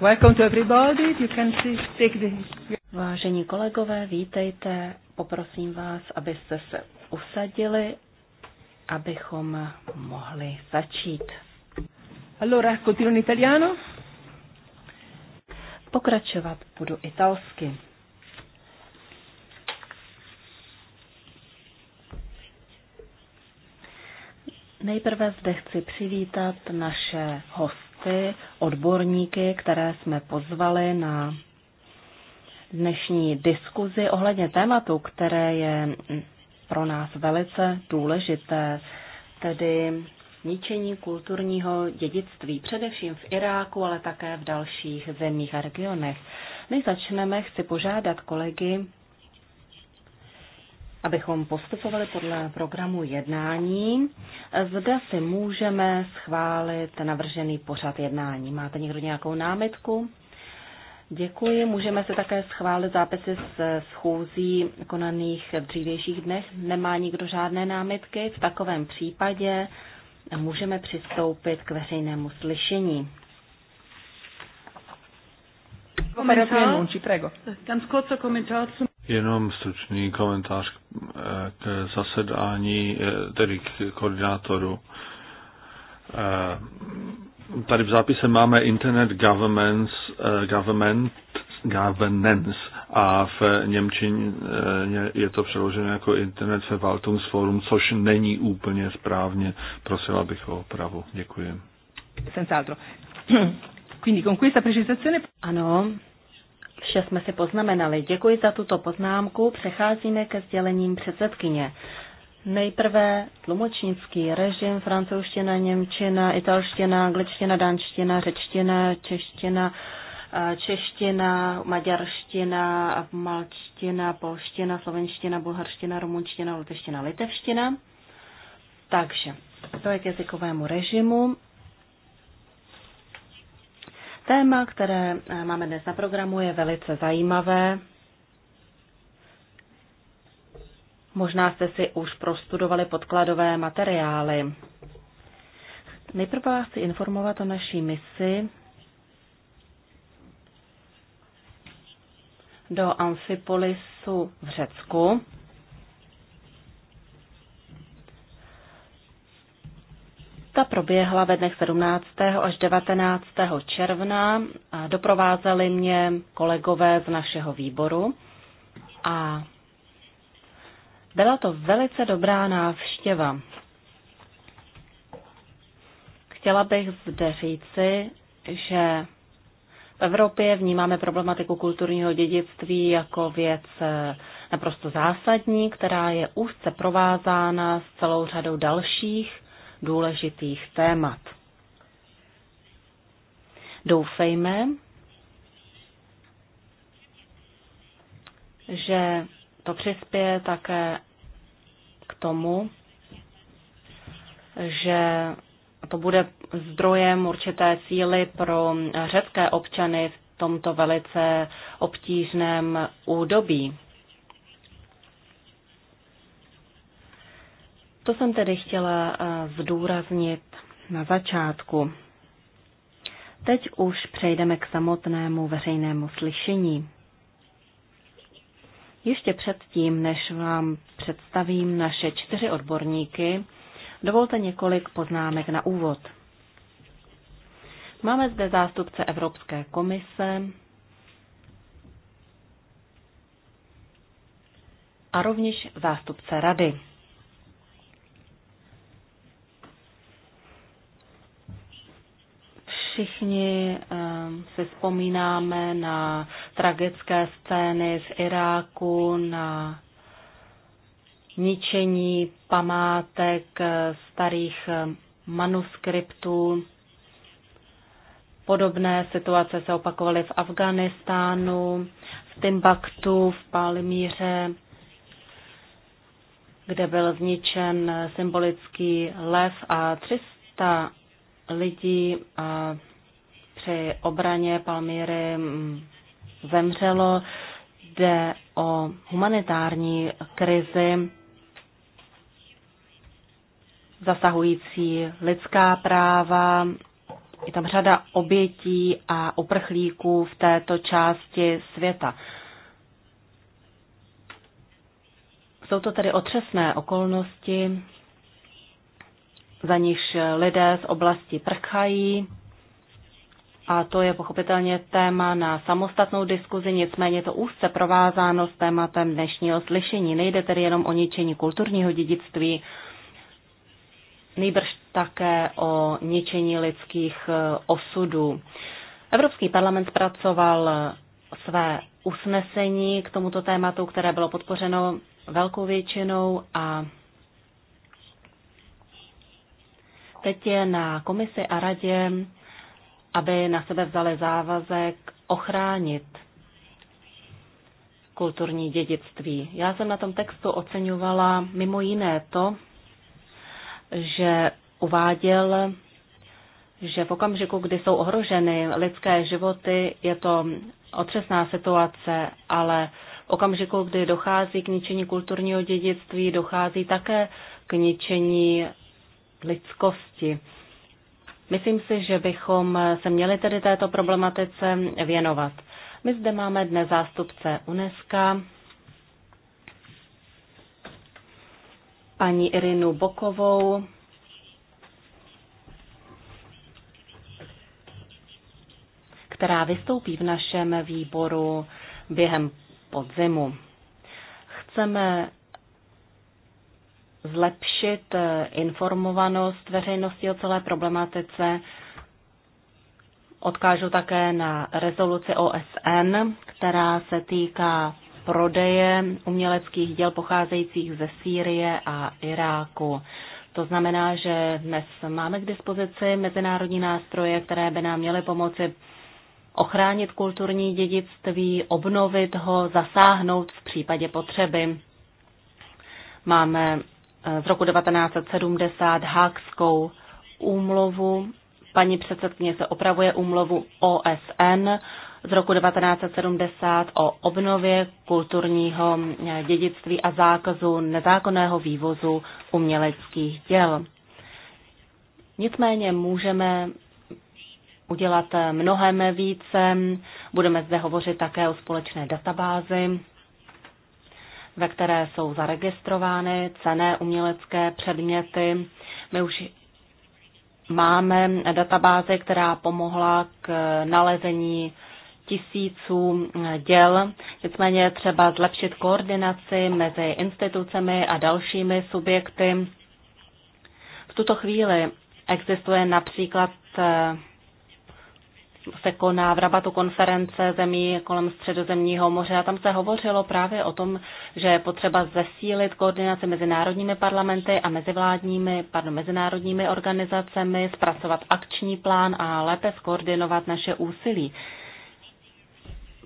Welcome to everybody. You can take the... Vážení kolegové, vítejte. Poprosím vás, abyste se usadili, abychom mohli začít. Allora, continuo in italiano. Pokračovat budu italsky. Nejprve zde chci přivítat naše hosty hosty, odborníky, které jsme pozvali na dnešní diskuzi ohledně tématu, které je pro nás velice důležité, tedy ničení kulturního dědictví, především v Iráku, ale také v dalších zemích a regionech. Než začneme, chci požádat kolegy, abychom postupovali podle programu jednání. Zde si můžeme schválit navržený pořad jednání. Máte někdo nějakou námitku? Děkuji. Můžeme se také schválit zápisy z schůzí konaných v dřívějších dnech. Nemá nikdo žádné námitky? V takovém případě můžeme přistoupit k veřejnému slyšení. Komentář? Komentář? kurzer Kommentar Jenom stručný komentář eh, k zasedání, eh, tedy k koordinátoru. Eh, tady v zápise máme Internet Governments, Government Governance a v Němčině je to přeloženo jako Internet Verwaltungsforum, což není úplně správně. Prosila bych o opravu. Děkuji. Senz'altro. Quindi con questa precisazione... Ano, Vše jsme si poznamenali. Děkuji za tuto poznámku. Přecházíme ke sdělením předsedkyně. Nejprve tlumočnický režim, francouzština, němčina, italština, angličtina, dánština, řečtina, čeština, čeština, maďarština, malčtina, polština, slovenština, bulharština, rumunština, luteština, litevština. Takže to je k jazykovému režimu. Téma, které eh, máme dnes na programu, je velice zajímavé. Možná jste si už prostudovali podkladové materiály. Nejprve vás chci informovat o naší misi do Amfipolisu v Řecku. Ta proběhla ve dnech 17. až 19. června. Doprovázeli mě kolegové z našeho výboru a byla to velice dobrá návštěva. Chtěla bych zde říci, že v Evropě vnímáme problematiku kulturního dědictví jako věc eh, naprosto zásadní, která je úzce provázána s celou řadou dalších důležitých témat. Doufejme, že to přispěje také k tomu, že to bude zdrojem určité síly pro řecké občany v tomto velice obtížném údobí. To jsem tedy chtěla eh, zdůraznit na začátku. Teď už přejdeme k samotnému veřejnému slyšení. Ještě předtím, než vám představím naše čtyři odborníky, dovolte několik poznámek na úvod. Máme zde zástupce Evropské komise a rovněž zástupce Rady. Všichni ehm, si vzpomínáme na tragické scény z Iráku, na ničení památek eh, starých ehm, manuskriptů. Podobné situace se opakovaly v Afganistánu, v Timbaktu, v Palmíře, kde byl zničen symbolický lev a 300 lidí při obraně Palmíry zemřelo. Jde o humanitární krizi zasahující lidská práva. Je tam řada obětí a uprchlíků v této části světa. Jsou to tedy otřesné okolnosti, za nichž lidé z oblasti prchají. A to je pochopitelně téma na samostatnou diskuzi, nicméně to úzce provázáno s tématem dnešního slyšení. Nejde tedy jenom o ničení kulturního dědictví, nejbrž také o ničení lidských eh, osudů. Evropský parlament zpracoval eh, své usnesení k tomuto tématu, které bylo podpořeno velkou většinou a Teď je na komisi a radě, aby na sebe vzali závazek ochránit kulturní dědictví. Já jsem na tom textu oceňovala mimo jiné to, že uváděl, že v okamžiku, kdy jsou ohroženy lidské životy, je to otřesná situace, ale v okamžiku, kdy dochází k ničení kulturního dědictví, dochází také k ničení lidskosti. Myslím si, že bychom se měli tedy této problematice věnovat. My zde máme dnes zástupce UNESCO, paní Irinu Bokovou, která vystoupí v našem výboru během podzimu. Chceme zlepšit eh, informovanost veřejnosti o celé problematice. Odkážu také na rezoluci OSN, která se týká prodeje uměleckých děl pocházejících ze Sýrie a Iráku. To znamená, že dnes máme k dispozici mezinárodní nástroje, které by nám měly pomoci ochránit kulturní dědictví, obnovit ho, zasáhnout v případě potřeby. Máme z eh, roku 1970 Hákskou úmluvu. Paní předsedkyně se opravuje úmluvu OSN z roku 1970 o obnově kulturního eh, dědictví a zákazu nezákonného vývozu uměleckých děl. Nicméně můžeme udělat eh, mnohem více. Budeme zde hovořit také o společné databázi ve které jsou zaregistrovány cené umělecké předměty. My už máme databázi, která pomohla k nalezení tisíců děl. Nicméně je třeba zlepšit koordinaci mezi institucemi a dalšími subjekty. V tuto chvíli existuje například eh, se koná v Rabatu konference zemí kolem Středozemního moře a tam se hovořilo právě o tom, že je potřeba zesílit koordinaci mezi národními parlamenty a mezivládními, pardon, mezinárodními organizacemi, zpracovat akční plán a lépe skoordinovat naše úsilí.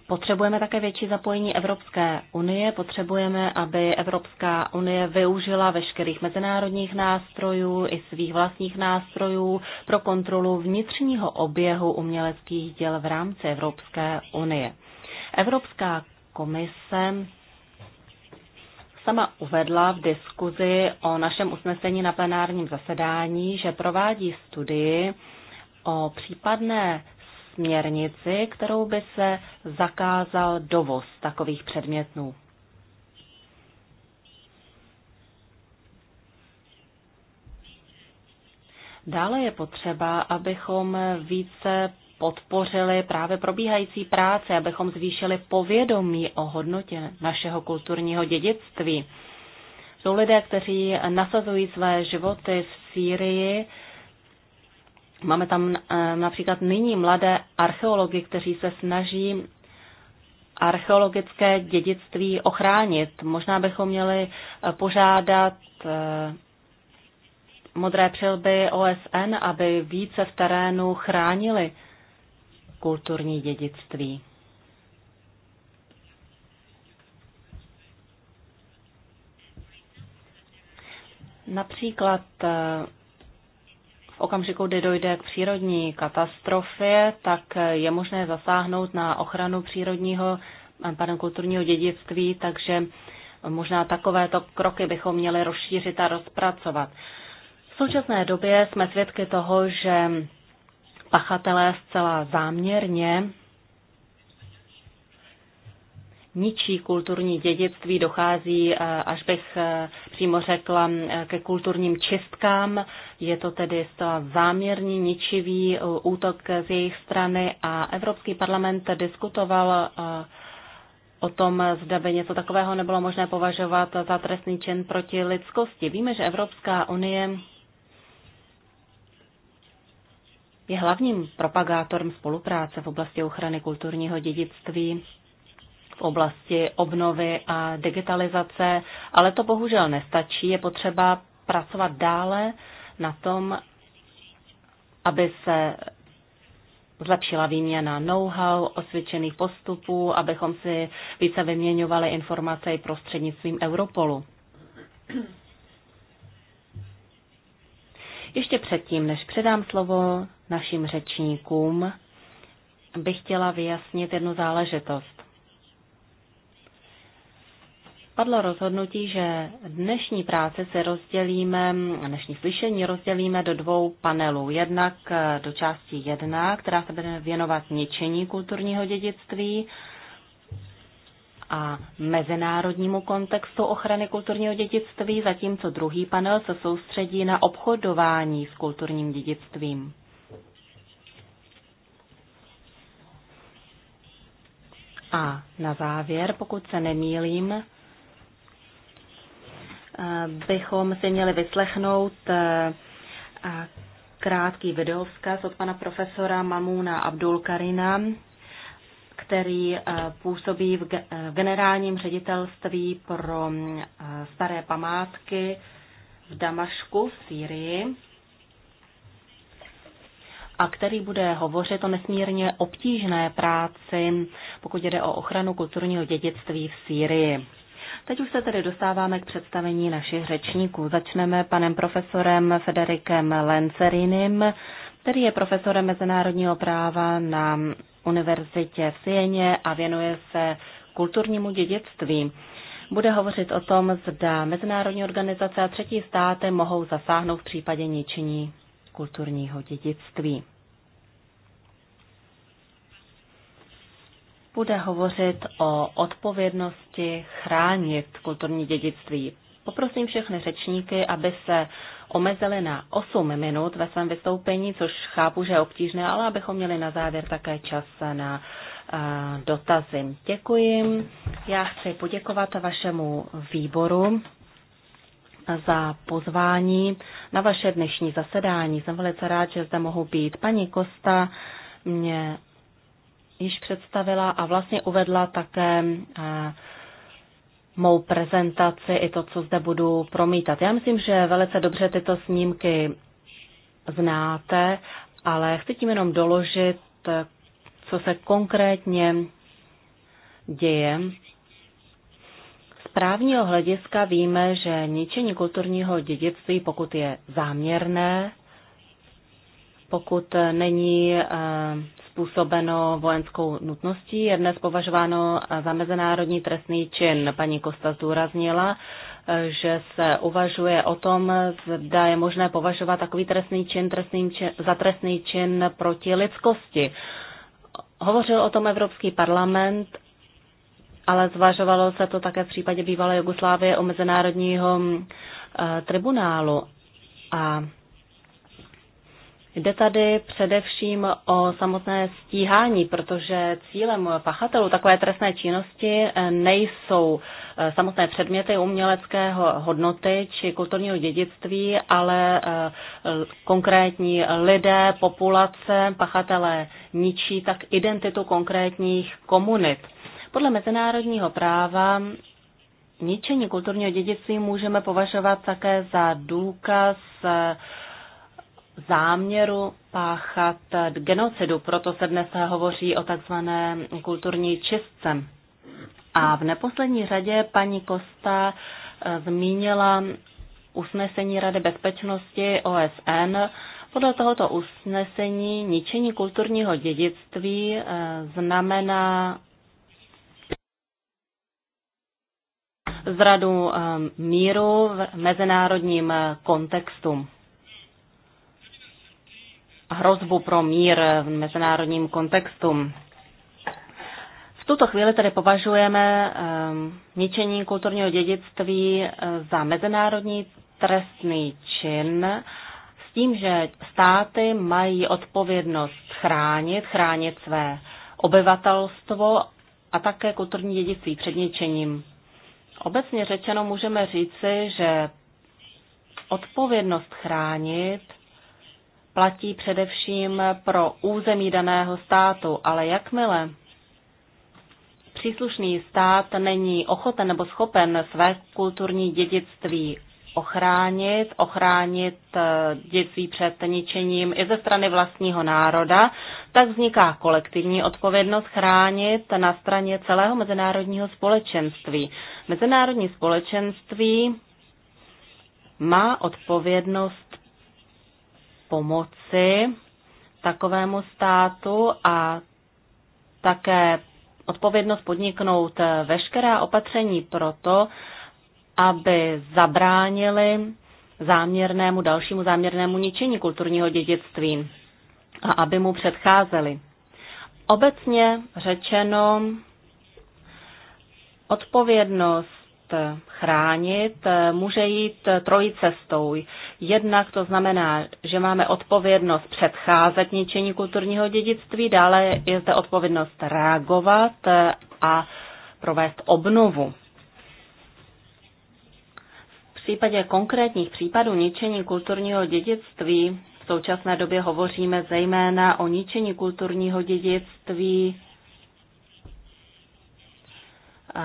Potřebujeme také větší zapojení Evropské unie, potřebujeme, aby Evropská unie využila veškerých mezinárodních nástrojů i svých vlastních nástrojů pro kontrolu vnitřního oběhu uměleckých děl v rámci Evropské unie. Evropská komise sama uvedla v diskuzi o našem usnesení na plenárním zasedání, že provádí studii o případné směrnici, kterou by se zakázal dovoz takových předmětů. Dále je potřeba, abychom více podpořili právě probíhající práce, abychom zvýšili povědomí o hodnotě našeho kulturního dědictví. Jsou lidé, kteří nasazují své životy v Sýrii Máme tam eh, například nyní mladé archeology, kteří se snaží archeologické dědictví ochránit. Možná bychom měli eh, požádat eh, modré přilby OSN, aby více v terénu chránili kulturní dědictví. Například v okamžiku, kdy dojde k přírodní katastrofě, tak je možné zasáhnout na ochranu přírodního, eh, pardon, kulturního dědictví, takže možná takovéto kroky bychom měli rozšířit a rozpracovat. V současné době jsme svědky toho, že pachatelé zcela záměrně ničí kulturní dědictví, dochází, eh, až bych eh, přímo řekla, eh, ke kulturním čistkám. Je to tedy zcela záměrný, ničivý eh, útok z jejich strany a Evropský parlament diskutoval eh, o tom, zda by něco takového nebylo možné považovat za trestný čin proti lidskosti. Víme, že Evropská unie je hlavním propagátorem spolupráce v oblasti ochrany kulturního dědictví v oblasti obnovy a digitalizace, ale to bohužel nestačí. Je potřeba pracovat dále na tom, aby se zlepšila výměna know-how, osvědčených postupů, abychom si více vyměňovali informace i prostřednictvím Europolu. Ještě předtím, než předám slovo našim řečníkům, bych chtěla vyjasnit jednu záležitost padlo rozhodnutí, že dnešní práce se rozdělíme, dnešní slyšení rozdělíme do dvou panelů. Jednak eh, do části jedna, která se bude věnovat ničení kulturního dědictví a mezinárodnímu kontextu ochrany kulturního dědictví, zatímco druhý panel se soustředí na obchodování s kulturním dědictvím. A na závěr, pokud se nemýlím, bychom si měli vyslechnout eh, krátký videovzkaz od pana profesora Mamuna Abdulkarina, který eh, působí v eh, generálním ředitelství pro staré památky v Damašku v Sýrii a který bude hovořit o nesmírně obtížné práci, pokud jde o ochranu kulturního dědictví v Sýrii. Teď už se tedy dostáváme k představení našich řečníků. Začneme panem profesorem Federikem Lencerinem, který je profesorem mezinárodního práva na univerzitě v Sieně a věnuje se kulturnímu dědictví. Bude hovořit o tom, zda mezinárodní organizace a třetí státy mohou zasáhnout v případě ničení kulturního dědictví. bude hovořit o odpovědnosti chránit kulturní dědictví. Poprosím všechny řečníky, aby se omezili na 8 minut ve svém vystoupení, což chápu, že je obtížné, ale abychom měli na závěr také čas na eh, dotazy. Děkuji. Já chci poděkovat vašemu výboru za pozvání na vaše dnešní zasedání. Jsem velice rád, že zde mohu být. Paní Kosta mě již představila a vlastně uvedla také eh, mou prezentaci i to, co zde budu promítat. Já myslím, že velice dobře tyto snímky znáte, ale chci tím jenom doložit, co se konkrétně děje. Z právního hlediska víme, že ničení kulturního dědictví, pokud je záměrné, pokud není eh, způsobeno vojenskou nutností, je dnes považováno za mezinárodní trestný čin. Paní Kosta zdůraznila, eh, že se uvažuje o tom, zda je možné považovat takový trestný čin, trestný čin za trestný čin proti lidskosti. Hovořil o tom Evropský parlament, ale zvažovalo se to také v případě bývalé Jugoslávie o mezinárodního eh, tribunálu. A Jde tady především o samotné stíhání, protože cílem pachatelů takové trestné činnosti nejsou eh, samotné předměty uměleckého hodnoty či kulturního dědictví, ale eh, konkrétní lidé, populace, pachatelé ničí tak identitu konkrétních komunit. Podle mezinárodního práva ničení kulturního dědictví můžeme považovat také za důkaz eh, záměru páchat genocidu, proto se dnes hovoří o takzvané kulturní čistce. A v neposlední řadě paní Kosta eh, zmínila usnesení Rady bezpečnosti OSN. Podle tohoto usnesení ničení kulturního dědictví eh, znamená zradu eh, míru v mezinárodním kontextu hrozbu pro mír v mezinárodním kontextu. V tuto chvíli tedy považujeme ehm, ničení kulturního dědictví eh, za mezinárodní trestný čin s tím, že státy mají odpovědnost chránit, chránit své obyvatelstvo a také kulturní dědictví před ničením. Obecně řečeno můžeme říci, že odpovědnost chránit platí především pro území daného státu, ale jakmile příslušný stát není ochoten nebo schopen své kulturní dědictví ochránit, ochránit eh, dětství před ničením i ze strany vlastního národa, tak vzniká kolektivní odpovědnost chránit na straně celého mezinárodního společenství. Mezinárodní společenství má odpovědnost pomoci takovému státu a také odpovědnost podniknout veškerá opatření proto, aby zabránili záměrnému dalšímu záměrnému ničení kulturního dědictví a aby mu předcházeli. Obecně řečeno, odpovědnost chránit, může jít trojí cestou. Jednak to znamená, že máme odpovědnost předcházet ničení kulturního dědictví, dále je zde odpovědnost reagovat a provést obnovu. V případě konkrétních případů ničení kulturního dědictví v současné době hovoříme zejména o ničení kulturního dědictví eh,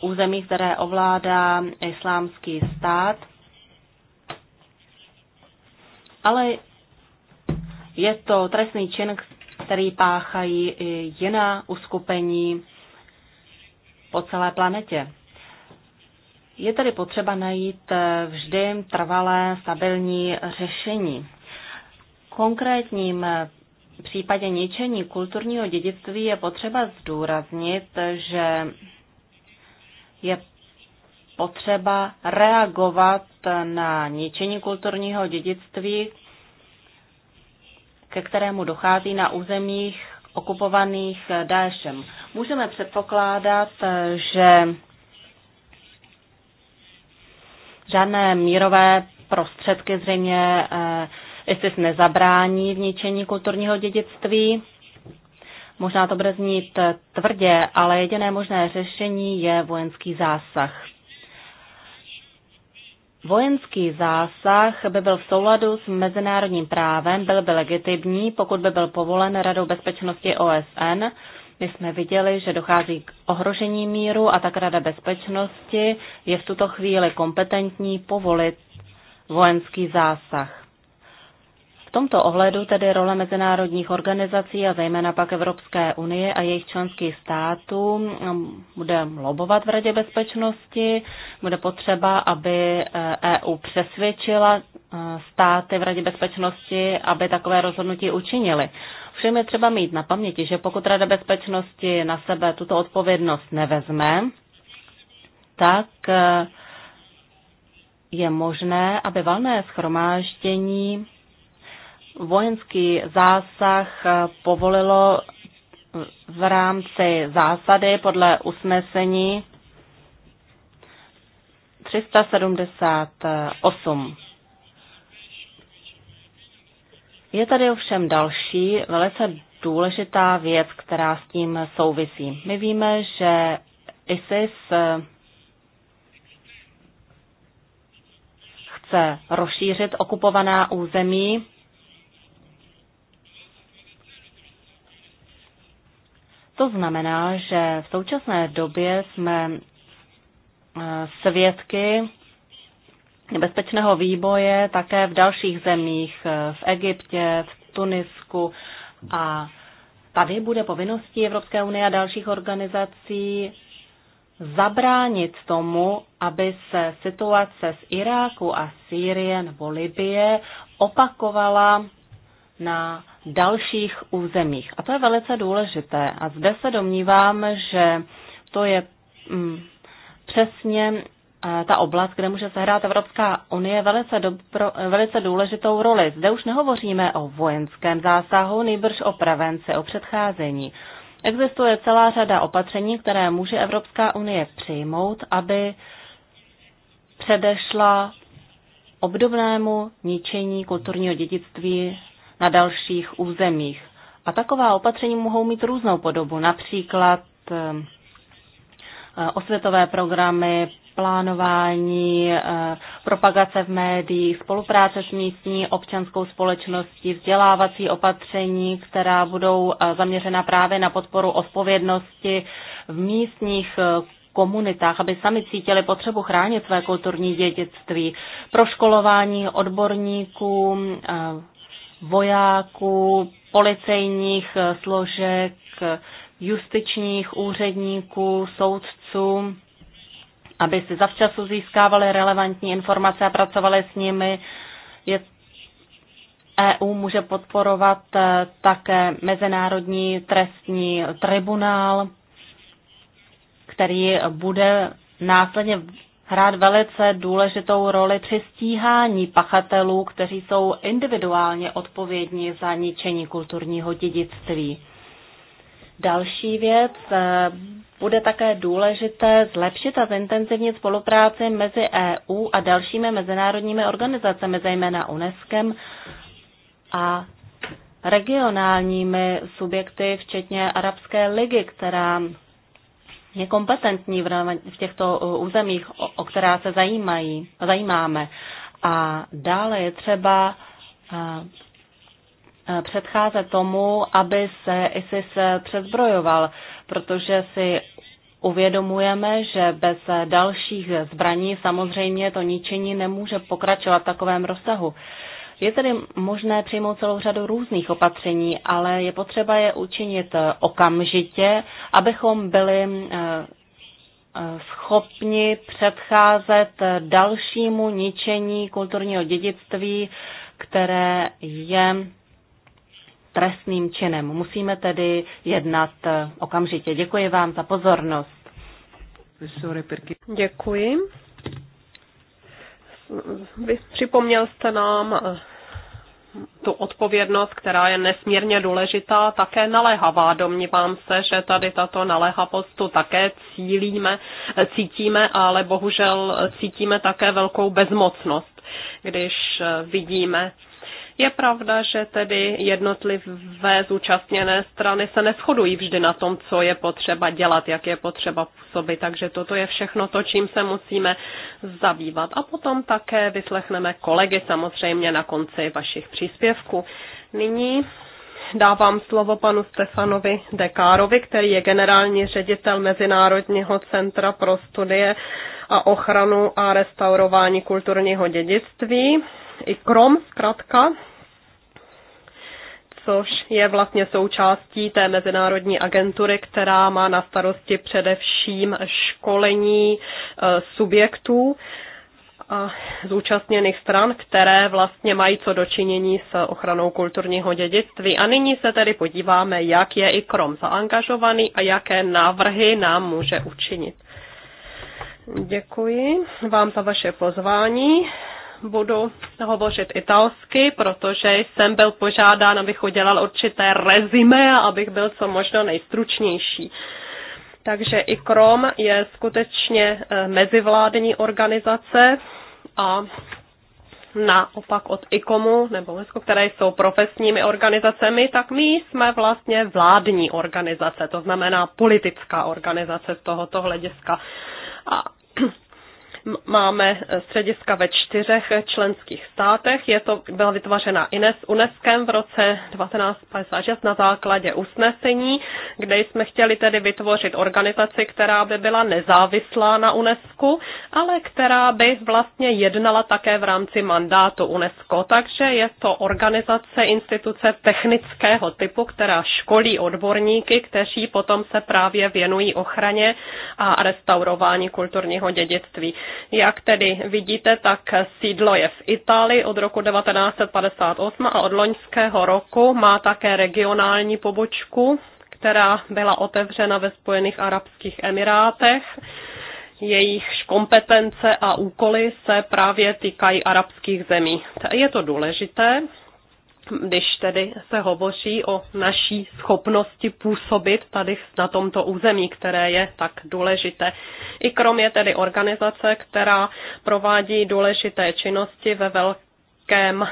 území, které ovládá islámský stát. Ale je to trestný čin, který páchají i jiná uskupení po celé planetě. Je tedy potřeba najít eh, vždy trvalé stabilní řešení. V konkrétním eh, případě ničení kulturního dědictví je potřeba zdůraznit, že je potřeba reagovat na ničení kulturního dědictví, ke kterému dochází na územích okupovaných Daešem. Můžeme předpokládat, že žádné mírové prostředky zřejmě eh, ISIS nezabrání v ničení kulturního dědictví. Možná to bude znít tvrdě, ale jediné možné řešení je vojenský zásah. Vojenský zásah by byl v souladu s mezinárodním právem, byl by legitimní, pokud by byl povolen Radou bezpečnosti OSN. My jsme viděli, že dochází k ohrožení míru a tak Rada bezpečnosti je v tuto chvíli kompetentní povolit vojenský zásah. V tomto ohledu tedy role mezinárodních organizací a zejména pak Evropské unie a jejich členských států um, bude lobovat v Radě bezpečnosti. Bude potřeba, aby EU eh, e přesvědčila eh, státy v Radě bezpečnosti, aby takové rozhodnutí učinili. Všem je třeba mít na paměti, že pokud Rada bezpečnosti na sebe tuto odpovědnost nevezme, tak eh, je možné, aby valné schromáždění vojenský zásah eh, povolilo v rámci zásady podle usnesení 378. Je tady ovšem další velice důležitá věc, která s tím souvisí. My víme, že ISIS eh, chce rozšířit okupovaná území To znamená, že v současné době jsme eh, svědky nebezpečného výboje také v dalších zemích, eh, v Egyptě, v Tunisku a tady bude povinností Evropské unie a dalších organizací zabránit tomu, aby se situace z Iráku a Sýrie nebo Libie opakovala na dalších územích. A to je velice důležité. A zde se domnívám, že to je mm, přesně eh, ta oblast, kde může sehrát Evropská unie velice, dobro, eh, velice důležitou roli. Zde už nehovoříme o vojenském zásahu, nejbrž o prevenci, o předcházení. Existuje celá řada opatření, které může Evropská unie přijmout, aby předešla obdobnému ničení kulturního dědictví na dalších územích. A taková opatření mohou mít různou podobu, například eh, osvětové programy, plánování, eh, propagace v médiích, spolupráce s místní občanskou společností, vzdělávací opatření, která budou eh, zaměřena právě na podporu odpovědnosti v místních komunitách, aby sami cítili potřebu chránit své kulturní dědictví, proškolování odborníků, vojáků, policejních eh, složek, justičních úředníků, soudců, aby si zavčasu získávali relevantní informace a pracovali s nimi. Je EU může podporovat eh, také Mezinárodní trestní tribunál, který bude následně hrát velice důležitou roli při stíhání pachatelů, kteří jsou individuálně odpovědní za ničení kulturního dědictví. Další věc, eh, bude také důležité zlepšit a zintenzivnit spolupráci mezi EU a dalšími mezinárodními organizacemi, zejména UNESCO a regionálními subjekty, včetně Arabské ligy, která je kompetentní v těchto eh, územích, o která se zajímají, zajímáme. A dále je třeba eh, eh, předcházet tomu, aby se ISIS přezbrojoval, protože si uvědomujeme, že bez dalších zbraní samozřejmě to ničení nemůže pokračovat v takovém rozsahu. Je tedy možné přijmout celou řadu různých opatření, ale je potřeba je učinit okamžitě, abychom byli eh, eh, schopni předcházet dalšímu ničení kulturního dědictví, které je trestným činem. Musíme tedy jednat eh, okamžitě. Děkuji vám za pozornost. Děkuji. Vy připomněl jste nám eh, tu odpovědnost, která je nesmírně důležitá, také naléhavá. Domnívám se, že tady tato naléhavost tu také cílíme, eh, cítíme, ale bohužel cítíme také velkou bezmocnost, když eh, vidíme je pravda, že tedy jednotlivé zúčastněné strany se neschodují vždy na tom, co je potřeba dělat, jak je potřeba působit, takže toto je všechno to, čím se musíme zabývat. A potom také vyslechneme kolegy samozřejmě na konci vašich příspěvků. Nyní dávám slovo panu Stefanovi Dekárovi, který je generální ředitel Mezinárodního centra pro studie a ochranu a restaurování kulturního dědictví i krom zkrátka, což je vlastně součástí té mezinárodní agentury, která má na starosti především školení eh, subjektů a zúčastněných stran, které vlastně mají co dočinění s ochranou kulturního dědictví. A nyní se tedy podíváme, jak je i Krom zaangažovaný a jaké návrhy nám může učinit. Děkuji vám za vaše pozvání budu hovořit italsky, protože jsem byl požádán, abych udělal určité rezime a abych byl co možno nejstručnější. Takže i KROM je skutečně eh, mezivládní organizace a naopak od ICOMu nebo Lesko, které jsou profesními organizacemi, tak my jsme vlastně vládní organizace, to znamená politická organizace z tohoto hlediska. A máme střediska ve čtyřech členských státech. Je to, byla vytvořena INES UNESCO v roce 1956 na základě usnesení, kde jsme chtěli tedy vytvořit organizaci, která by byla nezávislá na UNESCO, ale která by vlastně jednala také v rámci mandátu UNESCO. Takže je to organizace, instituce technického typu, která školí odborníky, kteří potom se právě věnují ochraně a restaurování kulturního dědictví. Jak tedy vidíte, tak sídlo je v Itálii od roku 1958 a od loňského roku má také regionální pobočku, která byla otevřena ve Spojených Arabských Emirátech. Jejichž kompetence a úkoly se právě týkají arabských zemí. Je to důležité, když tedy se hovoří o naší schopnosti působit tady na tomto území, které je tak důležité. I kromě tedy organizace, která provádí důležité činnosti ve velkém eh,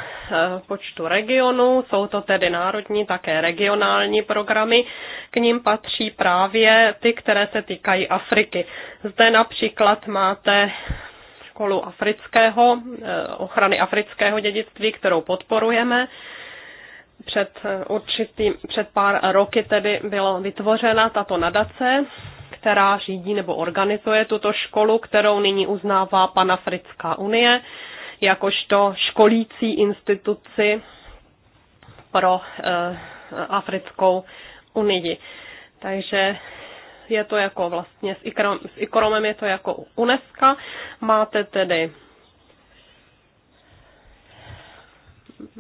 počtu regionů, jsou to tedy národní, také regionální programy, k ním patří právě ty, které se týkají Afriky. Zde například máte školu afrického, eh, ochrany afrického dědictví, kterou podporujeme před, eh, určitý, před pár roky tedy byla vytvořena tato nadace, která řídí nebo organizuje tuto školu, kterou nyní uznává Panafrická unie jakožto školící instituci pro eh, Africkou unii. Takže je to jako vlastně s, ikrom, s ikromem je to jako UNESCO. Máte tedy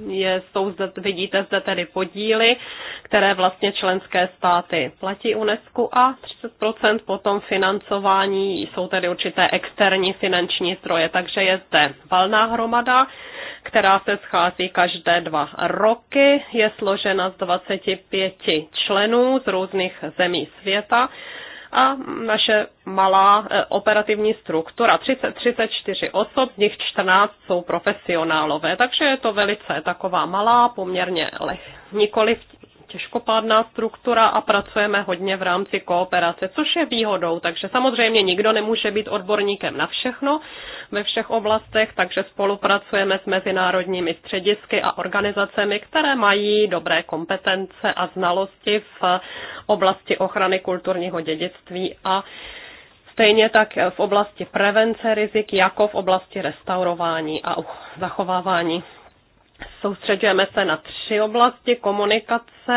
je, jsou zde, vidíte zde tedy podíly, které vlastně členské státy platí UNESCO a 30% potom financování jsou tedy určité externí finanční zdroje, takže je zde valná hromada, která se schází každé dva roky, je složena z 25 členů z různých zemí světa a naše malá eh, operativní struktura. 30, 34 osob, z nich 14 jsou profesionálové, takže je to velice taková malá, poměrně leh, nikoliv těžkopádná struktura a pracujeme hodně v rámci kooperace, což je výhodou. Takže samozřejmě nikdo nemůže být odborníkem na všechno ve všech oblastech, takže spolupracujeme s mezinárodními středisky a organizacemi, které mají dobré kompetence a znalosti v oblasti ochrany kulturního dědictví a stejně tak v oblasti prevence rizik, jako v oblasti restaurování a zachovávání Soustředujeme se na tři oblasti komunikace,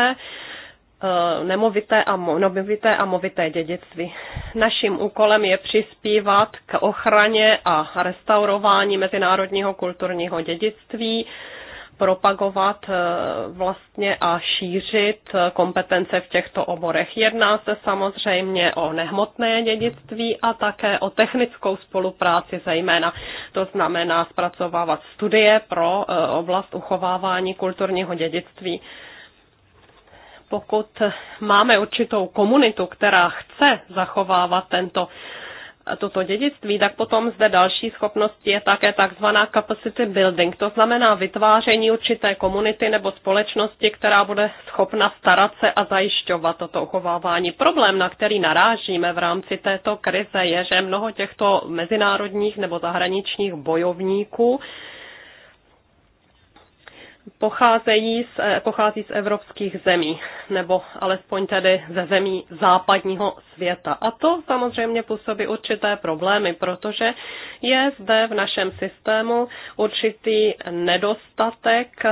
eh, nemovité a, nemovité a movité dědictví. Naším úkolem je přispívat k ochraně a restaurování mezinárodního kulturního dědictví propagovat eh, vlastně a šířit eh, kompetence v těchto oborech. Jedná se samozřejmě o nehmotné dědictví a také o technickou spolupráci zejména. To znamená zpracovávat studie pro eh, oblast uchovávání kulturního dědictví pokud máme určitou komunitu, která chce zachovávat tento toto dědictví, tak potom zde další schopnost je také takzvaná capacity building. To znamená vytváření určité komunity nebo společnosti, která bude schopna starat se a zajišťovat toto uchovávání. Problém, na který narážíme v rámci této krize, je, že mnoho těchto mezinárodních nebo zahraničních bojovníků pocházejí z, eh, pochází z evropských zemí, nebo alespoň tedy ze zemí západního světa. A to samozřejmě působí určité problémy, protože je zde v našem systému určitý nedostatek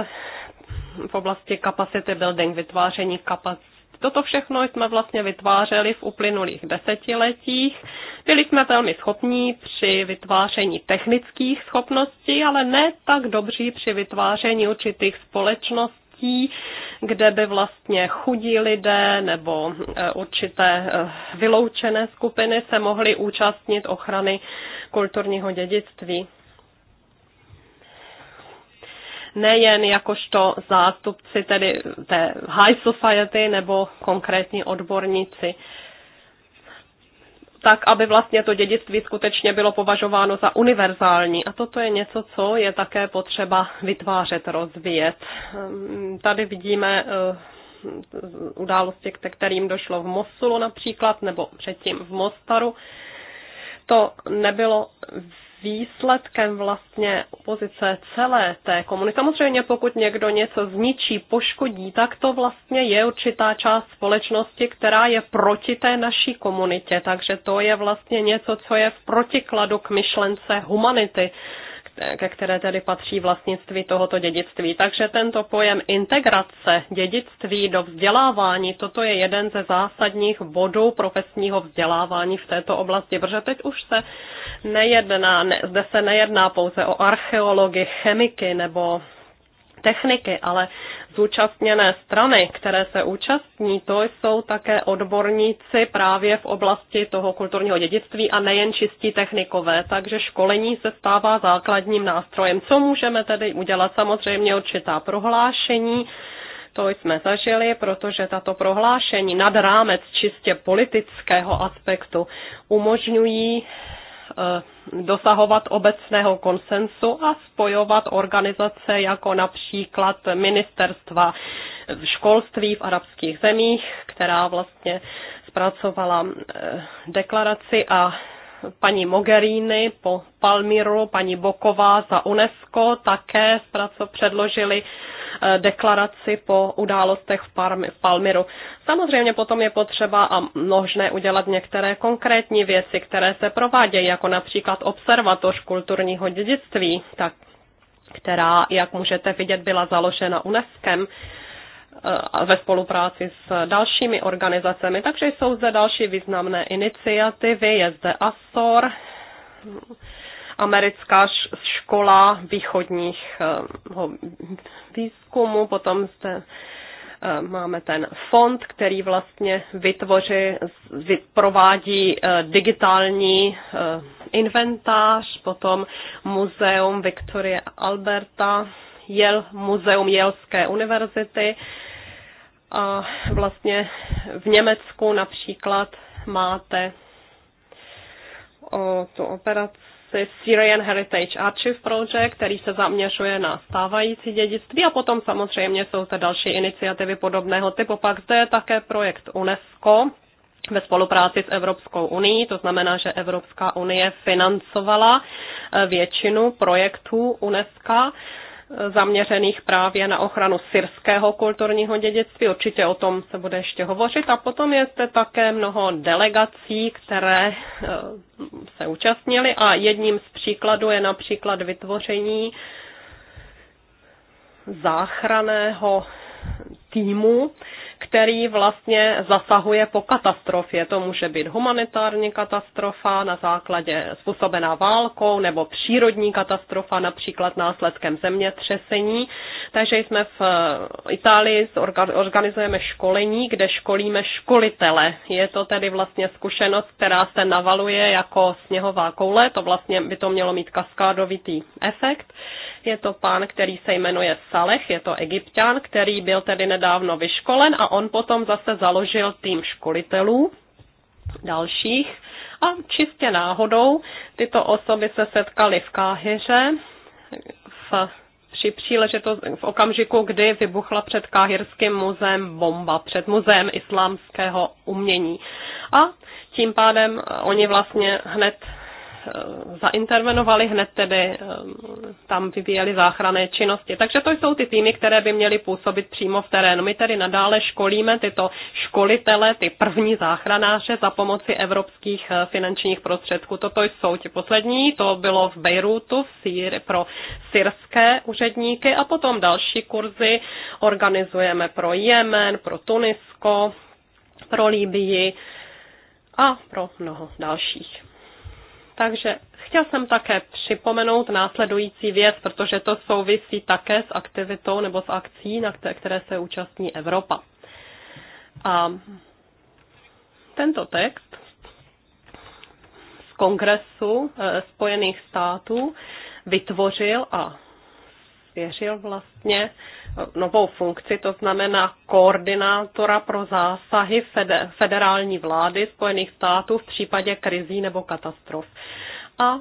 v oblasti kapacity building, vytváření kapacity Toto všechno jsme vlastně vytvářeli v uplynulých desetiletích. Byli jsme velmi schopní při vytváření technických schopností, ale ne tak dobří při vytváření určitých společností kde by vlastně chudí lidé nebo eh, určité eh, vyloučené skupiny se mohly účastnit ochrany kulturního dědictví nejen jakožto zástupci tedy té high society nebo konkrétní odborníci tak, aby vlastně to dědictví skutečně bylo považováno za univerzální. A toto je něco, co je také potřeba vytvářet, rozvíjet. Ehm, tady vidíme eh, události, ke kterým došlo v Mosulu například, nebo předtím v Mostaru. To nebylo výsledkem vlastně opozice celé té komunity. Samozřejmě pokud někdo něco zničí, poškodí, tak to vlastně je určitá část společnosti, která je proti té naší komunitě. Takže to je vlastně něco, co je v protikladu k myšlence humanity ke které tedy patří vlastnictví tohoto dědictví. Takže tento pojem integrace dědictví do vzdělávání, toto je jeden ze zásadních bodů profesního vzdělávání v této oblasti, protože teď už se nejedná, ne, zde se nejedná pouze o archeology, chemiky nebo techniky, ale zúčastněné strany, které se účastní, to jsou také odborníci právě v oblasti toho kulturního dědictví a nejen čistí technikové, takže školení se stává základním nástrojem. Co můžeme tedy udělat? Samozřejmě určitá prohlášení, to jsme zažili, protože tato prohlášení nad rámec čistě politického aspektu umožňují Eh, dosahovat obecného konsensu a spojovat organizace jako například ministerstva v školství v arabských zemích, která vlastně zpracovala eh, deklaraci a paní Mogherini, po Palmíru, paní Boková za UNESCO také předložili eh, deklaraci po událostech v Palmiru. Samozřejmě potom je potřeba a možné udělat některé konkrétní věci, které se provádějí, jako například observatoř kulturního dědictví, tak, která, jak můžete vidět, byla založena UNESCO Eh, ve spolupráci s dalšími organizacemi. Takže jsou zde další významné iniciativy, je zde ASOR, americká škola východních eh, výzkumu, potom zde eh, máme ten fond, který vlastně vytvoří, provádí digitální inventář, potom muzeum Viktorie Alberta, Jel, muzeum Jelské univerzity, a vlastně v Německu například máte o tu operaci Syrian Heritage Archive Project, který se zaměřuje na stávající dědictví a potom samozřejmě jsou zde další iniciativy podobného typu. Pak zde je také projekt UNESCO ve spolupráci s Evropskou unii, to znamená, že Evropská unie financovala eh, většinu projektů UNESCO zaměřených právě na ochranu syrského kulturního dědictví. Určitě o tom se bude ještě hovořit. A potom je zde také mnoho delegací, které eh, se účastnily a jedním z příkladů je například vytvoření záchraného týmu, který vlastně zasahuje po katastrofě. To může být humanitární katastrofa na základě způsobená válkou nebo přírodní katastrofa, například následkem zemětřesení. Takže jsme v eh, Itálii organizujeme školení, kde školíme školitele. Je to tedy vlastně zkušenost, která se navaluje jako sněhová koule. To vlastně by to mělo mít kaskádovitý efekt. Je to pán, který se jmenuje Saleh, je to egyptian, který byl tedy nedávno vyškolen a on potom zase založil tým školitelů dalších a čistě náhodou tyto osoby se setkaly v Káhyře v při příležitost v okamžiku, kdy vybuchla před Káhyrským muzeem bomba, před muzeem islámského umění. A tím pádem oni vlastně hned Eh, zaintervenovali, hned tedy eh, tam vyvíjeli záchranné činnosti. Takže to jsou ty týmy, které by měly působit přímo v terénu. My tedy nadále školíme tyto školitele, ty první záchranáře za pomoci evropských eh, finančních prostředků. Toto jsou ti poslední, to bylo v Bejrútu v Sýr, pro syrské úředníky a potom další kurzy organizujeme pro Jemen, pro Tunisko, pro Líbii a pro mnoho dalších. Takže chtěl jsem také připomenout následující věc, protože to souvisí také s aktivitou nebo s akcí, na které se účastní Evropa. A tento text z Kongresu eh, Spojených států vytvořil a svěřil vlastně novou funkci, to znamená koordinátora pro zásahy federální vlády Spojených států v případě krizí nebo katastrof. A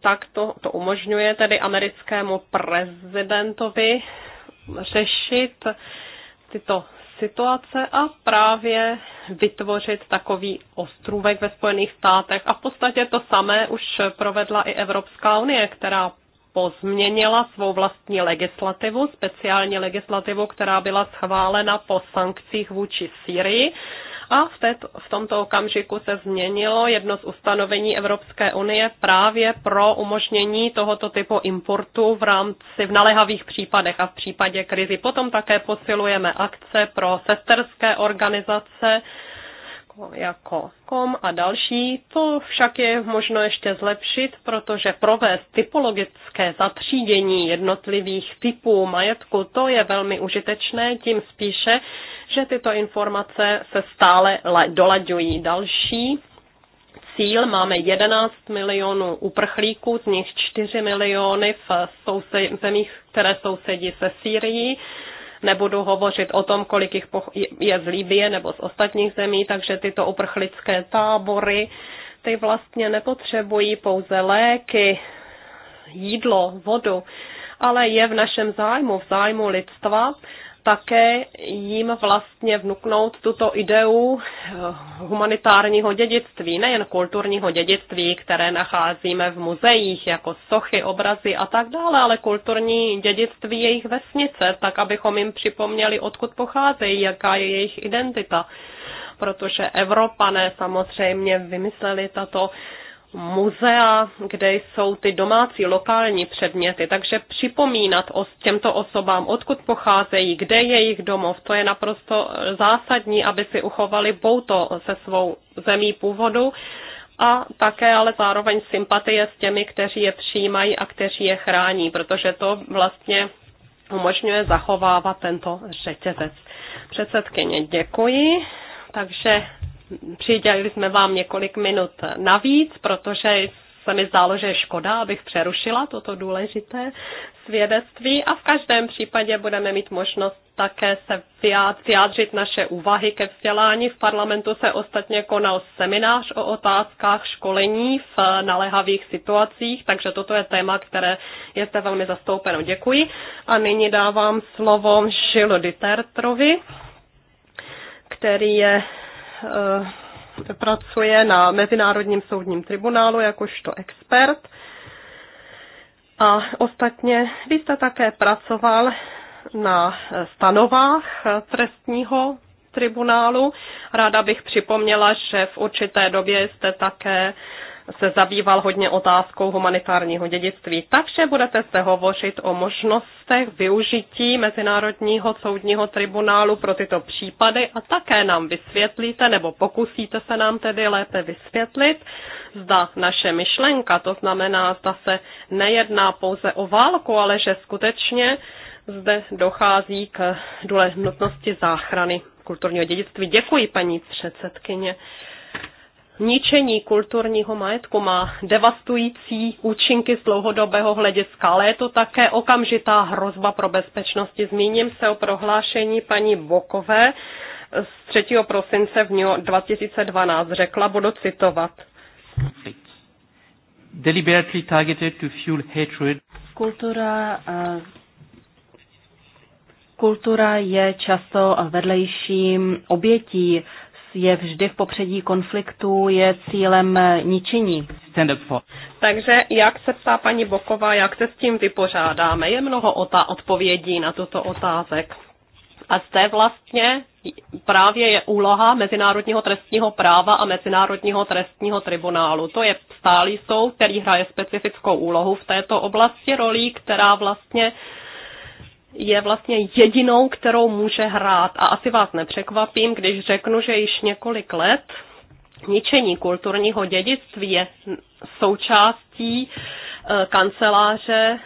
tak to, to umožňuje tedy americkému prezidentovi řešit tyto situace a právě vytvořit takový ostrůvek ve Spojených státech. A v podstatě to samé už provedla i Evropská unie, která pozměnila svou vlastní legislativu, speciální legislativu, která byla schválena po sankcích vůči Syrii. A v, této, v tomto okamžiku se změnilo jedno z ustanovení Evropské unie právě pro umožnění tohoto typu importu v rámci v naléhavých případech a v případě krizi. Potom také posilujeme akce pro sesterské organizace, jako, jako kom a další. To však je možno ještě zlepšit, protože provést typologické zatřídění jednotlivých typů majetku, to je velmi užitečné, tím spíše, že tyto informace se stále dolaďují. Další cíl máme 11 milionů uprchlíků, z nich 4 miliony v zemích, které sousedí se Sýrií Nebudu hovořit o tom, kolik jich je z Líbie nebo z ostatních zemí, takže tyto uprchlické tábory, ty vlastně nepotřebují pouze léky, jídlo, vodu, ale je v našem zájmu, v zájmu lidstva, také jim vlastně vnuknout tuto ideu eh, humanitárního dědictví, nejen kulturního dědictví, které nacházíme v muzeích, jako sochy, obrazy a tak dále, ale kulturní dědictví jejich vesnice, tak abychom jim připomněli, odkud pocházejí, jaká je jejich identita protože Evropané samozřejmě vymysleli tato muzea, kde jsou ty domácí lokální předměty. Takže připomínat o těmto osobám, odkud pocházejí, kde je jejich domov, to je naprosto zásadní, aby si uchovali bouto se svou zemí původu a také ale zároveň sympatie s těmi, kteří je přijímají a kteří je chrání, protože to vlastně umožňuje zachovávat tento řetězec. Předsedkyně, děkuji. Takže Přidělili jsme vám několik minut navíc, protože se mi zdálo, že je škoda, abych přerušila toto důležité svědectví a v každém případě budeme mít možnost také se vyjádřit naše úvahy ke vzdělání. V parlamentu se ostatně konal seminář o otázkách školení v naléhavých situacích, takže toto je téma, které je zde velmi zastoupeno. Děkuji. A nyní dávám slovo Žilu Ditertrovi, který je Eh, pracuje na Mezinárodním soudním tribunálu jakožto expert. A ostatně vy jste také pracoval na stanovách trestního tribunálu. Ráda bych připomněla, že v určité době jste také se zabýval hodně otázkou humanitárního dědictví. Takže budete se hovořit o možnostech využití Mezinárodního soudního tribunálu pro tyto případy a také nám vysvětlíte, nebo pokusíte se nám tedy lépe vysvětlit, zda naše myšlenka, to znamená, zda se nejedná pouze o válku, ale že skutečně zde dochází k důležitosti záchrany kulturního dědictví. Děkuji, paní předsedkyně. Ničení kulturního majetku má devastující účinky z dlouhodobého hlediska, ale je to také okamžitá hrozba pro bezpečnosti. Zmíním se o prohlášení paní Bokové z 3. prosince v 2012. Řekla, budu citovat. Deliberately targeted to fuel hatred. Kultura uh kultura je často vedlejším obětí je vždy v popředí konfliktu, je cílem ničení. Takže jak se ptá paní Boková, jak se s tím vypořádáme? Je mnoho ota- odpovědí na tuto otázek. A zde vlastně právě je úloha Mezinárodního trestního práva a Mezinárodního trestního tribunálu. To je stálý soud, který hraje specifickou úlohu v této oblasti rolí, která vlastně je vlastně jedinou, kterou může hrát. A asi vás nepřekvapím, když řeknu, že již několik let ničení kulturního dědictví je součástí e, kanceláře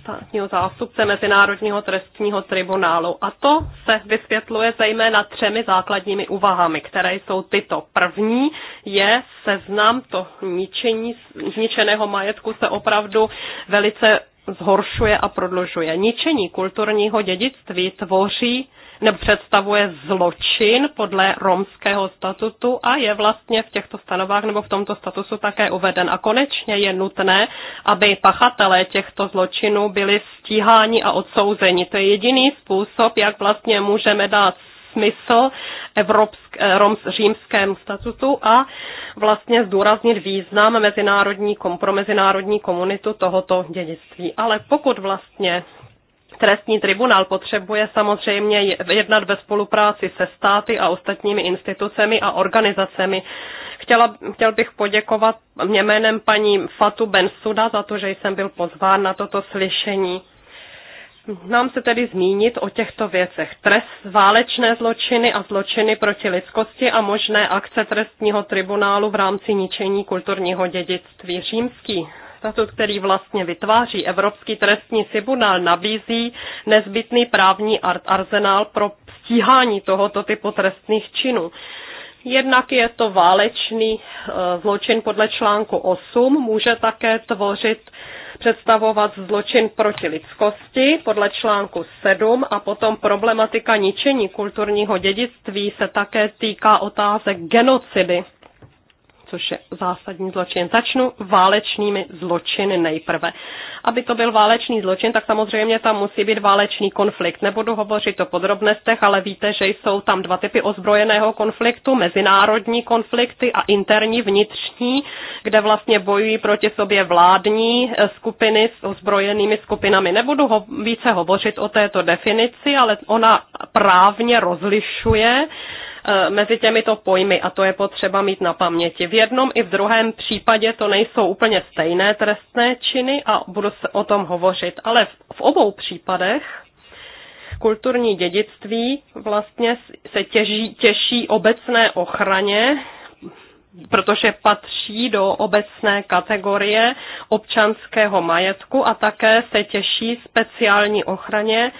státního zástupce Mezinárodního trestního tribunálu. A to se vysvětluje zejména třemi základními úvahami, které jsou tyto. První je seznam to ničení, zničeného majetku se opravdu velice zhoršuje a prodlužuje. Ničení kulturního dědictví tvoří nebo představuje zločin podle romského statutu a je vlastně v těchto stanovách nebo v tomto statusu také uveden. A konečně je nutné, aby pachatelé těchto zločinů byli stíháni a odsouzeni. To je jediný způsob, jak vlastně můžeme dát smysl evropsk, eh, roms, římskému statutu a vlastně zdůraznit význam mezinárodní, pro mezinárodní komunitu tohoto dědictví. Ale pokud vlastně Trestní tribunál potřebuje samozřejmě jednat ve spolupráci se státy a ostatními institucemi a organizacemi. Chtěla, chtěl bych poděkovat mě jménem paní Fatu Ben Suda za to, že jsem byl pozván na toto slyšení. Nám se tedy zmínit o těchto věcech. Trest, válečné zločiny a zločiny proti lidskosti a možné akce trestního tribunálu v rámci ničení kulturního dědictví. Římský statut, který vlastně vytváří Evropský trestní tribunál, nabízí nezbytný právní arzenál pro stíhání tohoto typu trestných činů. Jednak je to válečný eh, zločin podle článku 8, může také tvořit představovat zločin proti lidskosti podle článku 7 a potom problematika ničení kulturního dědictví se také týká otázek genocidy což je zásadní zločin. Začnu válečnými zločiny nejprve. Aby to byl válečný zločin, tak samozřejmě tam musí být válečný konflikt. Nebudu hovořit o podrobnostech, ale víte, že jsou tam dva typy ozbrojeného konfliktu, mezinárodní konflikty a interní vnitřní, kde vlastně bojují proti sobě vládní eh, skupiny s ozbrojenými skupinami. Nebudu ho, více hovořit o této definici, ale ona právně rozlišuje Eh, mezi těmito pojmy a to je potřeba mít na paměti. V jednom i v druhém případě to nejsou úplně stejné trestné činy a budu se o tom hovořit, ale v obou případech kulturní dědictví vlastně se těží, těší obecné ochraně, protože patří do obecné kategorie občanského majetku a také se těší speciální ochraně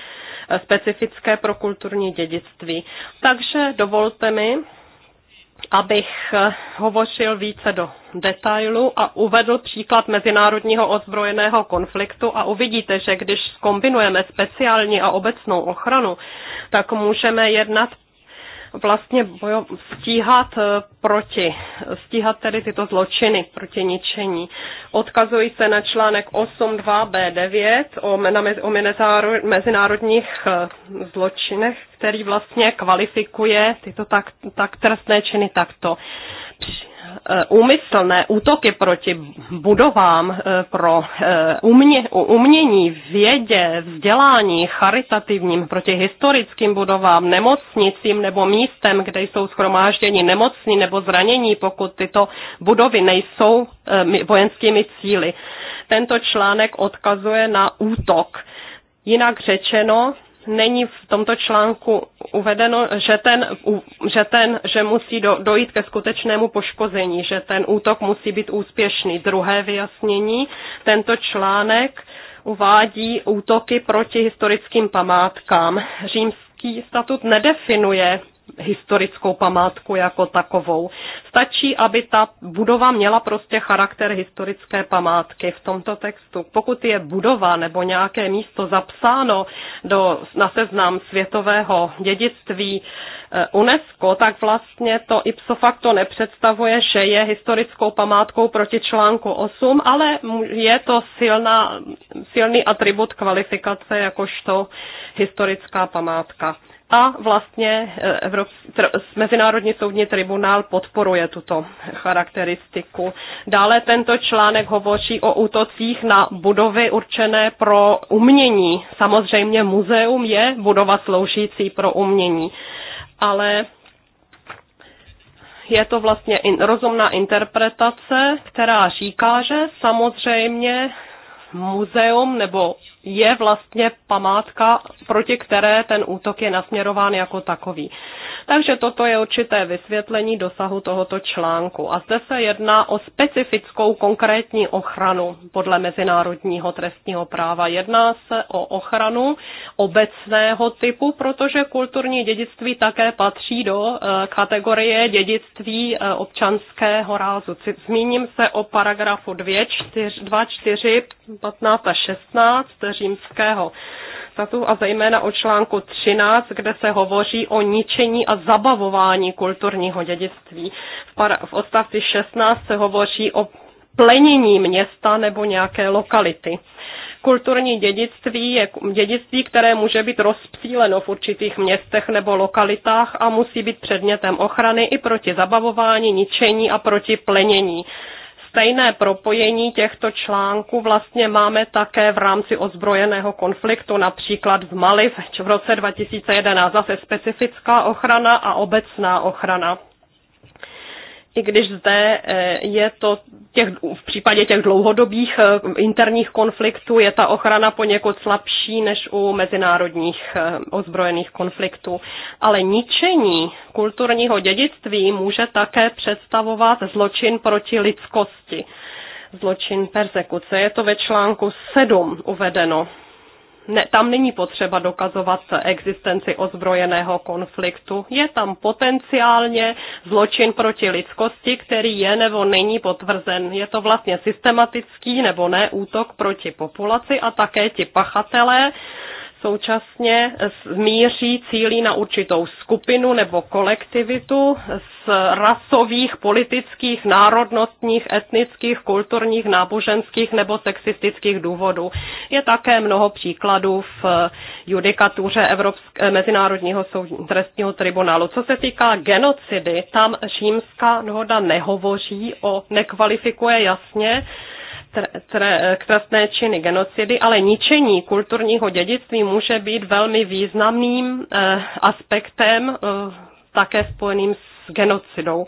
specifické pro kulturní dědictví. Takže dovolte mi, abych eh, hovořil více do detailu a uvedl příklad mezinárodního ozbrojeného konfliktu a uvidíte, že když skombinujeme speciální a obecnou ochranu, tak můžeme jednat vlastně bojo, stíhat eh, proti, stíhat tedy tyto zločiny proti ničení. Odkazují se na článek 8.2b9 o, o mezinárodních eh, zločinech, který vlastně kvalifikuje tyto tak, tak trestné činy takto. Při, Eh, úmyslné útoky proti budovám eh, pro eh, umění, vědě, vzdělání, charitativním, proti historickým budovám, nemocnicím nebo místem, kde jsou schromážděni nemocní nebo zranění, pokud tyto budovy nejsou vojenskými cíly. Tento článek odkazuje na útok. Jinak řečeno, není v tomto článku uvedeno, že, ten, že, ten, že musí do, dojít ke skutečnému poškození, že ten útok musí být úspěšný. Druhé vyjasnění, tento článek uvádí útoky proti historickým památkám. Římský statut nedefinuje historickou památku jako takovou. Stačí, aby ta budova měla prostě charakter historické památky v tomto textu. Pokud je budova nebo nějaké místo zapsáno do, na seznam světového dědictví eh, UNESCO, tak vlastně to ipso facto nepředstavuje, že je historickou památkou proti článku 8, ale je to silná, silný atribut kvalifikace jakožto historická památka. A vlastně eh, Evrop, Mezinárodní soudní tribunál podporuje tuto charakteristiku. Dále tento článek hovoří o útocích na budovy určené pro umění. Samozřejmě muzeum je budova sloužící pro umění, ale je to vlastně in, rozumná interpretace, která říká, že samozřejmě muzeum nebo je vlastně památka, proti které ten útok je nasměrován jako takový. Takže toto je určité vysvětlení dosahu tohoto článku. A zde se jedná o specifickou konkrétní ochranu podle mezinárodního trestního práva. Jedná se o ochranu obecného typu, protože kulturní dědictví také patří do eh, kategorie dědictví eh, občanského rázu. Zmíním se o paragrafu 2, 4, 2, 4 15 a 16, římského statu a zejména o článku 13, kde se hovoří o ničení a zabavování kulturního dědictví. V, para, v odstavci 16 se hovoří o plenění města nebo nějaké lokality. Kulturní dědictví je dědictví, které může být rozpsíleno v určitých městech nebo lokalitách a musí být předmětem ochrany i proti zabavování, ničení a proti plenění. Stejné propojení těchto článků vlastně máme také v rámci ozbrojeného konfliktu, například v Mali v roce 2011. Zase specifická ochrana a obecná ochrana i když zde eh, je to těch, v případě těch dlouhodobých eh, interních konfliktů je ta ochrana poněkud slabší než u mezinárodních eh, ozbrojených konfliktů. Ale ničení kulturního dědictví může také představovat zločin proti lidskosti, zločin persekuce. Je to ve článku 7 uvedeno ne, tam není potřeba dokazovat existenci ozbrojeného konfliktu. Je tam potenciálně zločin proti lidskosti, který je nebo není potvrzen. Je to vlastně systematický nebo ne útok proti populaci a také ti pachatelé současně míří cílí na určitou skupinu nebo kolektivitu z rasových, politických, národnostních, etnických, kulturních, náboženských nebo sexistických důvodů. Je také mnoho příkladů v judikatuře Evropské, Mezinárodního soud, trestního tribunálu. Co se týká genocidy, tam římská dohoda nehovoří o, nekvalifikuje jasně k trestné činy genocidy, ale ničení kulturního dědictví může být velmi významným eh, aspektem eh, také spojeným s genocidou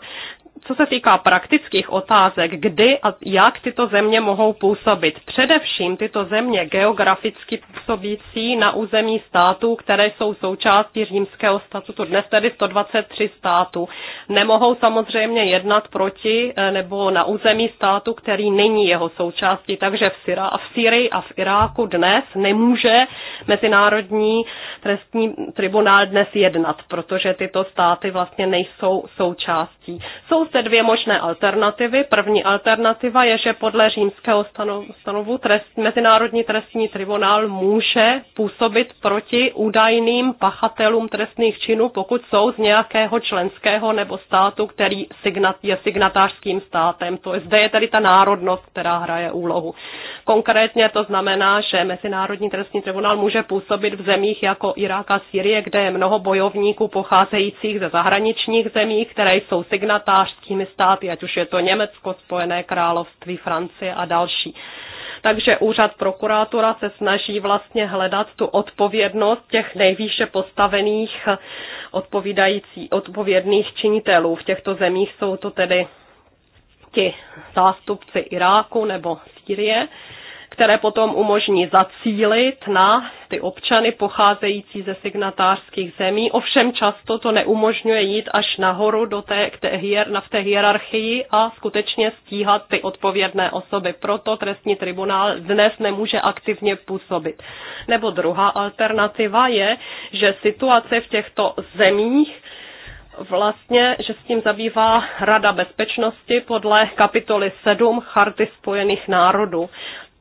co se týká praktických otázek, kdy a jak tyto země mohou působit. Především tyto země geograficky působící na území států, které jsou součástí římského statutu, dnes tedy 123 států, nemohou samozřejmě jednat proti eh, nebo na území státu, který není jeho součástí. Takže v, Syra- v Syrii a v Iráku dnes nemůže Mezinárodní trestní tribunál dnes jednat, protože tyto státy vlastně nejsou součástí. Jsou se dvě možné alternativy. První alternativa je, že podle římského stanovu trest, Mezinárodní trestní tribunál může působit proti údajným pachatelům trestných činů, pokud jsou z nějakého členského nebo státu, který signat, je signatářským státem. To je, zde je tedy ta národnost, která hraje úlohu. Konkrétně to znamená, že Mezinárodní trestní tribunál může působit v zemích jako Irák a Sýrie, kde je mnoho bojovníků pocházejících ze zahraničních zemí, které jsou signatář členskými státy, ať už je to Německo, Spojené království, Francie a další. Takže úřad prokurátora se snaží vlastně hledat tu odpovědnost těch nejvýše postavených odpovídající, odpovědných činitelů. V těchto zemích jsou to tedy ti zástupci Iráku nebo Sýrie které potom umožní zacílit na ty občany pocházející ze signatářských zemí. Ovšem často to neumožňuje jít až nahoru do té, k té hier, na v té hierarchii a skutečně stíhat ty odpovědné osoby. Proto trestní tribunál dnes nemůže aktivně působit. Nebo druhá alternativa je, že situace v těchto zemích vlastně, že s tím zabývá Rada bezpečnosti podle kapitoly 7 Charty spojených národů.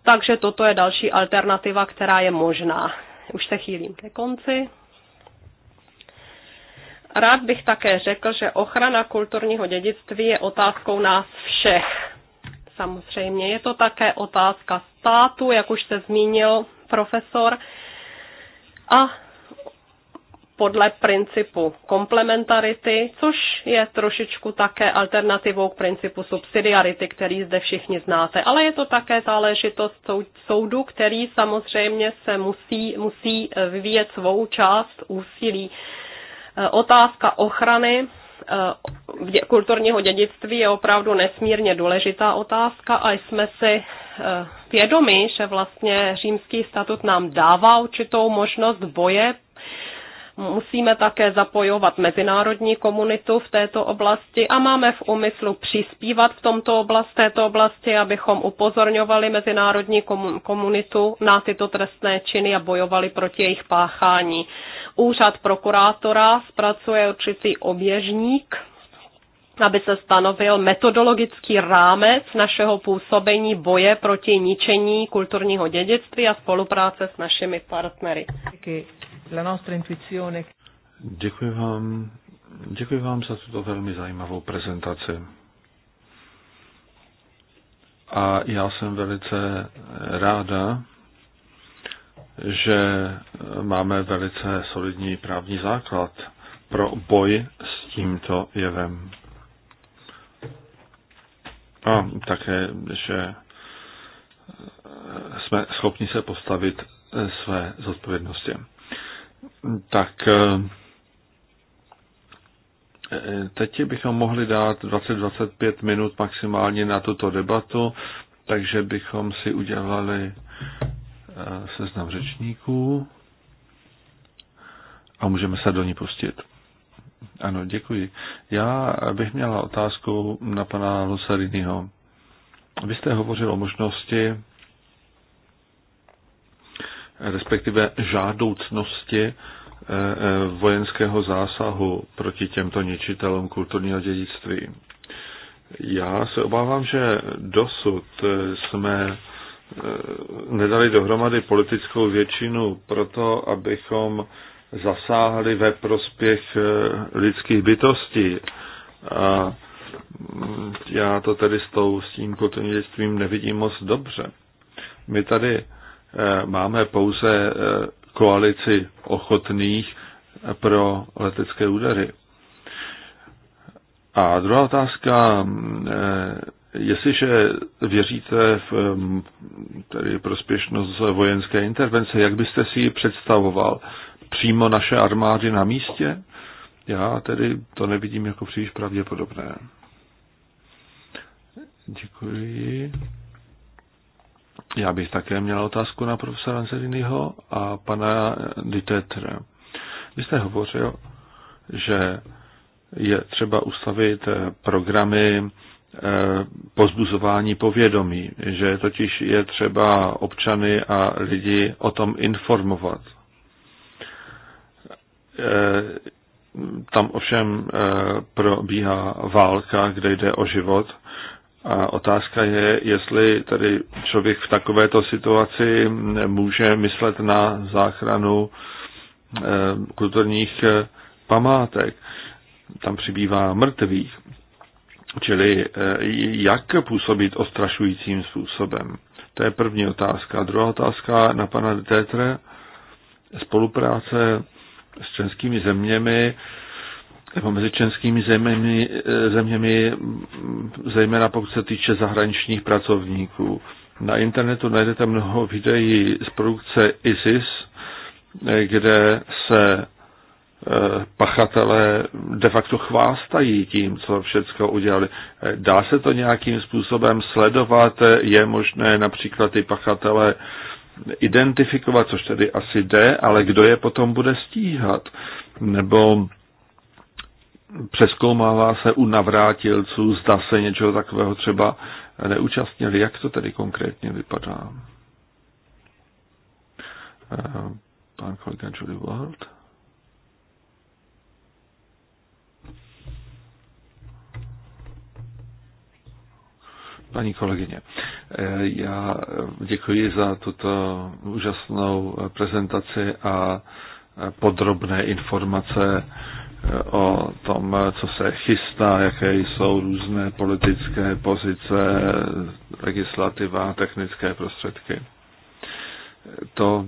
Takže toto je další alternativa, která je možná. Už se chýlím ke konci. Rád bych také řekl, že ochrana kulturního dědictví je otázkou nás všech. Samozřejmě je to také otázka státu, jak už se zmínil profesor, a podle principu komplementarity, což je trošičku také alternativou k principu subsidiarity, který zde všichni znáte. Ale je to také záležitost soudu, který samozřejmě se musí, musí vyvíjet svou část úsilí. Eh, otázka ochrany eh, kulturního dědictví je opravdu nesmírně důležitá otázka a jsme si eh, vědomi, že vlastně římský statut nám dává určitou možnost boje Musíme také zapojovat mezinárodní komunitu v této oblasti a máme v úmyslu přispívat v tomto oblast, této oblasti, abychom upozorňovali mezinárodní komunitu na tyto trestné činy a bojovali proti jejich páchání. Úřad prokurátora zpracuje určitý oběžník aby se stanovil metodologický rámec našeho působení boje proti ničení kulturního dědictví a spolupráce s našimi partnery. Děkuji vám. Děkuji vám za tuto velmi zajímavou prezentaci. A já jsem velice ráda, že máme velice solidní právní základ pro boj s tímto jevem. A také, že eh, jsme schopni se postavit eh, své zodpovědnosti. Tak eh, teď bychom mohli dát 20-25 minut maximálně na tuto debatu, takže bychom si udělali seznam řečníků a můžeme se do ní pustit. Ano, děkuji. Já bych měla otázku na pana Lusariniho. Vy jste hovořil o možnosti, respektive žádoucnosti eh, eh, vojenského zásahu proti těmto ničitelům kulturního dědictví. Já se obávám, že dosud eh, jsme nedali dohromady politickou většinu proto, abychom zasáhly ve prospěch eh, lidských bytostí. A mm, já to tedy s, tou, s tím kotonictvím nevidím moc dobře. My tady eh, máme pouze eh, koalici ochotných pro letecké údery. A druhá otázka, mm, jestliže věříte v mm, tedy prospěšnost vojenské intervence, jak byste si ji představoval? přímo naše armády na místě? Já tedy to nevidím jako příliš pravděpodobné. Děkuji. Já bych také měl otázku na profesora Anzeliniho a pana Ditetra. Vy jste hovořil, že je třeba ustavit eh, programy eh, pozbuzování povědomí, že totiž je třeba občany a lidi o tom informovat. Eh, tam ovšem eh, probíhá válka, kde jde o život. A otázka je, jestli tady člověk v takovéto situaci může myslet na záchranu eh, kulturních památek. Tam přibývá mrtvých. Čili jak působit ostrašujícím způsobem? To je první otázka. Druhá otázka na pana Tetre. Spolupráce s členskými zeměmi nebo mezi členskými zeměmi, zeměmi, zejména pokud se týče zahraničních pracovníků. Na internetu najdete mnoho videí z produkce ISIS, kde se eh, pachatelé de facto chvástají tím, co všechno udělali. Dá se to nějakým způsobem sledovat? Je možné například ty pachatele identifikovat, což tedy asi jde, ale kdo je potom bude stíhat? Nebo přeskoumává se u navrátilců, zda se něčeho takového třeba neúčastnili. Jak to tedy konkrétně vypadá? Eh, pan kolega Julie Ward. paní kolegyně. Eh, já děkuji za tuto úžasnou prezentaci a podrobné informace eh, o tom, co se chystá, jaké jsou různé politické pozice, legislativa, technické prostředky. To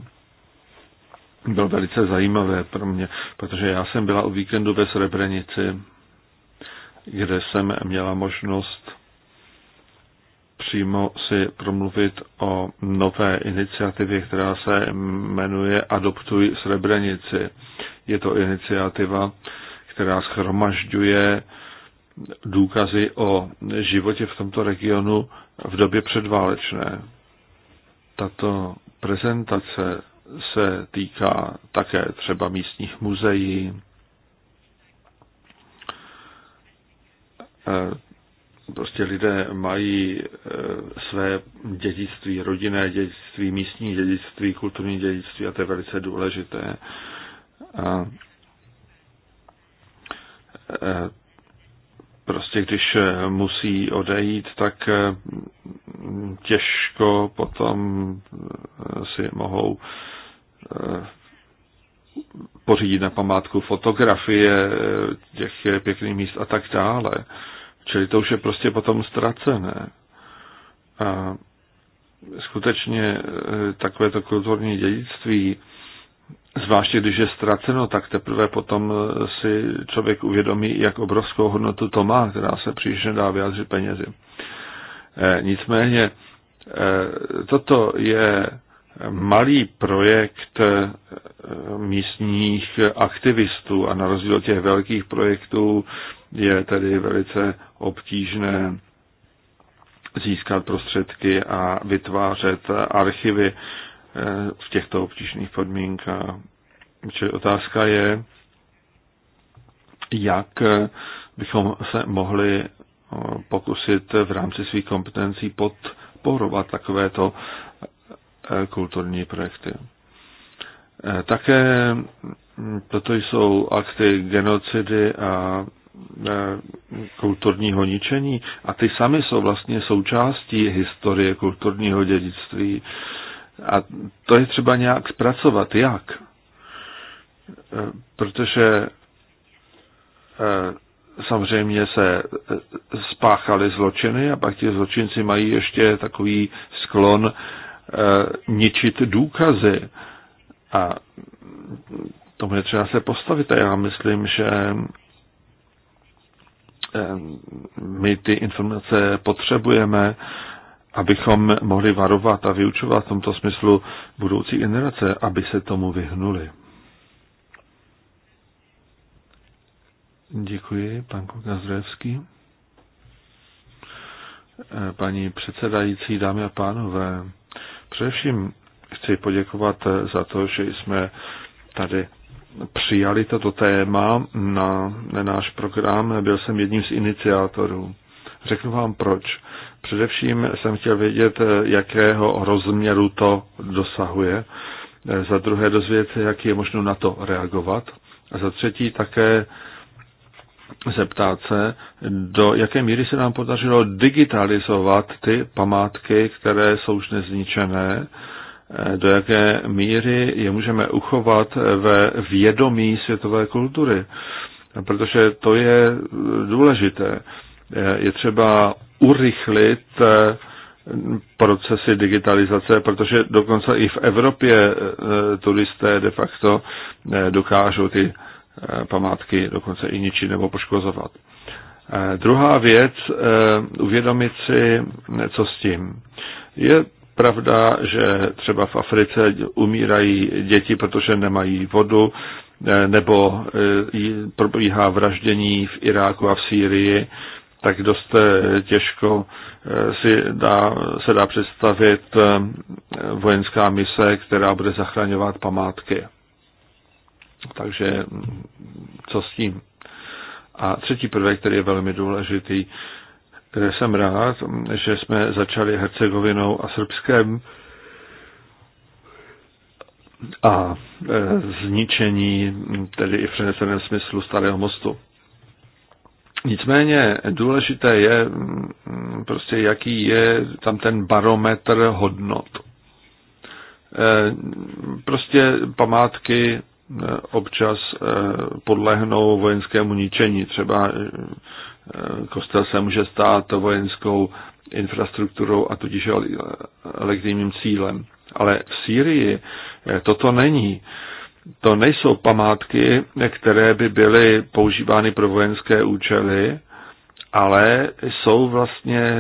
bylo velice zajímavé pro mě, protože já jsem byla u víkendu ve Srebrenici, kde jsem měla možnost přímo si promluvit o nové iniciativě, která se jmenuje Adoptuj Srebrenici. Je to iniciativa, která schromažďuje důkazy o životě v tomto regionu v době předválečné. Tato prezentace se týká také třeba místních muzeí, prostě lidé mají eh, své dědictví, rodinné dědictví, místní dědictví, kulturní dědictví a to je velice důležité. A eh, prostě když eh, musí odejít, tak těžko potom si mohou pořídit na památku fotografie těch pěkných míst a tak dále. Čili to už je prostě potom ztracené. A skutečně e, takovéto kulturní dědictví, zvláště když je ztraceno, tak teprve potom e, si člověk uvědomí, jak obrovskou hodnotu to má, která se příliš nedá vyjádřit penězi. E, nicméně toto je malý projekt eh, místních aktivistů a na rozdíl od těch velkých projektů je tedy velice obtížné získat prostředky a vytvářet archivy eh, v těchto obtížných podmínkách. Čili otázka je, jak eh, bychom se mohli pokusit v rámci svých kompetencí podporovat takovéto Eh, kulturní projekty. Eh, také toto jsou akty genocidy a eh, kulturního ničení a ty samy jsou vlastně součástí historie kulturního dědictví a to je třeba nějak zpracovat. Jak? Protože samozřejmě se spáchaly zločiny a pak ti zločinci mají ještě takový sklon Eh, ničit důkazy. A tomu je třeba se postavit. A já myslím, že eh, my ty informace potřebujeme, abychom mohli varovat a vyučovat v tomto smyslu budoucí generace, aby se tomu vyhnuli. Děkuji, pan Kozdrajevský. Eh, paní předsedající, dámy a pánové, Především chci poděkovat za to, že jsme tady přijali toto téma na, na náš program. Byl jsem jedním z iniciátorů. Řeknu vám proč. Především jsem chtěl vědět, jakého rozměru to dosahuje. Za druhé dozvědět se, jak je možno na to reagovat. A za třetí také zeptat se, do jaké míry se nám podařilo digitalizovat ty památky, které jsou už nezničené, eh, do jaké míry je můžeme uchovat ve vědomí světové kultury. Protože to je eh, důležité. Eh, je třeba urychlit procesy digitalizace, protože dokonce i v Evropě turisté de facto dokážou ty Eh, památky dokonce i ničit nebo poškozovat. Eh, druhá věc, eh, uvědomit si, co s tím. Je pravda, že třeba v Africe umírají děti, protože nemají vodu, nebo probíhá vraždění v Iráku a v Sýrii, tak dost těžko si dá, se dá představit vojenská mise, která bude zachraňovat památky. Takže mm, co s tím? A třetí prvek, který je velmi důležitý, jsem rád, že jsme začali Hercegovinou a Srbskem a e, zničení, tedy i v přeneseném smyslu, Starého mostu. Nicméně důležité je mm, prostě, jaký je tam ten barometr hodnot. E, prostě památky občas eh, podlehnou vojenskému ničení. Třeba eh, kostel se může stát vojenskou infrastrukturou a tudíž legitimním cílem. Ale v Sýrii eh, toto není. To nejsou památky, které by byly používány pro vojenské účely, ale jsou vlastně,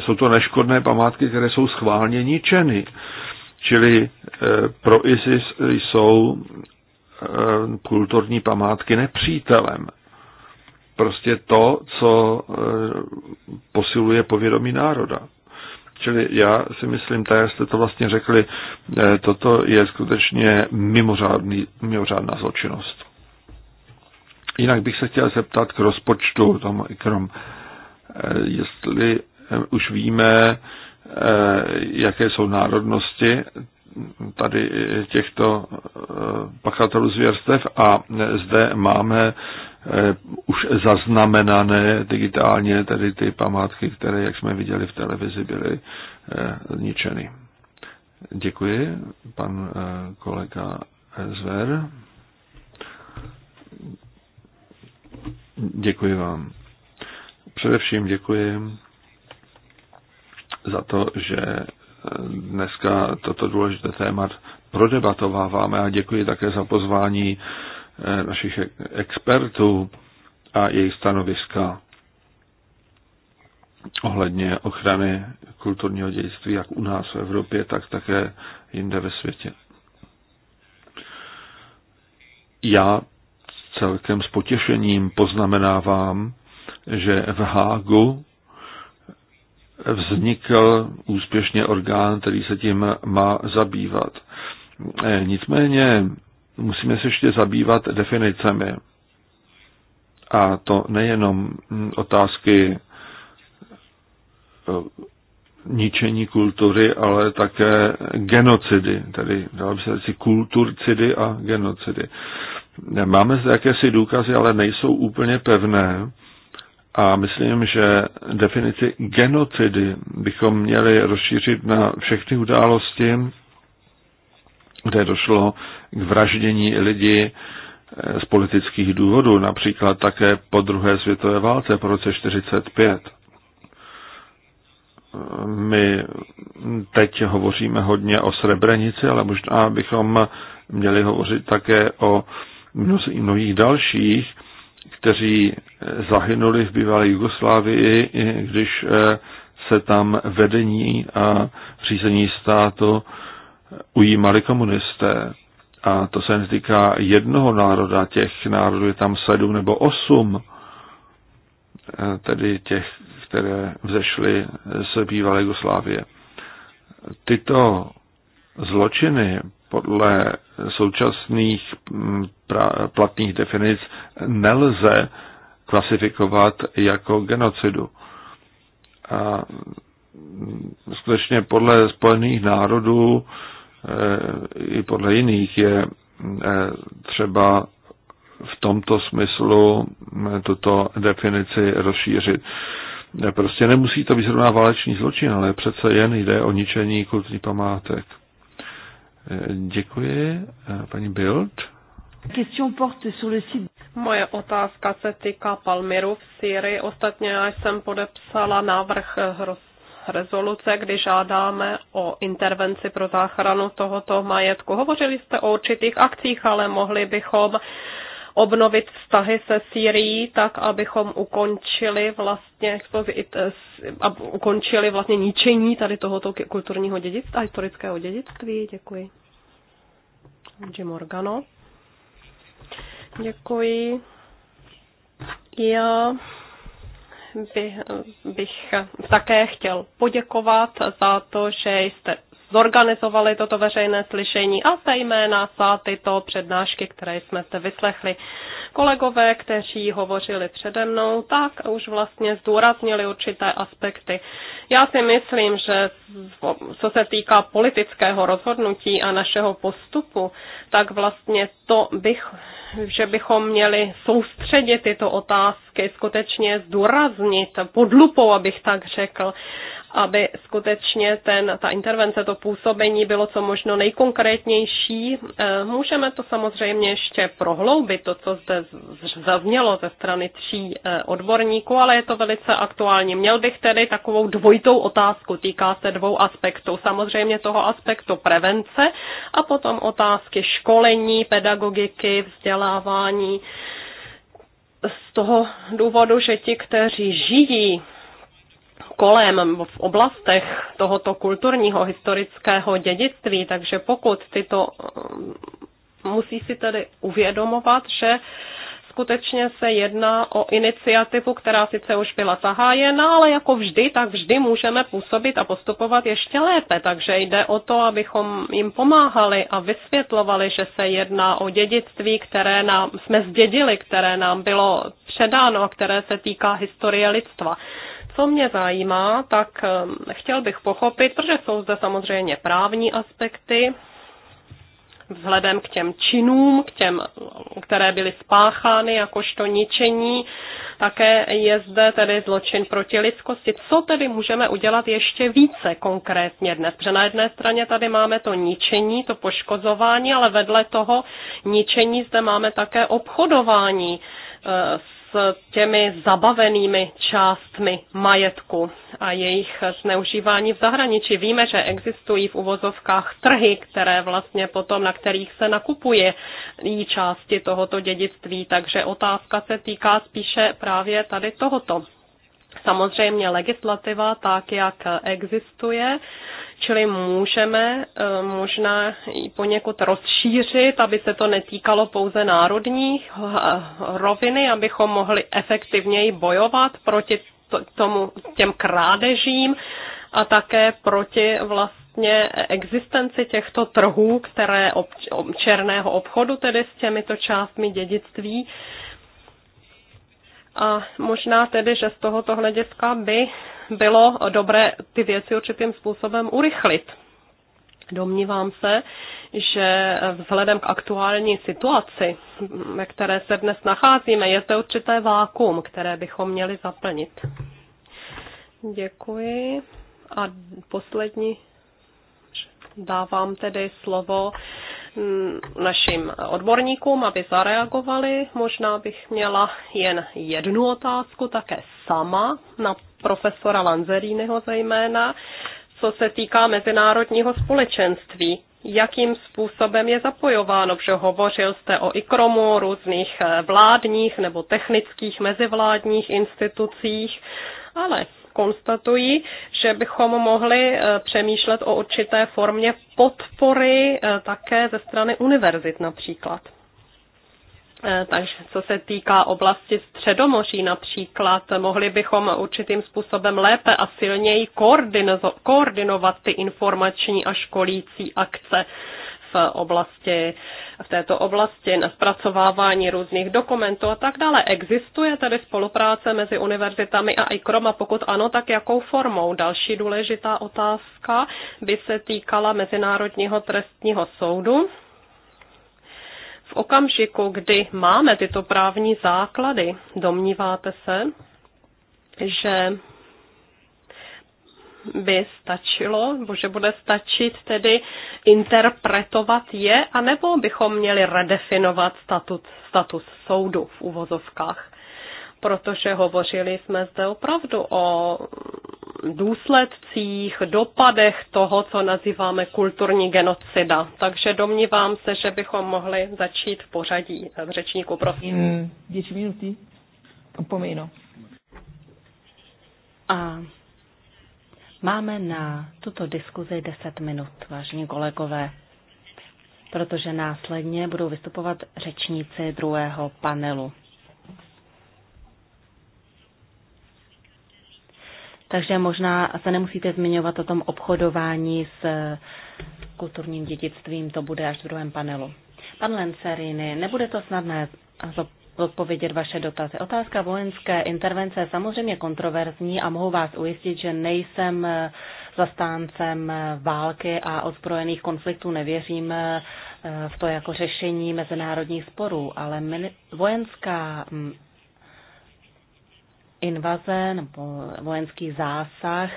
jsou to neškodné památky, které jsou schválně ničeny. Čili pro ISIS jsou Eh, kulturní památky nepřítelem. Prostě to, co eh, posiluje povědomí národa. Čili já si myslím, tak jak jste to vlastně řekli, eh, toto je skutečně mimořádný, mimořádná zločinnost. Jinak bych se chtěl zeptat k rozpočtu, tom, krom, jestli už víme, jaké jsou národnosti, tady těchto eh, pachatelů zvěrstev a zde máme eh, už zaznamenané digitálně tedy ty památky, které, jak jsme viděli v televizi, byly zničeny. Eh, děkuji, pan kolega Zver. Děkuji vám. Především děkuji za to, že dneska toto důležité téma prodebatováváme a děkuji také za pozvání eh, našich expertů a jejich stanoviska ohledně ochrany kulturního dědictví jak u nás v Evropě, tak také jinde ve světě. Já celkem s potěšením poznamenávám, že v Hágu vznikl úspěšně orgán, který se tím má zabývat. E, nicméně musíme se ještě zabývat definicemi. A to nejenom otázky e, ničení kultury, ale také genocidy, tedy dalo by se říct kulturcidy a genocidy. Máme zde jakési důkazy, ale nejsou úplně pevné a myslím, že definici genocidy bychom měli rozšířit na všechny události, kde došlo k vraždění lidí eh, z politických důvodů, například také po druhé světové válce po roce 45. My teď hovoříme hodně o Srebrenici, ale možná bychom měli hovořit také o mnohých dalších, kteří eh, zahynuli v bývalé Jugoslávii, když eh, se tam vedení a řízení státu eh, ujímali komunisté. A to se netýká jednoho národa, těch národů je tam sedm nebo osm, tedy těch, které vzešly z bývalé Jugoslávie. Tyto zločiny podle současných mm, platných definic nelze klasifikovat jako genocidu. A mm, skutečně podle Spojených národů e, i podle jiných je e, třeba v tomto smyslu e, tuto definici rozšířit. Prostě nemusí to být zrovna válečný zločin, ale přece jen jde o ničení kulturních památek. Děkuji. Paní Bild. Moje otázka se týká Palmiru v Syrii. Ostatně já jsem podepsala návrh rezoluce, kdy žádáme o intervenci pro záchranu tohoto majetku. Hovořili jste o určitých akcích, ale mohli bychom obnovit vztahy se Syrií tak, abychom ukončili vlastně, ab, ukončili vlastně ničení tady tohoto kulturního dědictví a historického dědictví. Děkuji. Jim Morgano. Děkuji. Já bych také chtěl poděkovat za to, že jste zorganizovali toto veřejné slyšení a zejména za tyto přednášky, které jsme zde vyslechli. Kolegové, kteří hovořili přede mnou, tak už vlastně zdůraznili určité aspekty. Já si myslím, že co se týká politického rozhodnutí a našeho postupu, tak vlastně to bych, že bychom měli soustředit tyto otázky, skutečně zdůraznit pod lupou, abych tak řekl, aby skutečně ten, ta intervence, to působení bylo co možno nejkonkrétnější. Eh, můžeme to samozřejmě ještě prohloubit, to, co zde zaznělo ze strany tří eh, odborníků, ale je to velice aktuální. Měl bych tedy takovou dvojitou otázku, týká se dvou aspektů. Samozřejmě toho aspektu prevence a potom otázky školení, pedagogiky, vzdělávání z toho důvodu, že ti, kteří žijí kolem, v oblastech tohoto kulturního historického dědictví, takže pokud tyto mm, musí si tedy uvědomovat, že skutečně se jedná o iniciativu, která sice už byla zahájena, ale jako vždy, tak vždy můžeme působit a postupovat ještě lépe. Takže jde o to, abychom jim pomáhali a vysvětlovali, že se jedná o dědictví, které nám jsme zdědili, které nám bylo předáno a které se týká historie lidstva. Co mě zajímá, tak um, chtěl bych pochopit, protože jsou zde samozřejmě právní aspekty, vzhledem k těm činům, k těm, které byly spáchány jakožto ničení, také je zde tedy zločin proti lidskosti. Co tedy můžeme udělat ještě více konkrétně dnes? Protože na jedné straně tady máme to ničení, to poškozování, ale vedle toho ničení zde máme také obchodování s eh, s těmi zabavenými částmi majetku a jejich zneužívání v zahraničí. Víme, že existují v uvozovkách trhy, které vlastně potom, na kterých se nakupuje jí části tohoto dědictví, takže otázka se týká spíše právě tady tohoto. Samozřejmě legislativa, tak jak existuje, Čili můžeme eh, možná i poněkud rozšířit, aby se to netýkalo pouze národní eh, roviny, abychom mohli efektivněji bojovat proti tomu, těm krádežím a také proti vlastně existenci těchto trhů, které ob, černého obchodu tedy s těmito částmi dědictví. A možná tedy, že z tohoto hlediska by bylo dobré ty věci určitým způsobem urychlit. Domnívám se, že vzhledem k aktuální situaci, ve které se dnes nacházíme, je to určité vákum, které bychom měli zaplnit. Děkuji. A poslední dávám tedy slovo Mm, našim odborníkům, aby zareagovali. Možná bych měla jen jednu otázku, také sama, na profesora Lanzerínyho zejména, co se týká mezinárodního společenství. Jakým způsobem je zapojováno, že hovořil jste o ikromu, různých eh, vládních nebo technických mezivládních institucích, ale konstatují, že bychom mohli eh, přemýšlet o určité formě podpory eh, také ze strany univerzit například. Eh, takže co se týká oblasti Středomoří například, mohli bychom určitým způsobem lépe a silněji koordinovat ty informační a školící akce v oblasti, v této oblasti, na zpracovávání různých dokumentů a tak dále. Existuje tedy spolupráce mezi univerzitami a ICROM a pokud ano, tak jakou formou? Další důležitá otázka by se týkala Mezinárodního trestního soudu. V okamžiku, kdy máme tyto právní základy, domníváte se, že by stačilo, nebo že bude stačit tedy interpretovat je, anebo bychom měli redefinovat statut, status soudu v uvozovkách. Protože hovořili jsme zde opravdu o důsledcích, dopadech toho, co nazýváme kulturní genocida. Takže domnívám se, že bychom mohli začít v pořadí v řečníku, prosím. Mm, Děti minuty, pomíno. A Máme na tuto diskuzi 10 minut, vážení kolegové, protože následně budou vystupovat řečníci druhého panelu. Takže možná se nemusíte zmiňovat o tom obchodování s kulturním dědictvím, to bude až v druhém panelu. Pan Lencerini, nebude to snadné zodpovědět vaše dotazy. Otázka vojenské intervence je samozřejmě kontroverzní a mohu vás ujistit, že nejsem eh, zastáncem eh, války a ozbrojených konfliktů. Nevěřím eh, v to jako řešení mezinárodních sporů, ale vojenská mm, invaze nebo vojenský zásah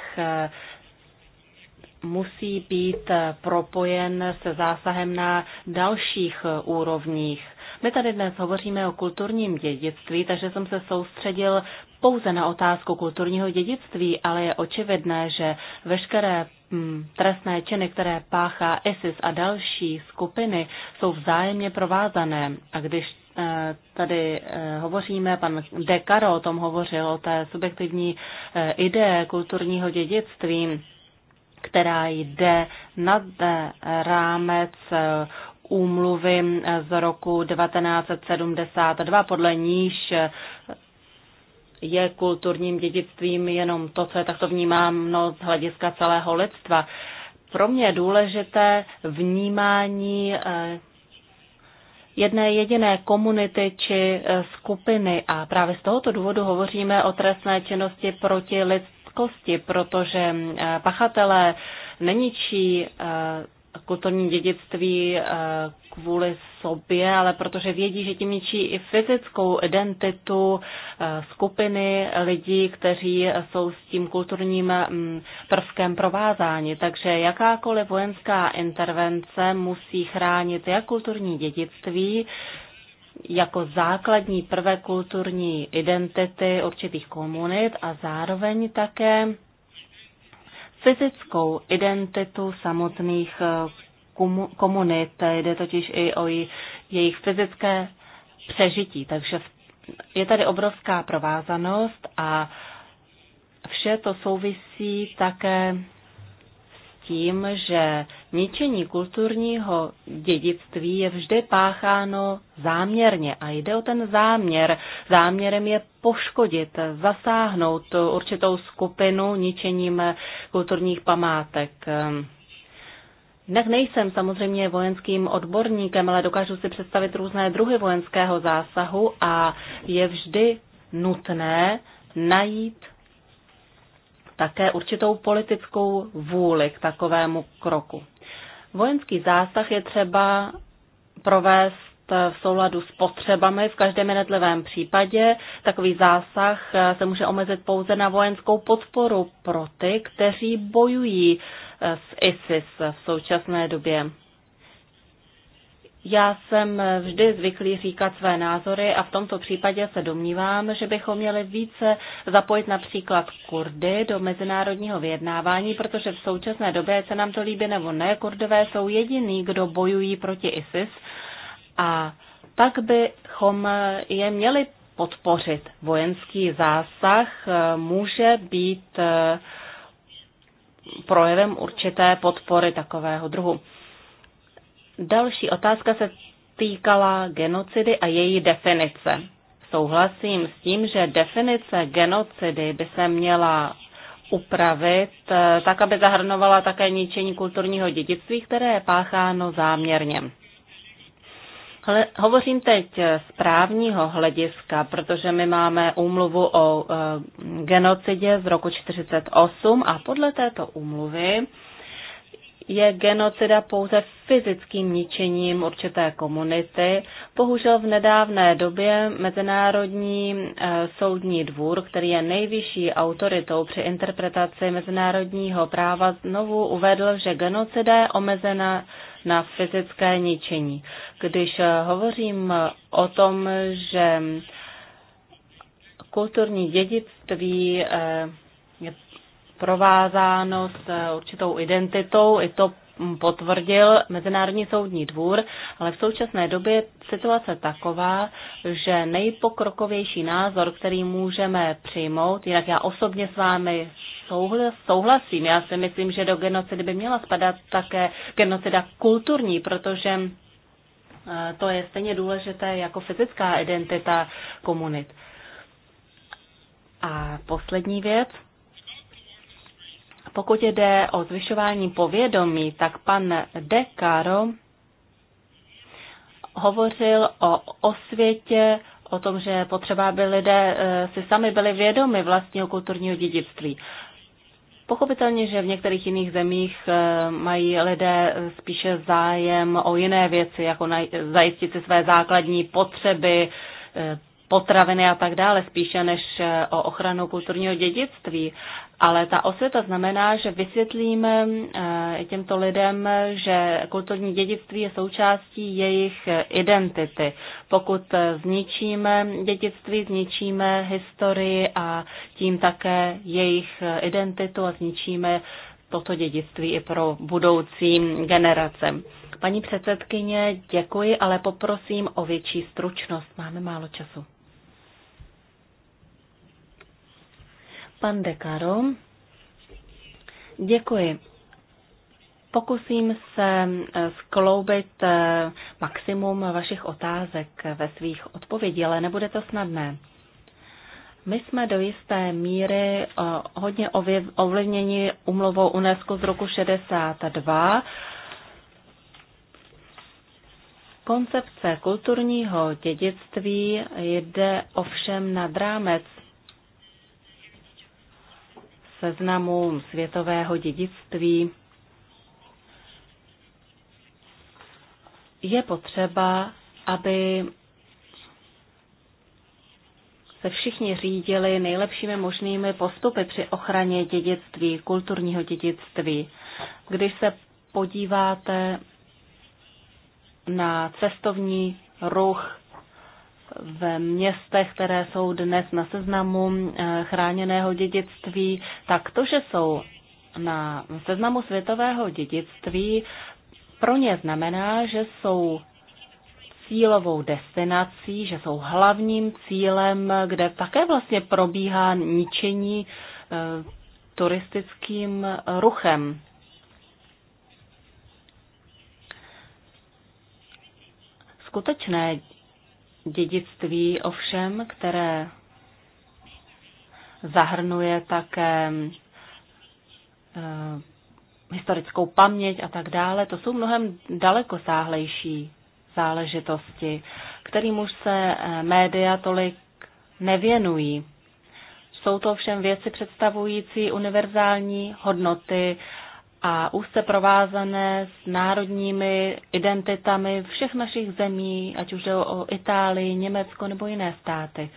musí být propojen se zásahem na dalších úrovních my tady dnes hovoříme o kulturním dědictví, takže jsem se soustředil pouze na otázku kulturního dědictví, ale je očividné, že veškeré mm, trestné činy, které páchá ISIS a další skupiny, jsou vzájemně provázané. A když eh, tady eh, hovoříme, pan De Caro o tom hovořil, o té subjektivní eh, ideje kulturního dědictví, která jde nad rámec úmluvy z roku 1972, podle níž je kulturním dědictvím jenom to, co je takto vnímáno z hlediska celého lidstva. Pro mě je důležité vnímání eh, jedné jediné komunity či eh, skupiny a právě z tohoto důvodu hovoříme o trestné činnosti proti lidskosti, protože eh, pachatelé neničí kulturní dědictví eh, kvůli sobě, ale protože vědí, že tím ničí i fyzickou identitu eh, skupiny lidí, kteří jsou s tím kulturním mm, prvkem provázáni. Takže jakákoliv vojenská intervence musí chránit jak kulturní dědictví, jako základní prvek kulturní identity určitých komunit a zároveň také fyzickou identitu samotných eh, komunit. Jde totiž i o jejich fyzické přežití. Takže je tady obrovská provázanost a vše to souvisí také s tím, že Ničení kulturního dědictví je vždy pácháno záměrně a jde o ten záměr. Záměrem je poškodit, zasáhnout určitou skupinu ničením kulturních památek. Jinak nejsem samozřejmě vojenským odborníkem, ale dokážu si představit různé druhy vojenského zásahu a je vždy nutné najít také určitou politickou vůli k takovému kroku. Vojenský zásah je třeba provést v souladu s potřebami v každém jednotlivém případě. Takový zásah se může omezit pouze na vojenskou podporu pro ty, kteří bojují s ISIS v současné době. Já jsem vždy zvyklý říkat své názory a v tomto případě se domnívám, že bychom měli více zapojit například Kurdy do mezinárodního vyjednávání, protože v současné době, se nám to líbí nebo ne, Kurdové jsou jediný, kdo bojují proti ISIS a tak bychom je měli podpořit. Vojenský zásah eh, může být eh, projevem určité podpory takového druhu. Další otázka se týkala genocidy a její definice. Souhlasím s tím, že definice genocidy by se měla upravit eh, tak, aby zahrnovala také ničení kulturního dědictví, které je pácháno záměrně. Hle, hovořím teď z právního hlediska, protože my máme úmluvu o e, genocidě z roku 1948 a podle této úmluvy je genocida pouze fyzickým ničením určité komunity. Bohužel v nedávné době Mezinárodní eh, soudní dvůr, který je nejvyšší autoritou při interpretaci mezinárodního práva, znovu uvedl, že genocida je omezena na fyzické ničení. Když eh, hovořím eh, o tom, že kulturní dědictví provázáno s eh, určitou identitou, i to mm, potvrdil Mezinárodní soudní dvůr, ale v současné době situace taková, že nejpokrokovější názor, který můžeme přijmout, jinak já osobně s vámi souhlasím, já si myslím, že do genocidy by měla spadat také genocida kulturní, protože eh, to je stejně důležité jako fyzická identita komunit. A poslední věc – pokud jde o zvyšování povědomí, tak pan De Caro hovořil o osvětě, o tom, že potřeba, aby lidé eh, si sami byli vědomi vlastního kulturního dědictví. Pochopitelně, že v některých jiných zemích eh, mají lidé eh, spíše zájem o jiné věci, jako zajistit si své základní potřeby, potraviny a tak dále, spíše než o ochranu kulturního dědictví. Ale ta osvěta znamená, že vysvětlíme eh, těmto lidem, že kulturní dědictví je součástí jejich identity. Pokud eh, zničíme dědictví, zničíme historii a tím také jejich eh, identitu a zničíme toto dědictví i pro budoucí generace. Paní předsedkyně, děkuji, ale poprosím o větší stručnost. Máme málo času. Pan Dekaro. Děkuji. Pokusím se eh, skloubit eh, maximum vašich otázek ve svých odpovědi, ale nebude to snadné. My jsme do jisté míry eh, hodně ovlivněni umluvou UNESCO z roku 62. Koncepce kulturního dědictví jde ovšem nad rámec seznamu světového dědictví je potřeba, aby se všichni řídili nejlepšími možnými postupy při ochraně dědictví, kulturního dědictví. Když se podíváte na cestovní ruch ve městech, které jsou dnes na seznamu eh, chráněného dědictví, tak to, že jsou na seznamu světového dědictví, pro ně znamená, že jsou cílovou destinací, že jsou hlavním cílem, kde také vlastně probíhá ničení eh, turistickým ruchem. Skutečné dědictví ovšem, které zahrnuje také eh, historickou paměť a tak dále, to jsou mnohem dalekosáhlejší záležitosti, kterým už se eh, média tolik nevěnují. Jsou to ovšem věci představující univerzální hodnoty, a úzce provázané s národními identitami všech našich zemí, ať už je o Itálii, Německo nebo jiné státy.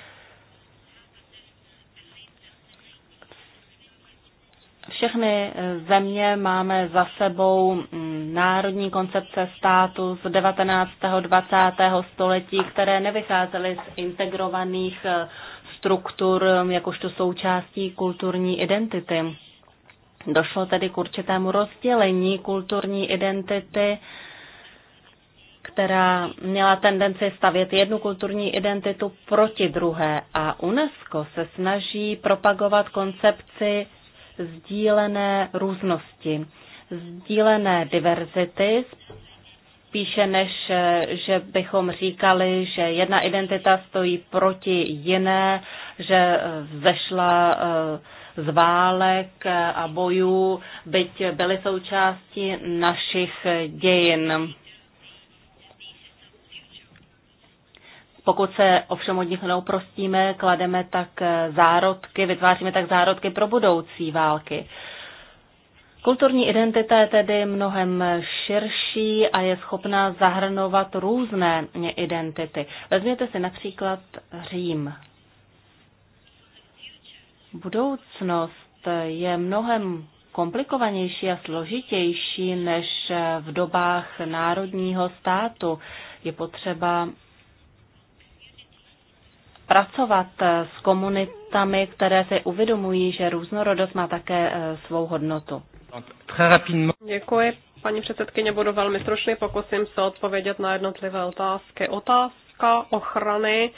Všechny země máme za sebou mm, národní koncepce státu z 19. 20. století, které nevycházely z integrovaných eh, struktur jakožto součástí kulturní identity. Došlo tedy k určitému rozdělení kulturní identity, která měla tendenci stavět jednu kulturní identitu proti druhé a UNESCO se snaží propagovat koncepci sdílené různosti, sdílené diverzity, spíše než, že bychom říkali, že jedna identita stojí proti jiné, že vzešla eh, z válek a bojů, byť byly součástí našich dějin. Pokud se ovšem od nich neoprostíme, klademe tak zárodky, vytváříme tak zárodky pro budoucí války. Kulturní identita je tedy mnohem širší a je schopná zahrnovat různé identity. Vezměte si například Řím budoucnost je mnohem komplikovanější a složitější než v dobách národního státu. Je potřeba pracovat s komunitami, které si uvědomují, že různorodost má také e, svou hodnotu. Děkuji, paní předsedkyně, budu velmi stručný, pokusím se odpovědět na jednotlivé otázky. Otázka ochrany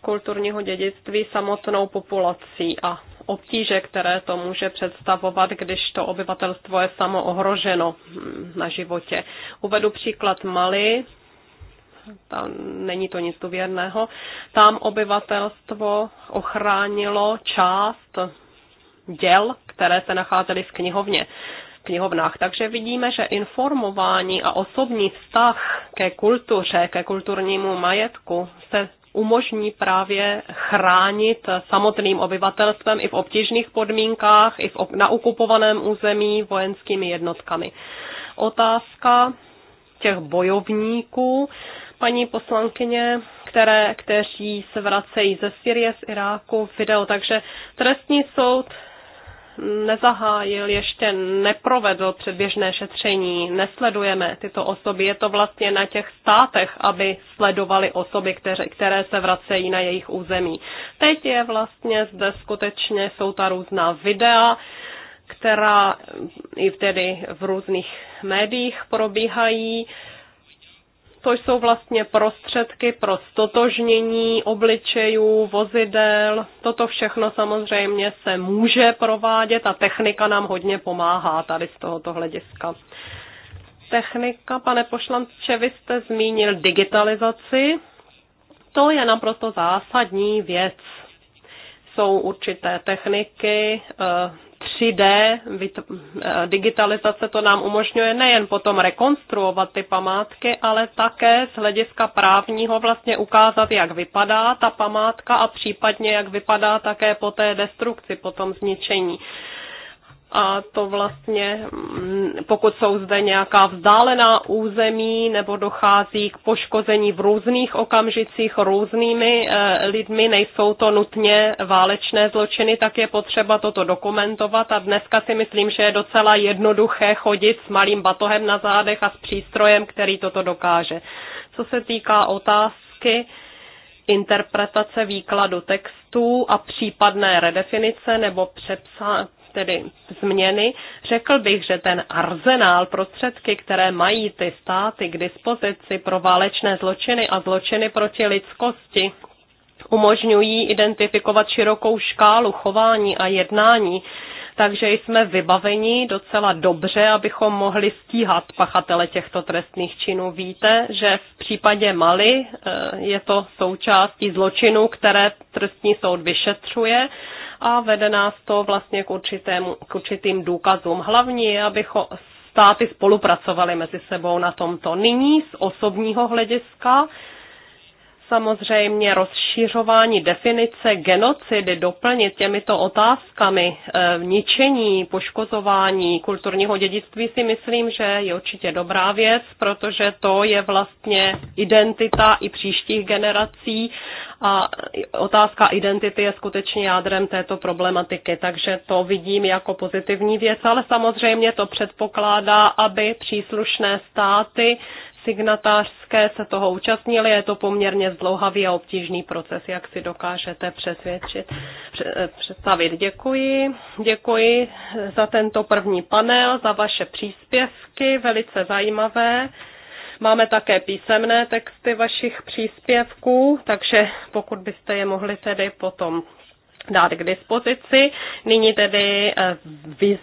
kulturního dědictví samotnou populací a obtíže, které to může představovat, když to obyvatelstvo je samo ohroženo hm, na životě. Uvedu příklad Mali, tam není to nic důvěrného. Tam obyvatelstvo ochránilo část děl, které se nacházely v knihovně knihovnách. Takže vidíme, že informování a osobní vztah ke kultuře, ke kulturnímu majetku se umožní právě chránit samotným obyvatelstvem i v obtížných podmínkách, i v, na okupovaném území vojenskými jednotkami. Otázka těch bojovníků, paní poslankyně, které, kteří se vracejí ze Syrie, z Iráku, video. Takže trestní soud nezahájil, ještě neprovedl předběžné šetření, nesledujeme tyto osoby. Je to vlastně na těch státech, aby sledovali osoby, které, které se vracejí na jejich území. Teď je vlastně zde skutečně, jsou ta různá videa, která i tedy v různých médiích probíhají to jsou vlastně prostředky pro stotožnění obličejů, vozidel. Toto všechno samozřejmě se může provádět a technika nám hodně pomáhá tady z tohoto hlediska. Technika, pane Pošlanče, vy jste zmínil digitalizaci. To je naprosto zásadní věc. Jsou určité techniky, eh, 3D eh, digitalizace to nám umožňuje nejen potom rekonstruovat ty památky, ale také z hlediska právního vlastně ukázat, jak vypadá ta památka a případně jak vypadá také po té destrukci, po tom zničení a to vlastně, mm, pokud jsou zde nějaká vzdálená území nebo dochází k poškození v různých okamžicích různými eh, lidmi, nejsou to nutně válečné zločiny, tak je potřeba toto dokumentovat a dneska si myslím, že je docela jednoduché chodit s malým batohem na zádech a s přístrojem, který toto dokáže. Co se týká otázky, interpretace výkladu textů a případné redefinice nebo tedy změny, řekl bych, že ten arzenál prostředky, které mají ty státy k dispozici pro válečné zločiny a zločiny proti lidskosti, umožňují identifikovat širokou škálu chování a jednání, takže jsme vybaveni docela dobře, abychom mohli stíhat pachatele těchto trestných činů. Víte, že v případě Mali eh, je to součástí zločinů, které trestní soud vyšetřuje a vede nás to vlastně k, určitém, k určitým důkazům. Hlavně je, abychom státy spolupracovaly mezi sebou na tomto. Nyní z osobního hlediska samozřejmě rozšířování definice genocidy doplnit těmito otázkami e, ničení, poškozování kulturního dědictví si myslím, že je určitě dobrá věc, protože to je vlastně identita i příštích generací a otázka identity je skutečně jádrem této problematiky, takže to vidím jako pozitivní věc, ale samozřejmě to předpokládá, aby příslušné státy signatářské se toho účastnili. Je to poměrně zdlouhavý a obtížný proces, jak si dokážete přesvědčit, eh, představit. Děkuji. Děkuji za tento první panel, za vaše příspěvky, velice zajímavé. Máme také písemné texty vašich příspěvků, takže pokud byste je mohli tedy potom dát k dispozici. Nyní tedy eh,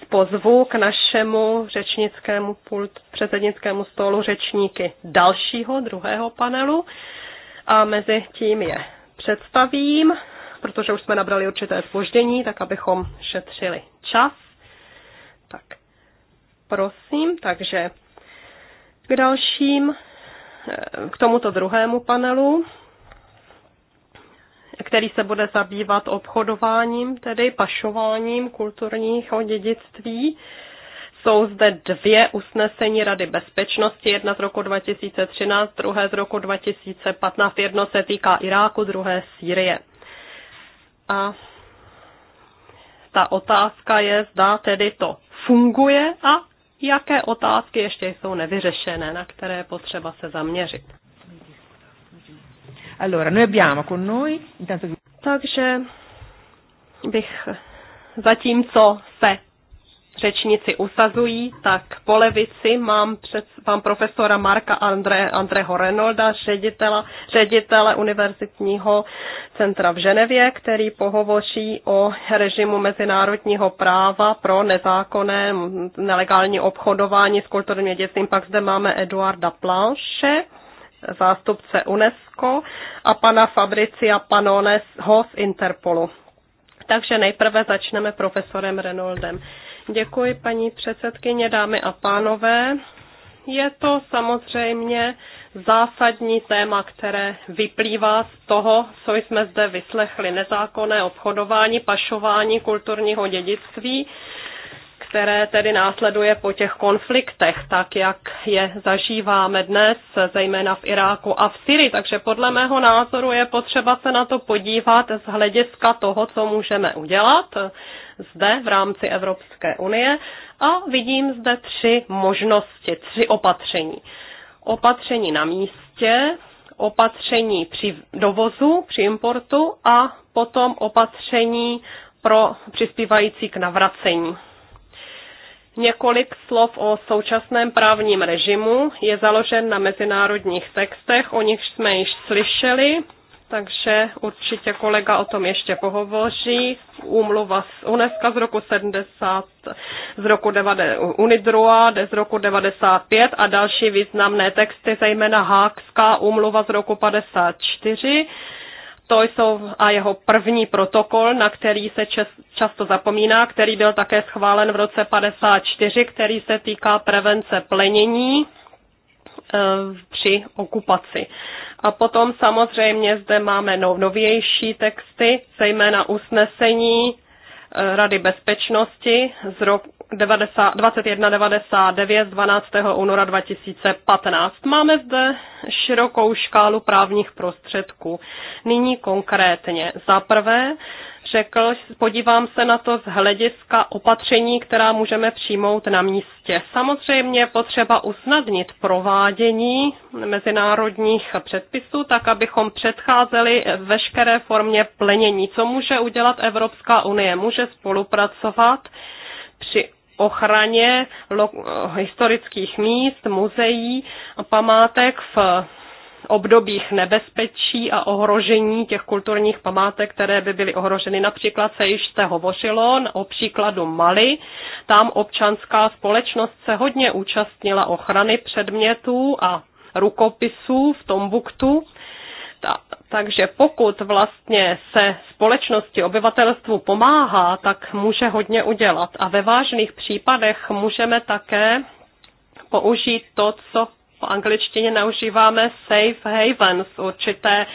pozvu k našemu řečnickému pult, předsednickému stolu řečníky dalšího, druhého panelu. A mezi tím je představím, protože už jsme nabrali určité spoždění, tak abychom šetřili čas. Tak prosím, takže k dalším, eh, k tomuto druhému panelu který se bude zabývat obchodováním, tedy pašováním kulturního dědictví. Jsou zde dvě usnesení Rady bezpečnosti, jedna z roku 2013, druhé z roku 2015. Jedno se týká Iráku, druhé Sýrie. A ta otázka je, zda tedy to funguje a jaké otázky ještě jsou nevyřešené, na které potřeba se zaměřit. Allora, noi abbiamo con noi... Intanto... Takže bych zatímco se řečníci usazují, tak po levici mám, před, pan profesora Marka André, Andreho Renolda, ředitele, ředitele Univerzitního centra v Ženevě, který pohovoří o režimu mezinárodního práva pro nezákonné nelegální obchodování s kulturním dědictvím. Pak zde máme Eduarda Planche, zástupce UNESCO a pana Fabricia Panoneho z Interpolu. Takže nejprve začneme profesorem Renoldem. Děkuji paní předsedkyně, dámy a pánové. Je to samozřejmě zásadní téma, které vyplývá z toho, co jsme zde vyslechli. Nezákonné obchodování, pašování kulturního dědictví které tedy následuje po těch konfliktech, tak jak je zažíváme dnes, zejména v Iráku a v Syrii. Takže podle mého názoru je potřeba se na to podívat z hlediska toho, co můžeme udělat zde v rámci Evropské unie a vidím zde tři možnosti, tři opatření. Opatření na místě, opatření při dovozu, při importu a potom opatření pro přispívající k navracení Několik slov o současném právním režimu je založen na mezinárodních textech, o nich jsme již slyšeli, takže určitě kolega o tom ještě pohovoří. Úmluva z UNESCO z roku 70, z roku 90, UNIDROA z roku 95 a další významné texty, zejména Hákská úmluva z roku 54, to jsou a jeho první protokol, na který se čes, často zapomíná, který byl také schválen v roce 54, který se týká prevence plenění e, při okupaci. A potom samozřejmě zde máme no, novější texty, zejména usnesení Eh, Rady bezpečnosti z roku 2199 z 12. února 2015. Máme zde širokou škálu právních prostředků. Nyní konkrétně. Za prvé řekl, podívám se na to z hlediska opatření, která můžeme přijmout na místě. Samozřejmě je potřeba usnadnit provádění mezinárodních předpisů, tak abychom předcházeli veškeré formě plenění. Co může udělat Evropská unie? Může spolupracovat při ochraně historických míst, muzeí a památek v obdobích nebezpečí a ohrožení těch kulturních památek, které by byly ohroženy. Například se již se hovořilo o příkladu Mali. Tam občanská společnost se hodně účastnila ochrany předmětů a rukopisů v Tombuktu. Ta, takže pokud vlastně se společnosti obyvatelstvu pomáhá, tak může hodně udělat. A ve vážných případech můžeme také použít to, co angličtině naužíváme safe havens. určité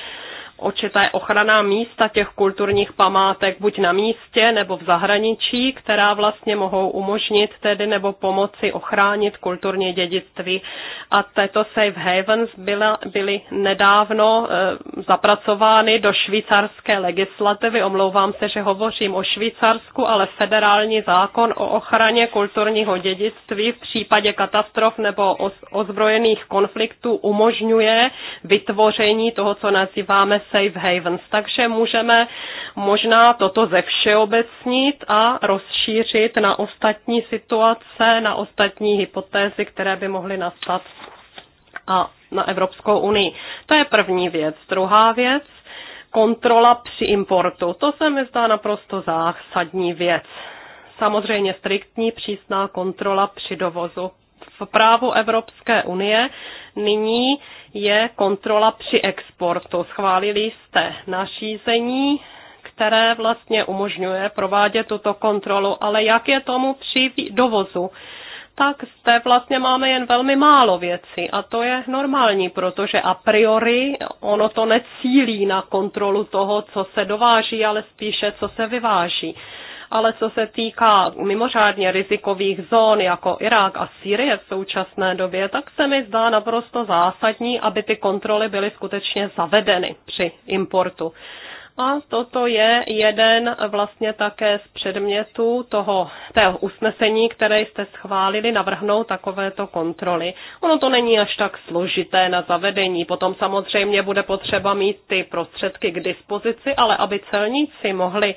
určité ochrana místa těch kulturních památek buď na místě nebo v zahraničí, která vlastně mohou umožnit tedy nebo pomoci ochránit kulturní dědictví. A této Safe Havens byla, byly nedávno e, zapracovány do švýcarské legislativy. Omlouvám se, že hovořím o Švýcarsku, ale federální zákon o ochraně kulturního dědictví v případě katastrof nebo ozbrojených konfliktů umožňuje vytvoření toho, co nazýváme safe havens. Takže můžeme možná toto ze všeobecnit a rozšířit na ostatní situace, na ostatní hypotézy, které by mohly nastat a na Evropskou unii. To je první věc. Druhá věc, kontrola při importu. To se mi zdá naprosto zásadní věc. Samozřejmě striktní přísná kontrola při dovozu v právu Evropské unie nyní je kontrola při exportu. Schválili jste nařízení, které vlastně umožňuje provádět tuto kontrolu, ale jak je tomu při dovozu? tak zde vlastně máme jen velmi málo věcí a to je normální, protože a priori ono to necílí na kontrolu toho, co se dováží, ale spíše co se vyváží ale co se týká mimořádně rizikových zón jako Irák a Sýrie v současné době, tak se mi zdá naprosto zásadní, aby ty kontroly byly skutečně zavedeny při importu. A toto je jeden vlastně také z předmětů toho, tého usnesení, které jste schválili, navrhnout takovéto kontroly. Ono to není až tak složité na zavedení. Potom samozřejmě bude potřeba mít ty prostředky k dispozici, ale aby celníci mohli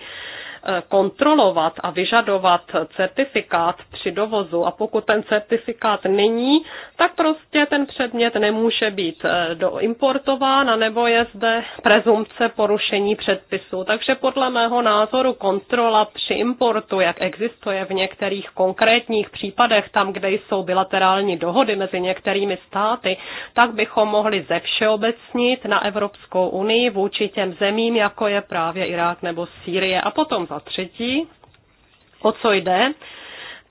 Eh, kontrolovat a vyžadovat certifikát při dovozu a pokud ten certifikát není, tak prostě ten předmět nemůže být eh, doimportován a nebo je zde prezumce porušení předpisů. Takže podle mého názoru kontrola při importu, jak existuje v některých konkrétních případech, tam, kde jsou bilaterální dohody mezi některými státy, tak bychom mohli zevšeobecnit na Evropskou unii vůči těm zemím, jako je právě Irák nebo Sýrie. A potom za třetí, o co jde?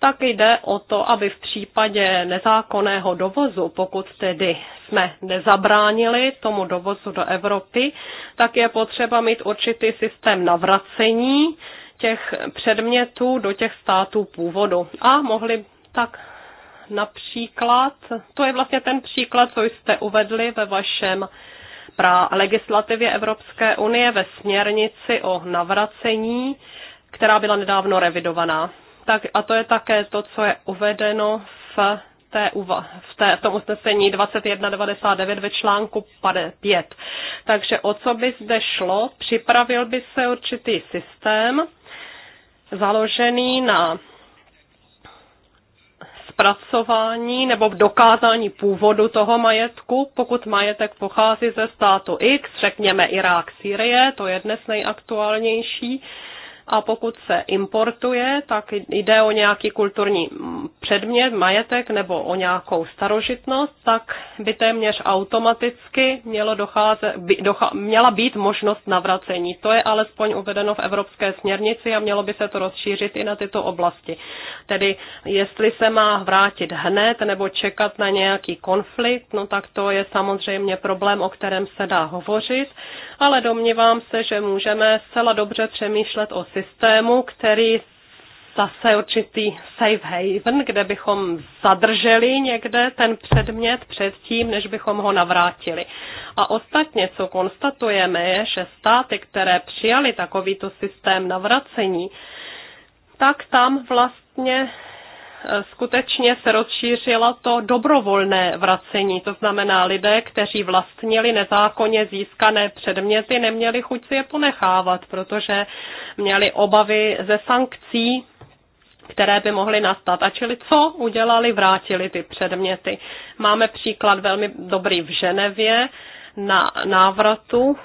tak jde o to, aby v případě nezákonného dovozu, pokud tedy jsme nezabránili tomu dovozu do Evropy, tak je potřeba mít určitý systém navracení těch předmětů do těch států původu. A mohli tak například, to je vlastně ten příklad, co jste uvedli ve vašem pro legislativě Evropské unie ve směrnici o navracení, která byla nedávno revidovaná. Tak, a to je také to, co je uvedeno v, té, v, té, v tom usnesení 2199 ve článku 5. Takže o co by zde šlo? Připravil by se určitý systém založený na zpracování nebo v dokázání původu toho majetku, pokud majetek pochází ze státu X, řekněme Irák, Syrie, to je dnes nejaktuálnější, a pokud se importuje, tak jde o nějaký kulturní předmět, majetek nebo o nějakou starožitnost, tak by téměř automaticky mělo docházet, by, docha, měla být možnost navracení. To je alespoň uvedeno v Evropské směrnici a mělo by se to rozšířit i na tyto oblasti. Tedy jestli se má vrátit hned nebo čekat na nějaký konflikt, no tak to je samozřejmě problém, o kterém se dá hovořit ale domnívám se, že můžeme zcela dobře přemýšlet o systému, který zase určitý safe haven, kde bychom zadrželi někde ten předmět předtím, než bychom ho navrátili. A ostatně, co konstatujeme, je, že státy, které přijali takovýto systém navracení, tak tam vlastně skutečně se rozšířila to dobrovolné vracení. To znamená, lidé, kteří vlastnili nezákonně získané předměty, neměli chuť si je ponechávat, protože měli obavy ze sankcí, které by mohly nastat. A čili co udělali, vrátili ty předměty. Máme příklad velmi dobrý v Ženevě na návratu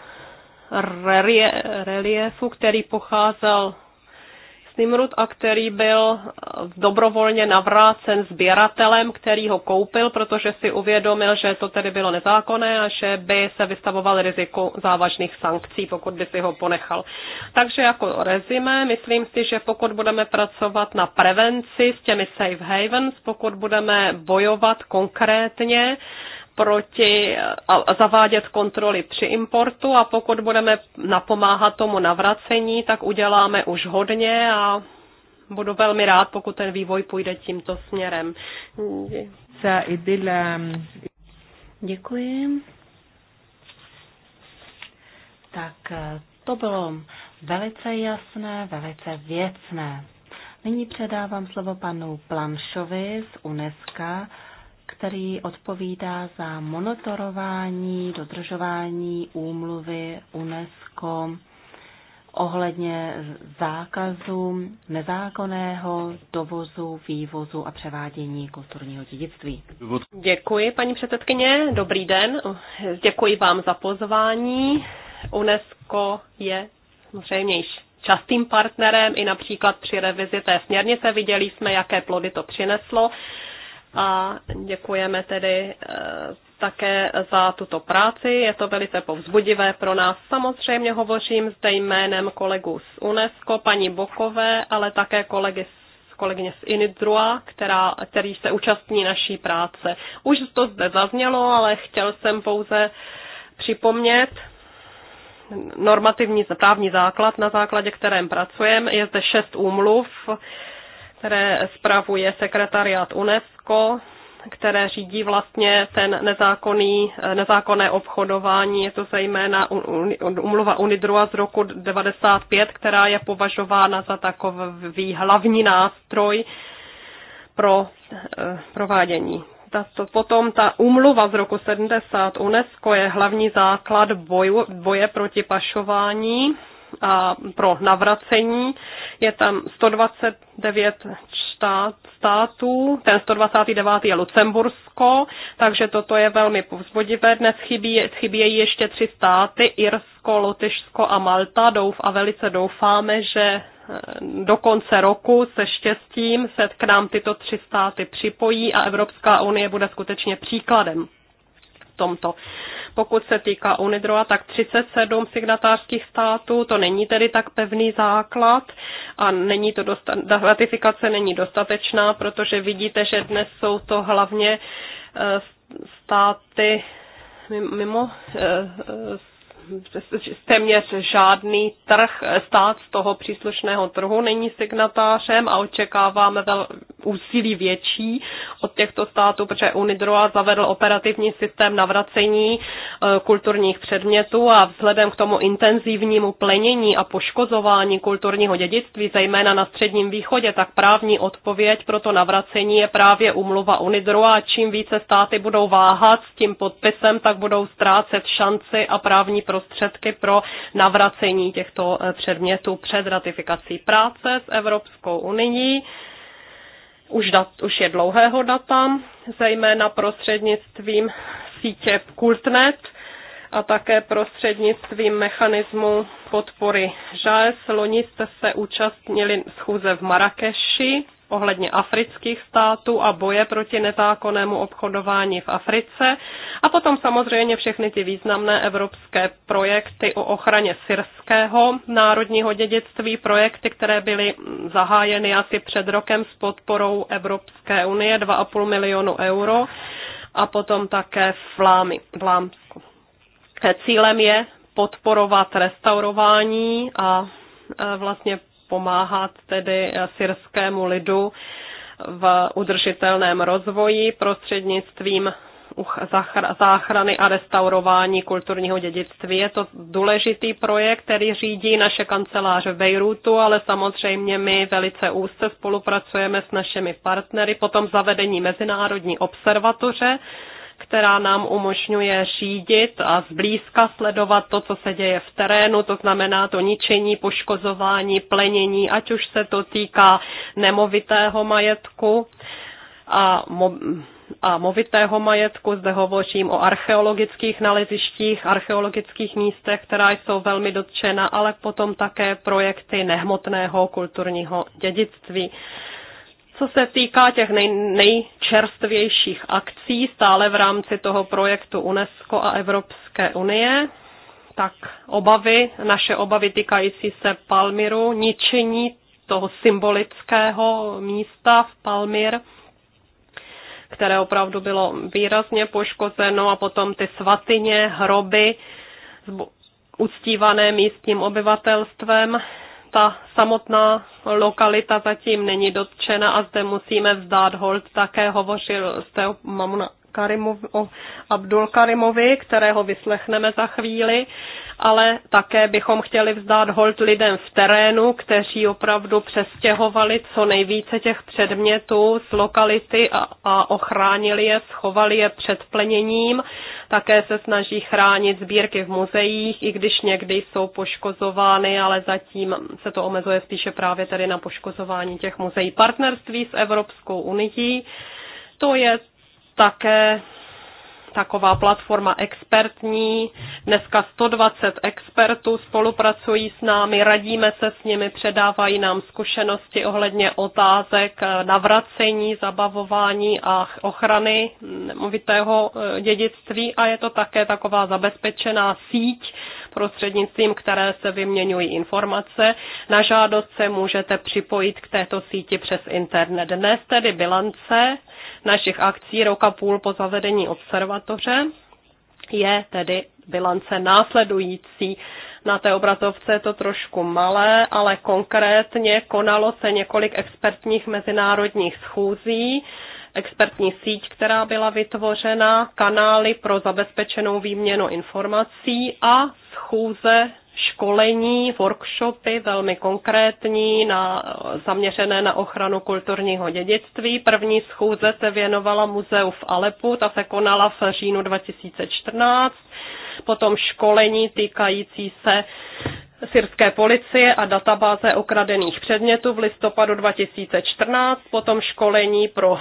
reliefu, který pocházel Nimrud a který byl eh, dobrovolně navrácen sběratelem, který ho koupil, protože si uvědomil, že to tedy bylo nezákonné a že by se vystavoval riziku závažných sankcí, pokud by si ho ponechal. Takže jako rezime, myslím si, že pokud budeme pracovat na prevenci s těmi safe havens, pokud budeme bojovat konkrétně, proti a zavádět kontroly při importu a pokud budeme napomáhat tomu navracení, tak uděláme už hodně a budu velmi rád, pokud ten vývoj půjde tímto směrem. Děkuji. Tak eh, to bylo velice jasné, velice věcné. Nyní předávám slovo panu Planšovi z UNESCO který odpovídá za monitorování, dodržování úmluvy UNESCO ohledně zákazu nezákonného dovozu, vývozu a převádění kulturního dědictví. Děkuji, paní předsedkyně. Dobrý den. Děkuji vám za pozvání. UNESCO je samozřejmě již častým partnerem i například při revizi té směrnice. Viděli jsme, jaké plody to přineslo a děkujeme tedy eh, také za tuto práci. Je to velice povzbudivé pro nás. Samozřejmě hovořím zde jménem kolegů z UNESCO, paní Bokové, ale také kolegy z kolegyně z Inidrua, která, který se účastní naší práce. Už to zde zaznělo, ale chtěl jsem pouze připomnět normativní právní základ, na základě kterém pracujeme. Je zde šest úmluv, které spravuje sekretariát UNESCO, které řídí vlastně ten nezákonný, nezákonné obchodování. Je to zejména umluva UNIDROA z roku 95, která je považována za takový hlavní nástroj pro eh, provádění potom ta umluva z roku 70 UNESCO je hlavní základ boju, boje proti pašování a pro navracení. Je tam 129 štát, států, ten 129. je Lucembursko, takže toto je velmi povzbudivé. Dnes chybí, chybějí ještě tři státy, Irsko, Lotyšsko a Malta Douf, a velice doufáme, že eh, do konce roku se štěstím se k nám tyto tři státy připojí a Evropská unie bude skutečně příkladem tomto. Pokud se týká UNIDROA, tak 37 signatářských států, to není tedy tak pevný základ a není to dosta- ratifikace není dostatečná, protože vidíte, že dnes jsou to hlavně eh, státy mimo eh, eh, téměř žádný trh, stát z toho příslušného trhu není signatářem a očekáváme vel, úsilí větší od těchto států, protože UNIDROA zavedl operativní systém navracení eh, kulturních předmětů a vzhledem k tomu intenzivnímu plenění a poškozování kulturního dědictví, zejména na Středním východě, tak právní odpověď pro to navracení je právě umluva UNIDROA čím více státy budou váhat s tím podpisem, tak budou ztrácet šanci a právní prostředky pro navracení těchto eh, předmětů před ratifikací práce s Evropskou unii už, dat, už je dlouhého data, zejména prostřednictvím sítě Kultnet a také prostřednictvím mechanismu podpory ŽAES. Loni jste se účastnili schůze v Marrakeši ohledně afrických států a boje proti nezákonnému obchodování v Africe a potom samozřejmě všechny ty významné evropské projekty o ochraně syrského národního dědictví, projekty, které byly zahájeny asi před rokem s podporou Evropské unie 2,5 milionu euro a potom také vlámy, vlámsku. Cílem je podporovat restaurování a e, vlastně pomáhat tedy syrskému lidu v udržitelném rozvoji prostřednictvím záchrany a restaurování kulturního dědictví. Je to důležitý projekt, který řídí naše kancelář v Bejrutu, ale samozřejmě my velice úzce spolupracujeme s našimi partnery. Potom zavedení Mezinárodní observatoře která nám umožňuje řídit a zblízka sledovat to, co se děje v terénu, to znamená to ničení, poškozování, plenění, ať už se to týká nemovitého majetku a mo- a movitého majetku. Zde hovořím o archeologických nalezištích, archeologických místech, která jsou velmi dotčena, ale potom také projekty nehmotného kulturního dědictví co se týká těch nej, nejčerstvějších akcí stále v rámci toho projektu UNESCO a Evropské unie, tak obavy, naše obavy týkající se Palmiru, ničení toho symbolického místa v Palmir, které opravdu bylo výrazně poškozeno a potom ty svatyně, hroby uctívané místním obyvatelstvem ta samotná lokalita zatím není dotčena a zde musíme vzdát hold. Také hovořil jste Mamuna Karimov, o Abdul Karimovi, kterého vyslechneme za chvíli, ale také bychom chtěli vzdát hold lidem v terénu, kteří opravdu přestěhovali co nejvíce těch předmětů z lokality a, a ochránili je, schovali je před pleněním. Také se snaží chránit sbírky v muzeích, i když někdy jsou poškozovány, ale zatím se to omezuje spíše právě tedy na poškozování těch muzeí. Partnerství s Evropskou unití, to je také taková platforma expertní. Dneska 120 expertů spolupracují s námi, radíme se s nimi, předávají nám zkušenosti ohledně otázek navracení, zabavování a ochrany nemovitého eh, dědictví a je to také taková zabezpečená síť prostřednictvím které se vyměňují informace. Na žádost se můžete připojit k této síti přes internet. Dnes tedy bilance našich akcí roka půl po zavedení observatoře je tedy bilance následující. Na té obrazovce je to trošku malé, ale konkrétně konalo se několik expertních mezinárodních schůzí expertní síť, která byla vytvořena, kanály pro zabezpečenou výměnu informací a schůze školení, workshopy velmi konkrétní, na, zaměřené na ochranu kulturního dědictví. První schůze se věnovala muzeu v Alepu, ta se konala v říjnu 2014, potom školení týkající se syrské policie a databáze okradených předmětů v listopadu 2014, potom školení pro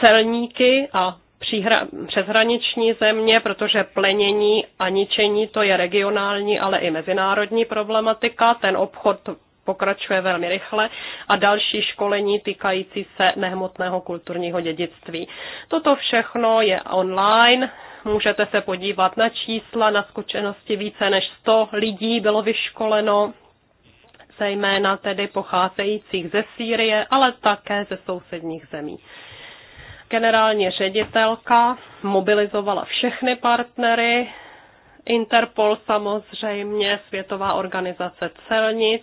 celníky a příhra- přeshraniční země, protože plenění a ničení to je regionální, ale i mezinárodní problematika. Ten obchod pokračuje velmi rychle a další školení týkající se nehmotného kulturního dědictví. Toto všechno je online, můžete se podívat na čísla, na zkušenosti více než 100 lidí bylo vyškoleno, zejména tedy pocházejících ze Sýrie, ale také ze sousedních zemí. Generální ředitelka mobilizovala všechny partnery, Interpol samozřejmě, Světová organizace celnic,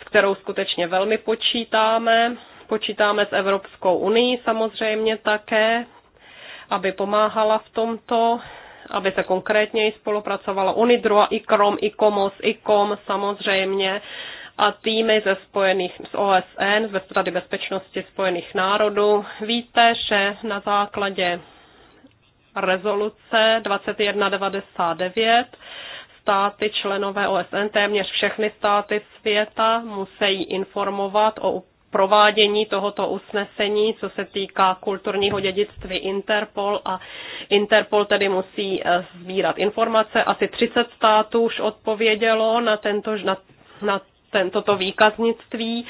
s kterou skutečně velmi počítáme. Počítáme s Evropskou unii samozřejmě také, aby pomáhala v tomto, aby se konkrétně spolupracovala i ICROM, ICOMOS, ICOM samozřejmě a týmy ze spojených z OSN, ze Rady bezpečnosti Spojených národů. Víte, že na základě rezoluce 2199 státy členové OSN, téměř všechny státy světa musí informovat o provádění tohoto usnesení, co se týká kulturního dědictví Interpol a Interpol tedy musí eh, sbírat informace. Asi 30 států už odpovědělo na, tento, na, na ten, toto výkaznictví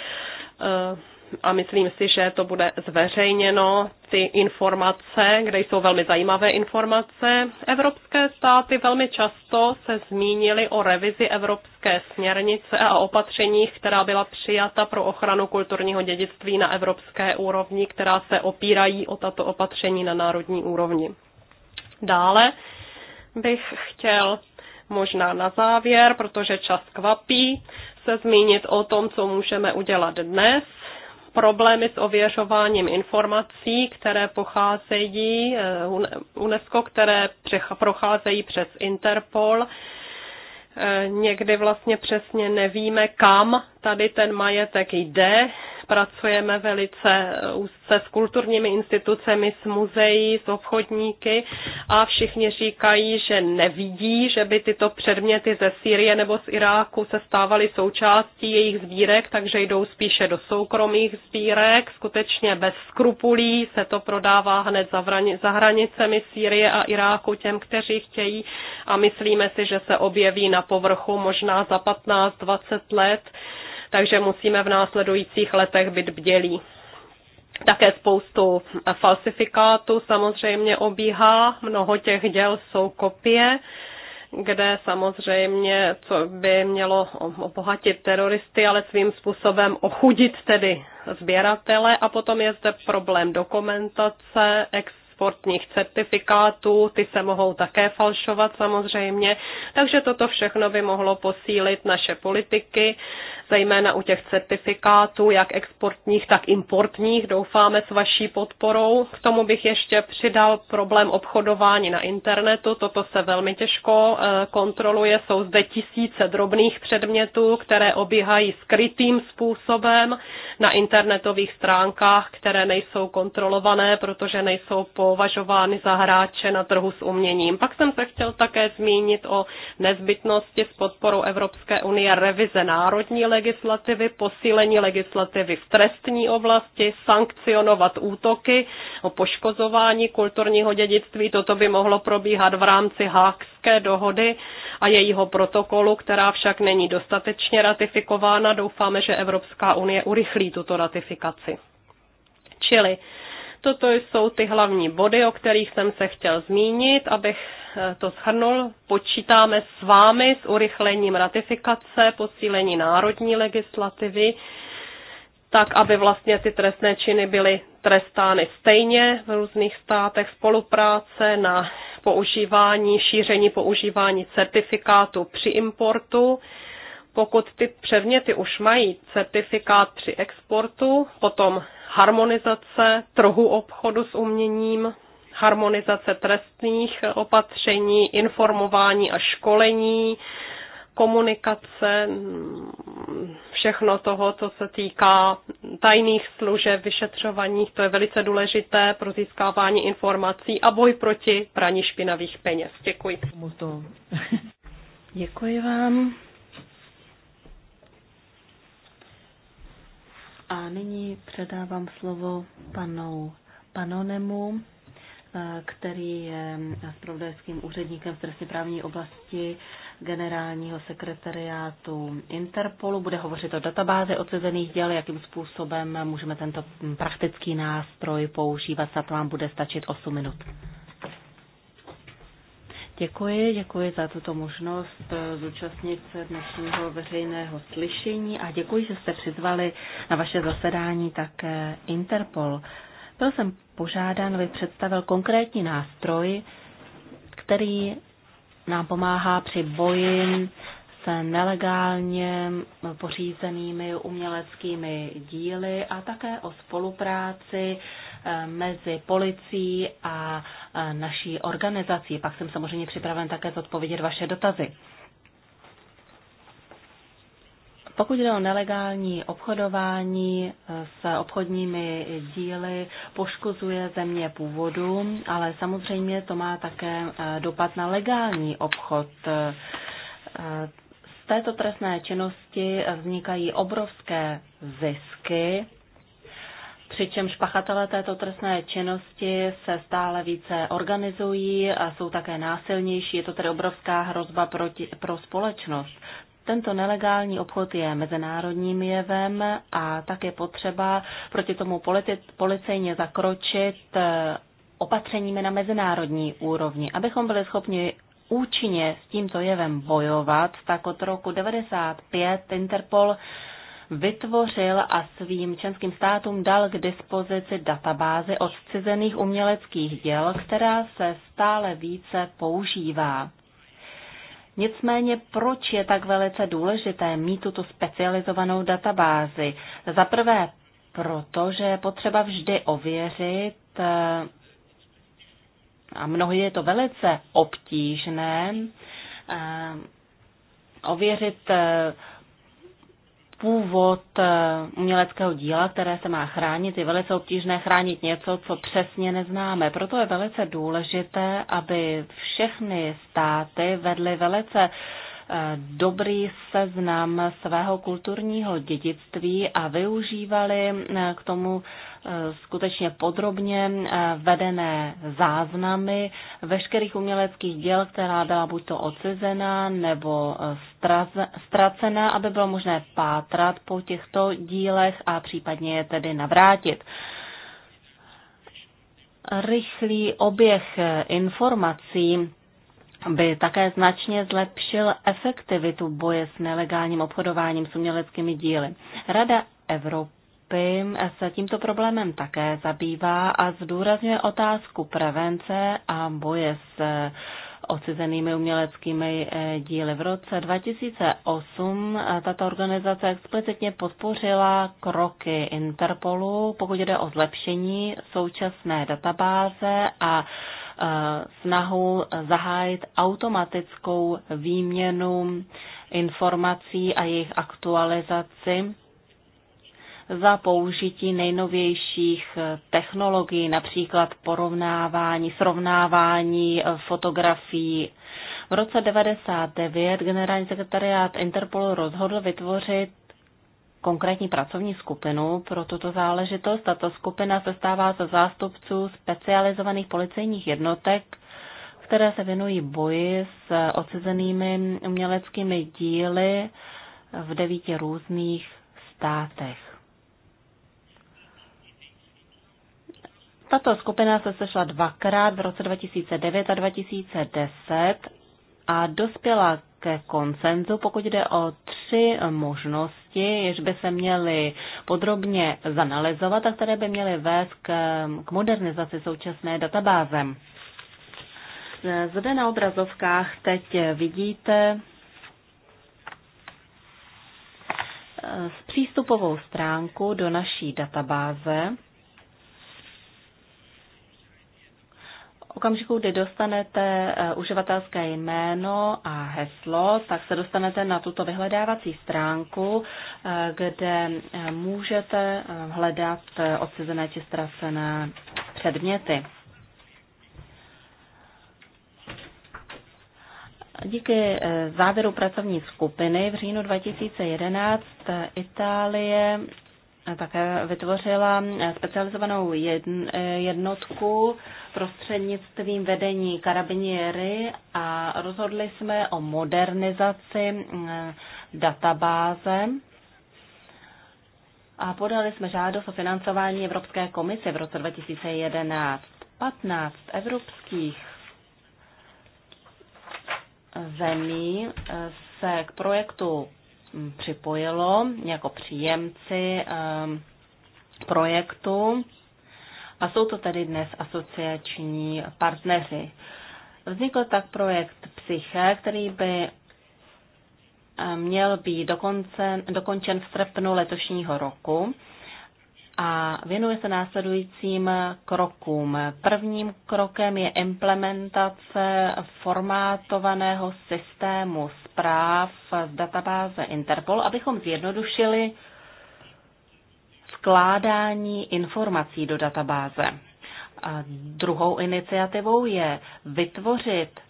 eh, a myslím si, že to bude zveřejněno, ty informace, kde jsou velmi zajímavé informace. Evropské státy velmi často se zmínily o revizi evropské směrnice a opatřeních, která byla přijata pro ochranu kulturního dědictví na evropské úrovni, která se opírají o tato opatření na národní úrovni. Dále bych chtěl možná na závěr, protože čas kvapí, se zmínit o tom, co můžeme udělat dnes, problémy s ověřováním informací, které pocházejí eh, UNESCO, které procházejí přes Interpol. Eh, někdy vlastně přesně nevíme, kam tady ten majetek jde, pracujeme velice eh, úzce s kulturními institucemi, s muzeí, s obchodníky a všichni říkají, že nevidí, že by tyto předměty ze Sýrie nebo z Iráku se stávaly součástí jejich sbírek, takže jdou spíše do soukromých sbírek. Skutečně bez skrupulí se to prodává hned za hranicemi Sýrie a Iráku těm, kteří chtějí a myslíme si, že se objeví na povrchu možná za 15-20 let takže musíme v následujících letech být bdělí. Také spoustu falsifikátů samozřejmě obíhá, mnoho těch děl jsou kopie, kde samozřejmě co by mělo obohatit teroristy, ale svým způsobem ochudit tedy sběratele a potom je zde problém dokumentace, ex exportních certifikátů, ty se mohou také falšovat samozřejmě, takže toto všechno by mohlo posílit naše politiky, zejména u těch certifikátů, jak exportních, tak importních, doufáme s vaší podporou. K tomu bych ještě přidal problém obchodování na internetu, toto se velmi těžko eh, kontroluje, jsou zde tisíce drobných předmětů, které obíhají skrytým způsobem na internetových stránkách, které nejsou kontrolované, protože nejsou po považovány za hráče na trhu s uměním. Pak jsem se chtěl také zmínit o nezbytnosti s podporou Evropské unie revize národní legislativy, posílení legislativy v trestní oblasti, sankcionovat útoky o poškozování kulturního dědictví. Toto by mohlo probíhat v rámci Hákské dohody a jejího protokolu, která však není dostatečně ratifikována. Doufáme, že Evropská unie urychlí tuto ratifikaci. Čili Toto jsou ty hlavní body, o kterých jsem se chtěl zmínit, abych eh, to shrnul. Počítáme s vámi s urychlením ratifikace, posílení národní legislativy, tak aby vlastně ty trestné činy byly trestány stejně v různých státech, spolupráce na používání, šíření používání certifikátu při importu. Pokud ty předměty už mají certifikát při exportu, potom harmonizace trhu obchodu s uměním, harmonizace trestních opatření, informování a školení, komunikace, všechno toho, co se týká tajných služeb, vyšetřování, to je velice důležité pro získávání informací a boj proti praní špinavých peněz. Děkuji. Děkuji vám. A nyní předávám slovo panu Panonemu, eh, který je spravodajským úředníkem v trestně právní oblasti generálního sekretariátu Interpolu. Bude hovořit o databázi ocezených děl, jakým způsobem můžeme tento praktický nástroj používat. Snad vám bude stačit 8 minut. Děkuji, děkuji za tuto možnost eh, zúčastnit se dnešního veřejného slyšení a děkuji, že jste přizvali na vaše zasedání také Interpol. Byl jsem požádán, aby představil konkrétní nástroj, který nám pomáhá při boji se nelegálně pořízenými uměleckými díly a také o spolupráci Eh, mezi policií a eh, naší organizací. Pak jsem samozřejmě připraven také zodpovědět vaše dotazy. Pokud jde o nelegální obchodování eh, s obchodními díly, poškozuje země původu, ale samozřejmě to má také dopad na legální obchod. Z této trestné činnosti vznikají obrovské zisky přičemž pachatele této trestné činnosti se stále více organizují a jsou také násilnější. Je to tedy obrovská hrozba proti, pro společnost. Tento nelegální obchod je mezinárodním jevem a tak je potřeba proti tomu politi- policejně zakročit eh, opatřeními na mezinárodní úrovni, abychom byli schopni účinně s tímto jevem bojovat, tak od roku 1995 Interpol vytvořil a svým členským státům dal k dispozici databáze odcizených uměleckých děl, která se stále více používá. Nicméně proč je tak velice důležité mít tuto specializovanou databázi? Za prvé proto, že je potřeba vždy ověřit, eh, a mnohdy je to velice obtížné, eh, ověřit eh, původ eh, uměleckého díla, které se má chránit, je velice obtížné chránit něco, co přesně neznáme. Proto je velice důležité, aby všechny státy vedly velice eh, dobrý seznam svého kulturního dědictví a využívali eh, k tomu Eh, skutečně podrobně eh, vedené záznamy veškerých uměleckých děl, která byla buď to odcizena nebo eh, ztracená, aby bylo možné pátrat po těchto dílech a případně je tedy navrátit. Rychlý oběh informací by také značně zlepšil efektivitu boje s nelegálním obchodováním s uměleckými díly. Rada Evropy Evropy se tímto problémem také zabývá a zdůrazňuje otázku prevence a boje s ocizenými uměleckými eh, díly. V roce 2008 eh, tato organizace explicitně podpořila kroky Interpolu, pokud jde o zlepšení současné databáze a eh, snahu zahájit automatickou výměnu informací a jejich aktualizaci za použití nejnovějších technologií, například porovnávání, srovnávání eh, fotografií. V roce 1999 generální sekretariát Interpolu rozhodl vytvořit konkrétní pracovní skupinu pro tuto záležitost. Tato skupina se stává ze zástupců specializovaných policejních jednotek, které se věnují boji s odsezenými uměleckými díly v devíti různých státech. Tato skupina se sešla dvakrát v roce 2009 a 2010 a dospěla ke koncenzu, pokud jde o tři možnosti, jež by se měly podrobně zanalizovat a které by měly vést k, k modernizaci současné databáze. Zde na obrazovkách teď vidíte zpřístupovou stránku do naší databáze. okamžiku, kdy dostanete eh, uživatelské jméno a heslo, tak se dostanete na tuto vyhledávací stránku, eh, kde eh, můžete hledat odcizené či ztracené předměty. Díky závěru pracovní skupiny v říjnu 2011 Itálie také vytvořila specializovanou eh, jednotku prostřednictvím vedení karabiniéry a rozhodli jsme o modernizaci eh, databáze a podali jsme žádost o financování Evropské komise v roce 2011. 15 evropských zemí eh, se k projektu připojilo jako příjemci ehm, projektu a jsou to tedy dnes asociační partneři. Vznikl tak projekt Psyche, který by ehm, měl být dokonce, dokončen v srpnu letošního roku a věnuje se následujícím krokům. Prvním krokem je implementace formátovaného systému zpráv z databáze Interpol, abychom zjednodušili vkládání informací do databáze. A druhou iniciativou je vytvořit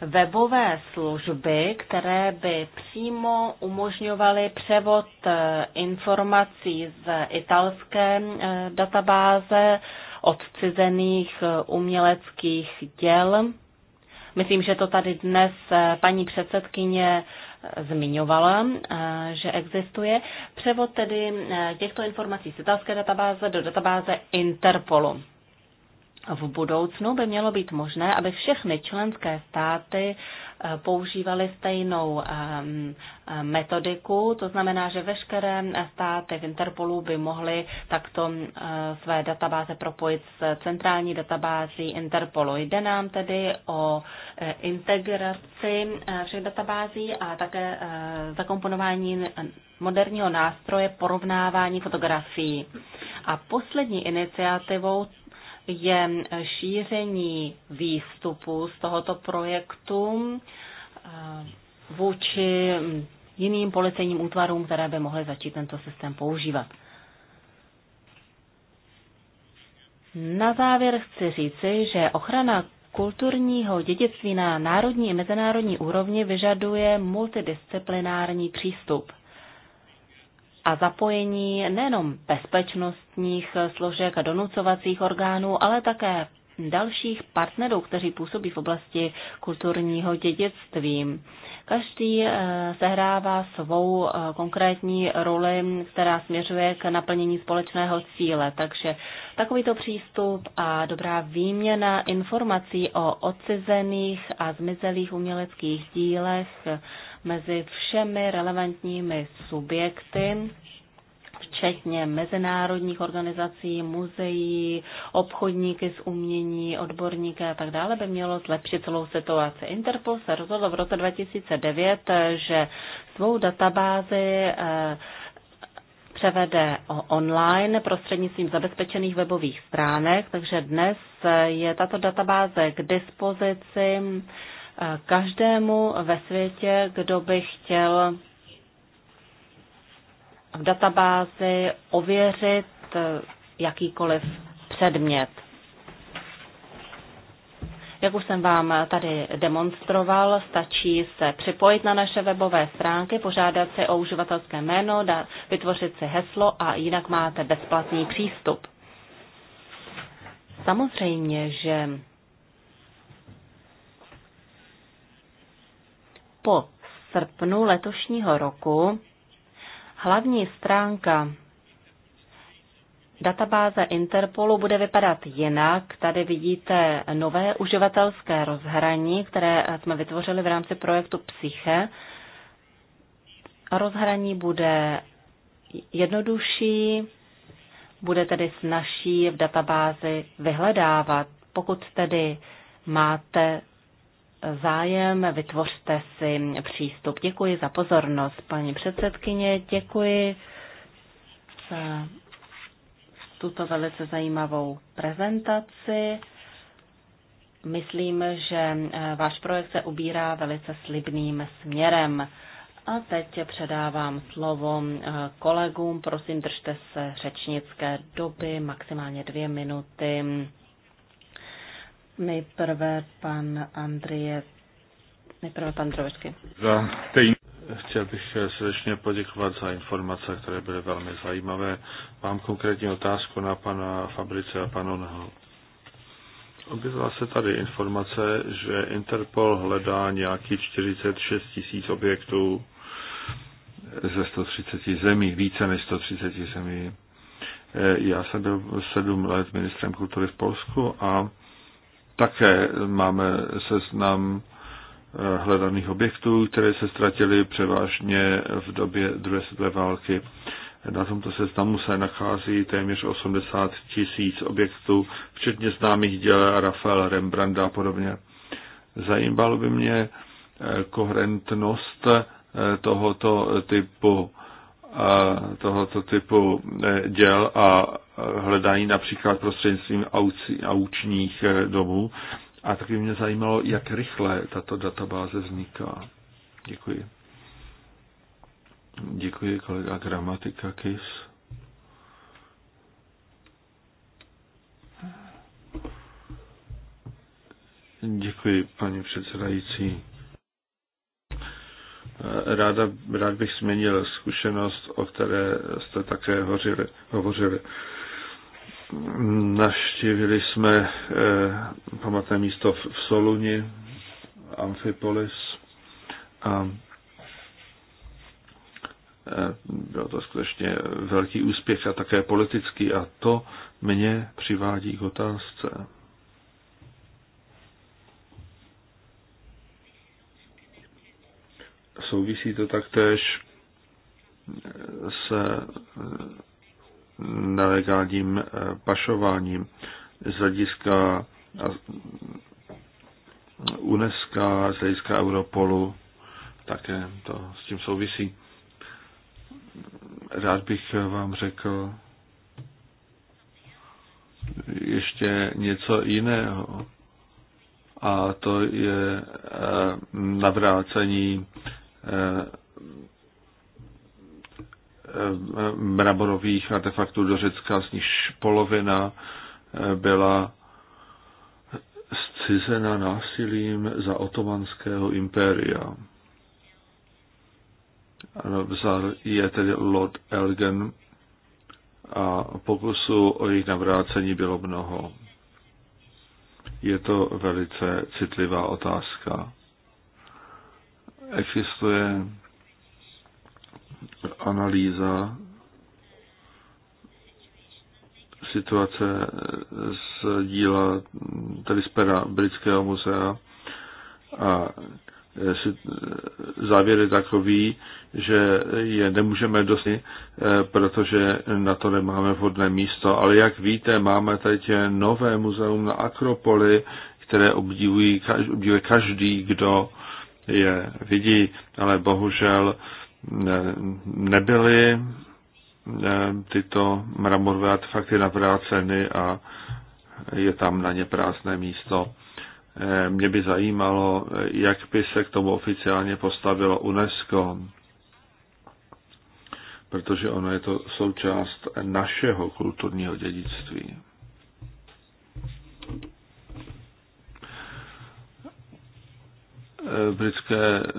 webové služby, které by přímo umožňovaly převod eh, informací z italské eh, databáze odcizených eh, uměleckých děl Myslím, že to tady dnes eh, paní předsedkyně eh, zmiňovala, eh, že existuje. Převod tedy těchto informací z italské databáze do databáze Interpolu v budoucnu by mělo být možné, aby všechny členské státy eh, používaly stejnou ehm, eh, metodiku, to znamená, že veškeré státy v Interpolu by mohly takto eh, své databáze propojit s centrální databází Interpolu. Jde nám tedy o integraci všech databází a také zakomponování moderního nástroje porovnávání fotografií. A poslední iniciativou je šíření výstupu z tohoto projektu eh, vůči jiným policejním útvarům, které by mohly začít tento systém používat. Na závěr chci říci, že ochrana kulturního dědictví na národní i mezinárodní úrovni vyžaduje multidisciplinární přístup a zapojení nejenom bezpečnostních složek a donucovacích orgánů, ale také dalších partnerů, kteří působí v oblasti kulturního dědictví. Každý eh, sehrává svou eh, konkrétní roli, která směřuje k naplnění společného cíle. Takže takovýto přístup a dobrá výměna informací o odcizených a zmizelých uměleckých dílech mezi všemi relevantními subjekty, včetně mezinárodních organizací, muzeí, obchodníky s umění, odborníky a tak dále, by mělo zlepšit celou situaci. Interpol se rozhodl v roce 2009, že svou databázi eh, převede online prostřednictvím zabezpečených webových stránek, takže dnes je tato databáze k dispozici každému ve světě, kdo by chtěl v databázi ověřit eh, jakýkoliv předmět. Jak už jsem vám tady demonstroval, stačí se připojit na naše webové stránky, požádat si o uživatelské jméno, vytvořit si heslo a jinak máte bezplatný přístup. Samozřejmě, že po srpnu letošního roku hlavní stránka databáze Interpolu bude vypadat jinak. Tady vidíte nové uživatelské rozhraní, které jsme vytvořili v rámci projektu Psyche. Rozhraní bude jednodušší, bude tedy snažší v databázi vyhledávat. Pokud tedy máte zájem, vytvořte si přístup. Děkuji za pozornost, paní předsedkyně, děkuji za tuto velice zajímavou prezentaci. Myslím, že eh, váš projekt se ubírá velice slibným směrem. A teď předávám slovo eh, kolegům. Prosím, držte se řečnické doby, maximálně dvě minuty. Nejprve pan Andrie, nejprve pan Drovecký. Chtěl bych srdečně poděkovat za informace, které byly velmi zajímavé. Mám konkrétní otázku na pana Fabrice a pana Objevila se tady informace, že Interpol hledá nějakých 46 tisíc objektů ze 130 zemí, více než 130 zemí. Já jsem byl sedm let ministrem kultury v Polsku a také máme seznam eh, hledaných objektů, které se ztratily převážně v době druhé světové války. Na tomto seznamu se nachází téměř 80 tisíc objektů, včetně známých děl Rafael Rembrandta a podobně. Zajímalo by mě eh, koherentnost eh, tohoto typu tohoto typu e, děl a e, hledání například prostřednictvím aučních e, domů. A taky mě zajímalo, jak rychle tato databáze vzniká. Děkuji. Děkuji kolega Gramatika Kis. Děkuji, paní předsedající. Ráda, rád bych změnil zkušenost, o které jste také hořili, hovořili. Naštívili jsme eh, pamatné místo v, v Soluni, Amphipolis a eh, byl to skutečně velký úspěch a také politický a to mě přivádí k otázce. souvisí to taktéž se eh, nelegálním eh, pašováním z hlediska UNESCO, z hlediska Europolu, také to s tím souvisí. Rád bych vám řekl ještě něco jiného a to je eh, navrácení Eh, eh, mramorových artefaktů do Řecka, z nichž polovina eh, byla zcizena násilím za otomanského impéria. Vzal je tedy Lord Elgen a pokusů o jejich navrácení bylo mnoho. Je to velice citlivá otázka. Existuje analýza situace z díla, tady z pera Britského muzea a závěr je takový, že je nemůžeme dosti, protože na to nemáme vhodné místo. Ale jak víte, máme tady tě nové muzeum na Akropoli, které obdivuje každý, kdo je vidí, ale bohužel nebyly eh, tyto mramorové artefakty navráceny a je tam na ně prázdné místo. Eh, mě by zajímalo, jak by se k tomu oficiálně postavilo UNESCO, protože ono je to součást našeho kulturního dědictví. Eh, britské eh,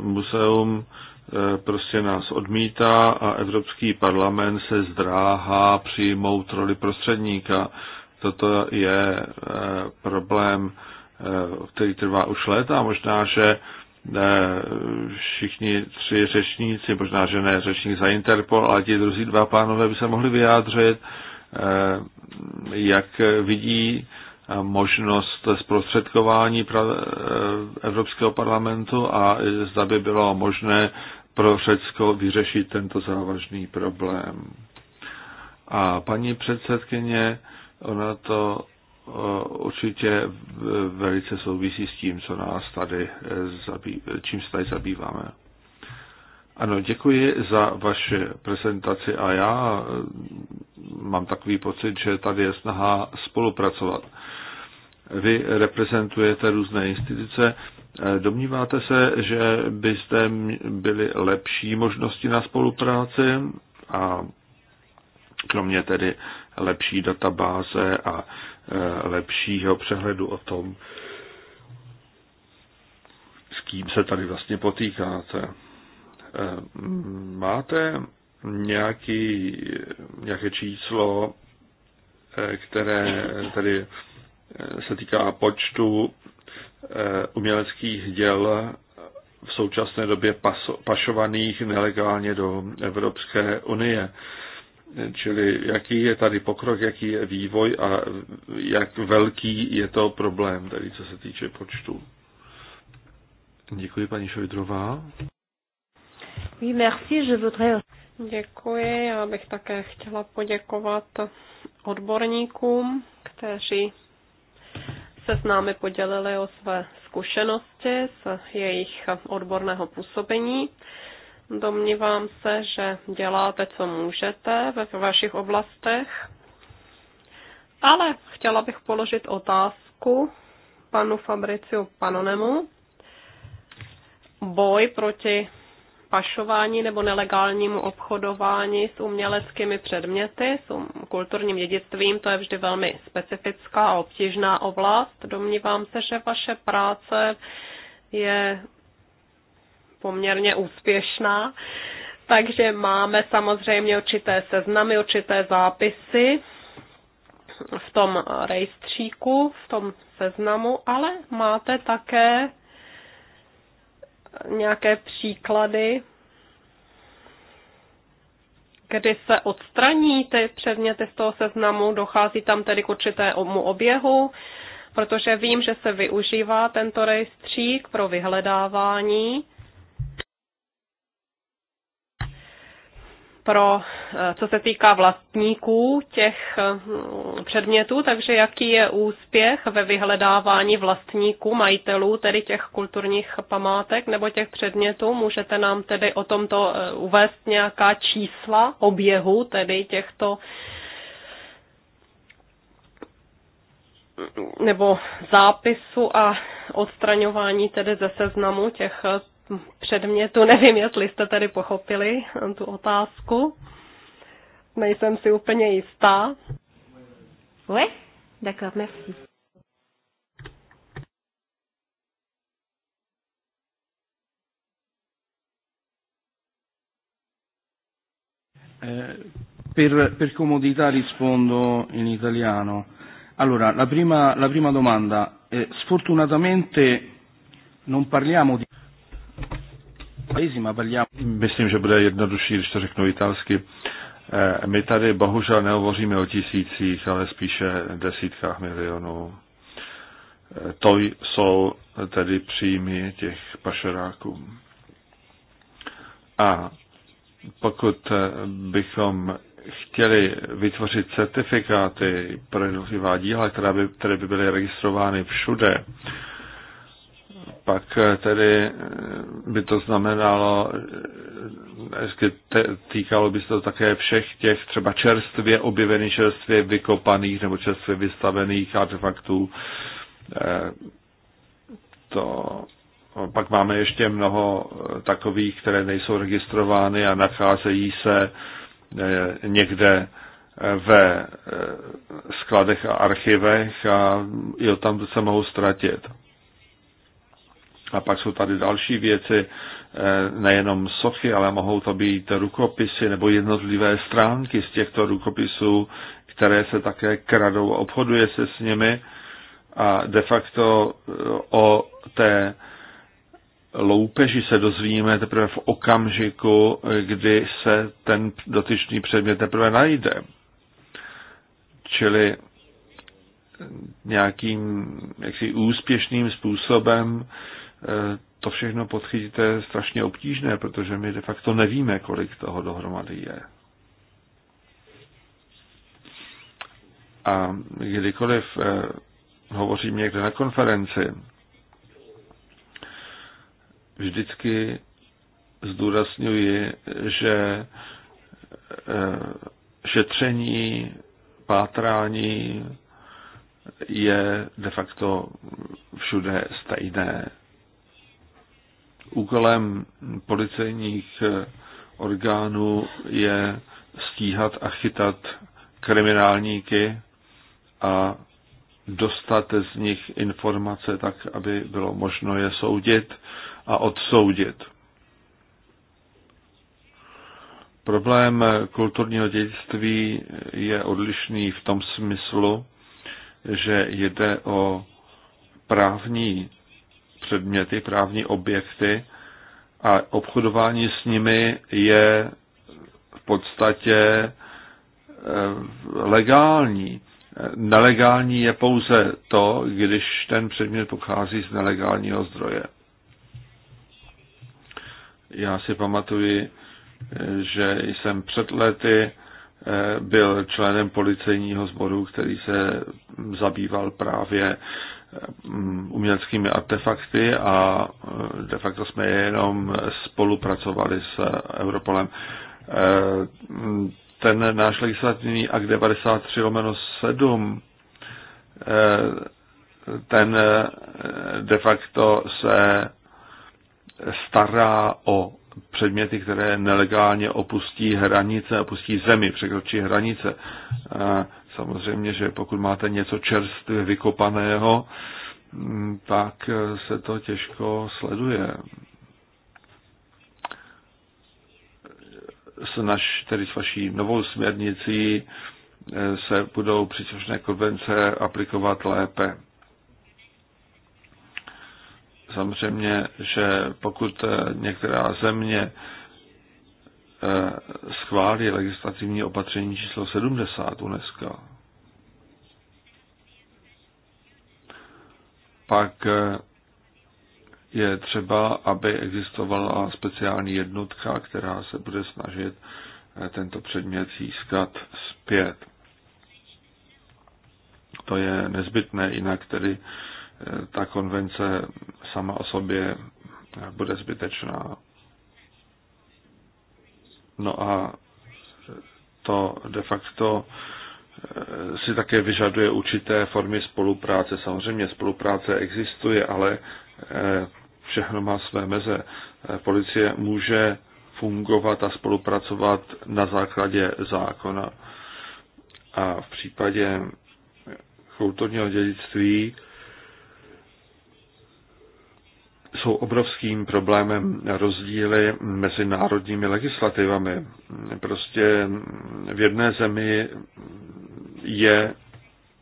muzeum eh, prostě nás odmítá a Evropský parlament se zdráhá přijmout roli prostředníka. Toto je problém, který trvá už léta a možná, že všichni tři řečníci, možná, že ne řečník za Interpol, ale ti druzí dva pánové by se mohli vyjádřit, jak vidí možnost zprostředkování e, Evropského parlamentu a zda by bylo možné pro Řecko vyřešit tento závažný problém. A paní předsedkyně, ona to e, určitě velice souvisí s tím, co nás tady e, zabý, čím se tady zabýváme. Ano, děkuji za vaše prezentaci a já mám takový pocit, že tady je snaha spolupracovat. Vy reprezentujete různé instituce. Domníváte se, že byste byly lepší možnosti na spolupráci a kromě tedy lepší databáze a e, lepšího přehledu o tom, s kým se tady vlastně potýkáte. E, máte nějaký, nějaké číslo, e, které tedy Eh, se týká počtu eh, uměleckých děl v současné době paso, pašovaných nelegálně do Evropské unie. Eh, čili jaký je tady pokrok, jaký je vývoj a jak velký je to problém, tady co se týče počtu. Děkuji, paní Šojdrová. Oui, merci, je voudrais... Děkuji, já bych také chtěla poděkovat odborníkům, kteří se s námi podělili o své zkušenosti z jejich odborného působení. Domnívám se, že děláte, co můžete ve vašich oblastech, ale chtěla bych položit otázku panu Fabriciu Panonemu. Boj proti pašování nebo nelegálnímu obchodování s uměleckými předměty, s um, kulturním dědictvím. To je vždy velmi specifická a obtížná oblast. Domnívám se, že vaše práce je poměrně úspěšná. Takže máme samozřejmě určité seznamy, určité zápisy v tom rejstříku, v tom seznamu, ale máte také nějaké příklady, kdy se odstraní ty předměty z toho seznamu, dochází tam tedy k určitému oběhu, protože vím, že se využívá tento rejstřík pro vyhledávání pro, eh, co se týká vlastníků těch eh, předmětů, takže jaký je úspěch ve vyhledávání vlastníků, majitelů, tedy těch kulturních památek nebo těch předmětů? Můžete nám tedy o tomto eh, uvést nějaká čísla oběhu tedy těchto nebo zápisu a odstraňování tedy ze seznamu těch předmětu. Nevím, jestli jste tady pochopili eh, tu otázku. Nejsem si úplně jistá. Oui, d'accord, merci. Eh, per, per comodità rispondo in italiano. Allora, la prima, la prima domanda. Eh, sfortunatamente non parliamo di Myslím, že bude jednodušší, když to řeknu italsky. Eh, my tady bohužel nehovoříme o tisících, ale spíše desítkách milionů. Eh, to jsou tedy příjmy těch pašeráků. A pokud eh, bychom chtěli vytvořit certifikáty pro jednotlivá díla, které by, které by byly registrovány všude, pak eh, tedy eh, by to znamenalo, eh, týkalo by se to také všech těch třeba čerstvě objevených, čerstvě vykopaných nebo čerstvě vystavených artefaktů. To, pak máme ještě mnoho takových, které nejsou registrovány a nacházejí se někde ve skladech a archivech a jo, tam se mohou ztratit. A pak jsou tady další věci, eh, nejenom sochy, ale mohou to být rukopisy nebo jednotlivé stránky z těchto rukopisů, které se také kradou obchoduje se s nimi. A de facto eh, o té loupeži se dozvíme teprve v okamžiku, eh, kdy se ten dotyčný předmět teprve najde. Čili nějakým jaksi úspěšným způsobem Eh, to všechno podchytit je strašně obtížné, protože my de facto nevíme, kolik toho dohromady je. A kdykoliv eh, hovořím někde na konferenci, vždycky zdůrazňuji, že eh, šetření, pátrání je de facto všude stejné Úkolem policejních eh, orgánů je stíhat a chytat kriminálníky a dostat z nich informace tak, aby bylo možno je soudit a odsoudit. Problém eh, kulturního dědictví je odlišný v tom smyslu, že jde o právní předměty, právní objekty a obchodování s nimi je v podstatě eh, legální. Nelegální je pouze to, když ten předmět pochází z nelegálního zdroje. Já si pamatuji, eh, že jsem před lety eh, byl členem policejního sboru, který se zabýval právě Eh, uměleckými artefakty a eh, de facto jsme jenom spolupracovali s Europolem. Eh, ten náš legislativní akt 93 7 ten de facto se stará o předměty, které nelegálně opustí hranice, opustí zemi, překročí hranice. Samozřejmě, že pokud máte něco čerstvě vykopaného, mm, tak eh, se to těžko sleduje. S naš, tedy s vaší novou směrnicí eh, se budou příslušné konvence aplikovat lépe. Samozřejmě, že pokud eh, některá země Eh, schválí legislativní opatření číslo 70 UNESCO. Pak eh, je třeba, aby existovala speciální jednotka, která se bude snažit eh, tento předmět získat zpět. To je nezbytné, jinak tedy ta konvence sama o sobě bude zbytečná. No a to de facto eh, si také vyžaduje určité formy spolupráce. Samozřejmě spolupráce existuje, ale eh, všechno má své meze. Eh, policie může fungovat a spolupracovat na základě zákona. A v případě kulturního dědictví jsou obrovským problémem rozdíly mezi národními legislativami. Prostě v jedné zemi je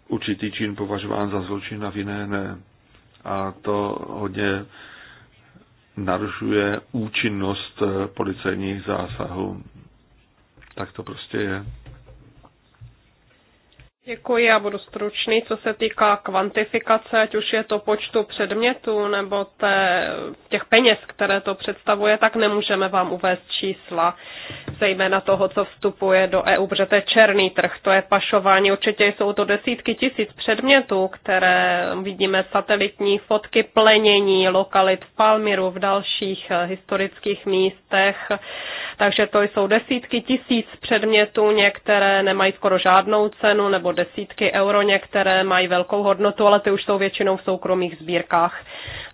určitý čin považován za zločin a v jiné ne. A to hodně narušuje účinnost policejních zásahů. Tak to prostě je. Děkuji, já budu stručný. Co se týká kvantifikace, ať už je to počtu předmětů nebo té, těch peněz, které to představuje, tak nemůžeme vám uvést čísla, zejména toho, co vstupuje do EU, protože to je černý trh, to je pašování. Určitě jsou to desítky tisíc předmětů, které vidíme satelitní fotky plenění lokalit v Palmiru, v dalších eh, historických místech. Takže to jsou desítky tisíc předmětů, některé nemají skoro žádnou cenu nebo desítky euro, některé mají velkou hodnotu, ale ty už jsou většinou v soukromých sbírkách.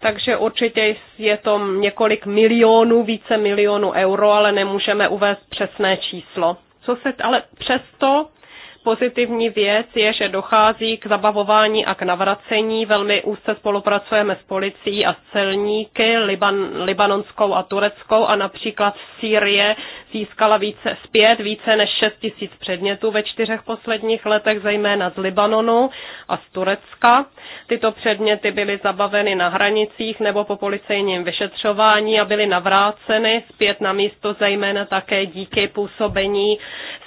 Takže určitě je to několik milionů, více milionů euro, ale nemůžeme uvést přesné číslo. Co se, ale přesto pozitivní věc je, že dochází k zabavování a k navracení. Velmi úzce spolupracujeme s policií a s celníky, Liban, libanonskou a tureckou a například v Sýrie získala více, zpět více než 6 tisíc předmětů ve čtyřech posledních letech, zejména z Libanonu a z Turecka. Tyto předměty byly zabaveny na hranicích nebo po policejním vyšetřování a byly navráceny zpět na místo, zejména také díky působení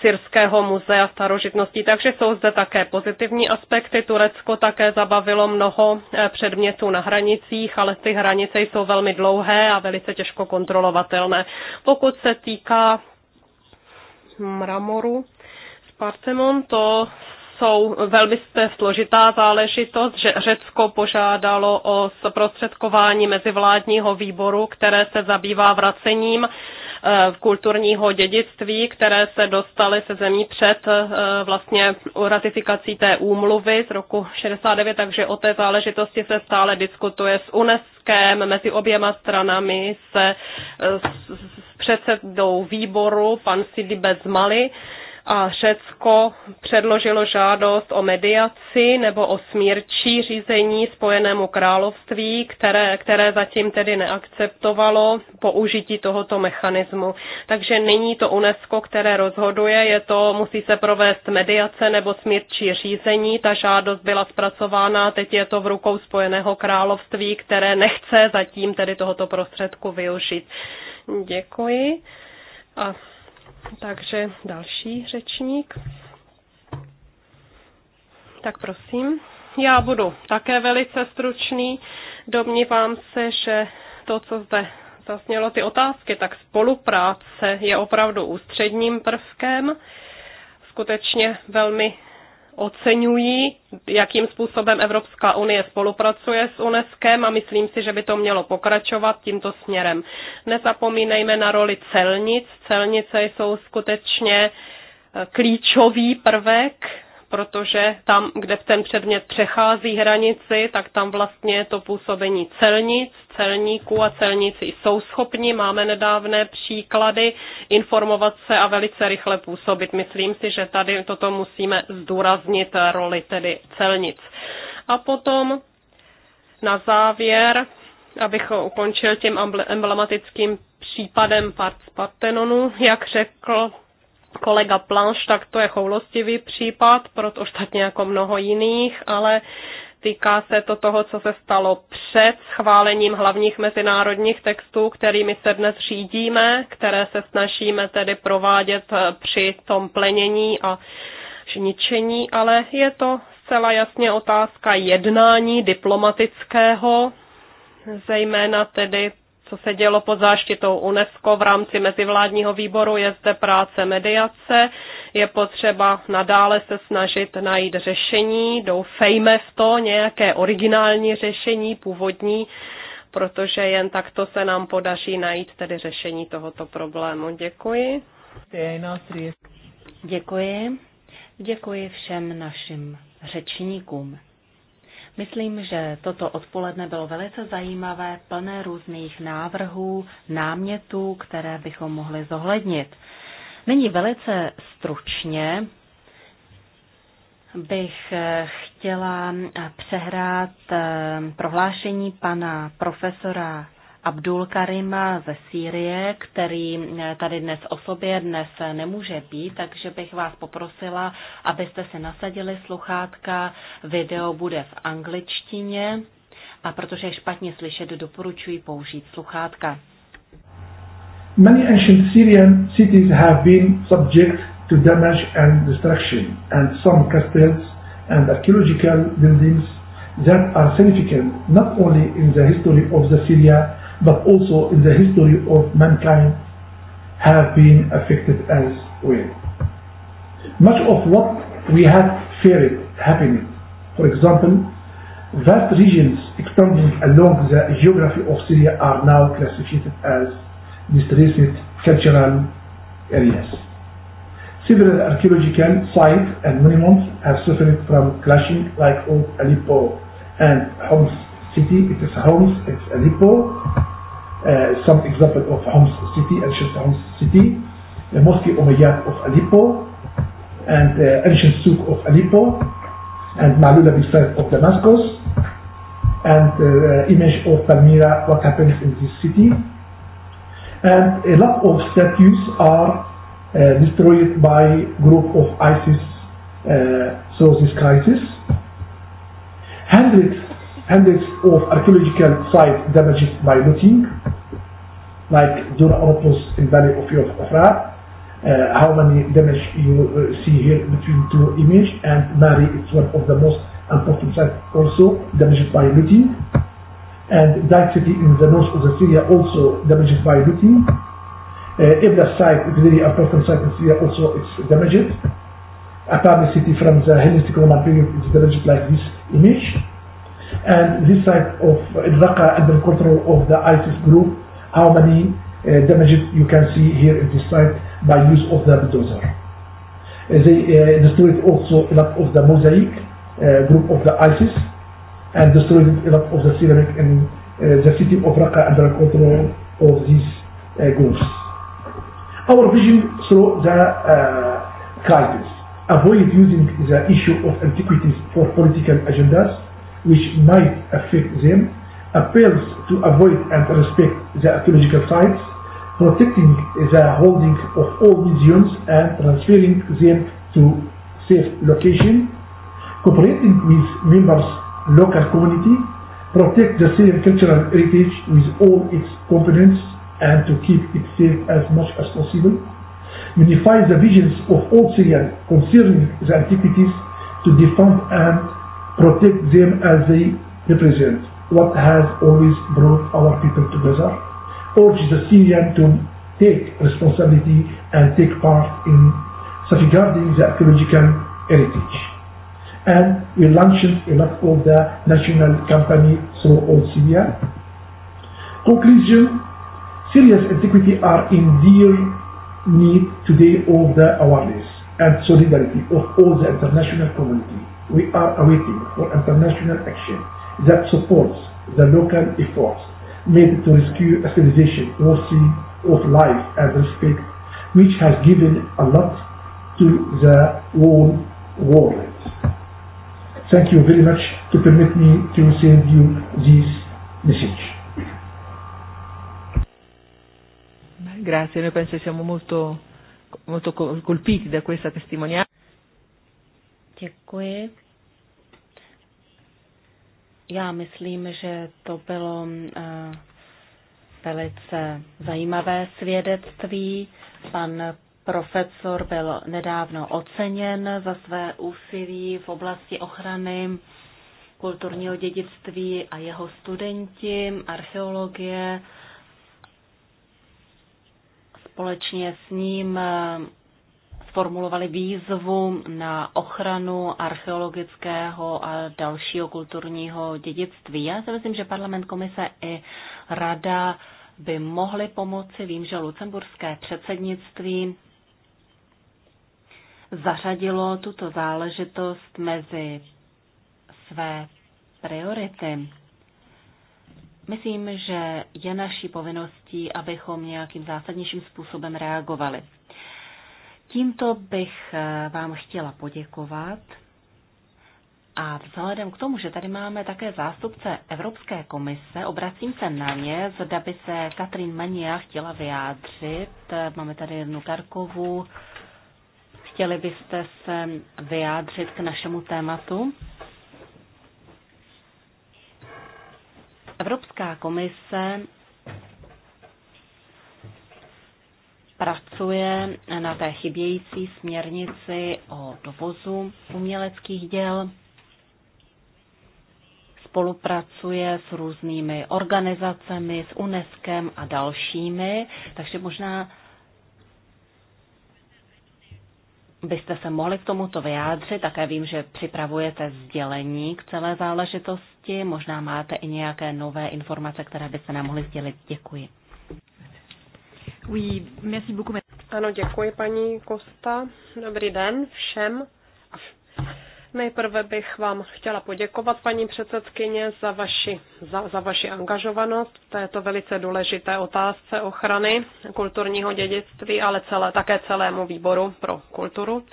Syrského muzea starožitnosti záležitostí. Takže jsou zde také pozitivní aspekty. Turecko také zabavilo mnoho eh, předmětů na hranicích, ale ty hranice jsou velmi dlouhé a velice těžko kontrolovatelné. Pokud se týká mramoru, Spartemon, to jsou velmi složitá záležitost, že Řecko požádalo o zprostředkování mezivládního výboru, které se zabývá vracením Eh, kulturního dědictví, které se dostaly se zemí před eh, vlastně ratifikací té úmluvy z roku 69, takže o té záležitosti se stále diskutuje s UNESCO mezi oběma stranami se eh, s předsedou výboru, pan Sidi Bezmali, a Řecko předložilo žádost o mediaci nebo o smírčí řízení Spojenému království, které, které zatím tedy neakceptovalo použití tohoto mechanismu. Takže není to UNESCO, které rozhoduje, je to, musí se provést mediace nebo smírčí řízení. Ta žádost byla zpracována, teď je to v rukou Spojeného království, které nechce zatím tedy tohoto prostředku využít. Děkuji. A takže další řečník. Tak prosím. Já budu také velice stručný. Domnívám se, že to, co zde zasnělo ty otázky, tak spolupráce je opravdu ústředním prvkem. Skutečně velmi oceňují, jakým způsobem Evropská unie spolupracuje s UNESCO a myslím si, že by to mělo pokračovat tímto směrem. Nezapomínejme na roli celnic. Celnice jsou skutečně eh, klíčový prvek protože tam, kde ten předmět přechází hranici, tak tam vlastně to působení celnic, celníků a celníci jsou schopni, máme nedávné příklady, informovat se a velice rychle působit. Myslím si, že tady toto musíme zdůraznit roli tedy celnic. A potom na závěr, abych ukončil tím emblematickým případem Partenonu, jak řekl kolega Planš, tak to je choulostivý případ, proto ostatně jako mnoho jiných, ale týká se to toho, co se stalo před schválením hlavních mezinárodních textů, kterými se dnes řídíme, které se snažíme tedy provádět eh, při tom plenění a ničení, ale je to zcela jasně otázka jednání diplomatického, zejména tedy co se dělo pod záštitou UNESCO v rámci mezivládního výboru, je zde práce mediace. Je potřeba nadále se snažit najít řešení, doufejme v to nějaké originální řešení, původní, protože jen takto se nám podaří najít tedy řešení tohoto problému. Děkuji. Děkuji. Děkuji všem našim řečníkům. Myslím, že toto odpoledne bylo velice zajímavé, plné různých návrhů, námětů, které bychom mohli zohlednit. Nyní velice stručně bych eh, chtěla eh, přehrát eh, prohlášení pana profesora Abdul Karima ze Sýrie, který eh, tady dnes o sobě dnes nemůže být, takže bych vás poprosila, abyste si nasadili sluchátka. Video bude v angličtině a protože je špatně slyšet, doporučuji použít sluchátka. Many ancient Syrian cities have been subject to damage and destruction, and some castles and archaeological buildings that are significant not only in the history of the Syria but also in the history of mankind have been affected as well. Much of what we have feared happening, for example, vast regions extending along the geography of Syria are now classified as distressed cultural areas. Several archaeological sites and monuments have suffered from clashing like old Aleppo and Homs city, it is Homs, it's Aleppo, Eh, some example of Homs city, ancient Homs city, the mosque Umayyad of Aleppo, and uh, ancient souk of Aleppo, and Malula beside of Damascus, and uh, image of Palmyra, what happens in this city. And a lot of statues are uh, destroyed by group of ISIS uh, through this crisis. Hundreds hundreds of archaeological sites damaged by looting, like Dura Oropos in Valley of Yofra, uh, how many damage you uh, see here between two images, and Mari is one of the most important sites also damaged by looting, and Dyke City in the north of the Syria also damaged by looting. Uh, Ibla site is very important site in Syria also it's damaged. Apami city from the Hellenistic Roman period is damaged like this image. And this type of Raqqa uh, and the control of the ISIS group, how many uh, damages you can see here in this site by use of the bulldozer. Uh, they uh, destroyed also a lot of the mosaic uh, group of the ISIS and destroyed a lot of the ceramic in uh, the city of Raqqa under control of these uh, groups. Our vision through the uh, crisis. Avoid using the issue of antiquities for political agendas which might affect them, appeals to avoid and respect the archaeological sites, protecting the holding of all museums and transferring them to safe location, cooperating with members local community, protect the same cultural heritage with all its components and to keep it safe as much as possible, unify the visions of all Syrians concerning the antiquities to defend and protect them as they represent what has always brought our people together. Urge the Syrian to take responsibility and take part in safeguarding the archaeological heritage. And we launched a lot of the national campaign through all Syria. Conclusion, Syria's antiquity are in dear need today of the awareness and solidarity of all the international community we are awaiting for international action that supports the local efforts made to rescue a civilization worthy of life and respect, which has given a lot to the whole world. Thank you very much to permit me to send you this message. Grazie, noi penso che siamo molto, molto colpiti da questa testimonianza. Děkuji. Já myslím, že to bylo eh, velice zajímavé svědectví. Pan profesor byl nedávno oceněn za své úsilí v oblasti ochrany kulturního dědictví a jeho studenti archeologie společně s ním formulovali výzvu na ochranu archeologického a dalšího kulturního dědictví. Já si myslím, že parlament, komise i rada by mohly pomoci. Vím, že lucemburské předsednictví zařadilo tuto záležitost mezi své priority. Myslím, že je naší povinností, abychom nějakým zásadnějším způsobem reagovali. Tímto bych eh, vám chtěla poděkovat a vzhledem k tomu, že tady máme také zástupce Evropské komise, obracím se na ně, zda by se Katrin Mania chtěla vyjádřit. Eh, máme tady jednu Karkovu. Chtěli byste se vyjádřit k našemu tématu? Evropská komise pracuje na té chybějící směrnici o dovozu uměleckých děl. Spolupracuje s různými organizacemi, s UNESCO a dalšími, takže možná byste se mohli k tomuto vyjádřit. Také vím, že připravujete sdělení k celé záležitosti. Možná máte i nějaké nové informace, které byste nám mohli sdělit. Děkuji. Oui, merci beaucoup. Ano, děkuji paní Kosta. Dobrý den všem. Nejprve bych vám chtěla poděkovat, paní předsedkyně, za vaši, za, za vaši angažovanost v této velice důležité otázce ochrany kulturního dědictví, ale celé, také celému výboru pro kulturu.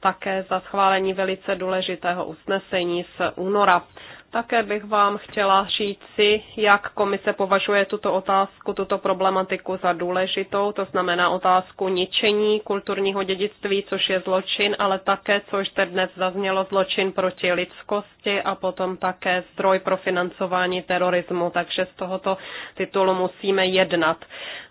Také za schválení velice důležitého usnesení z února. Také bych vám chtěla říci, jak komise považuje tuto otázku, tuto problematiku za důležitou, to znamená otázku ničení kulturního dědictví, což je zločin, ale také, což zde dnes zaznělo, zločin proti lidskosti a potom také zdroj pro financování terorismu. Takže z tohoto titulu musíme jednat.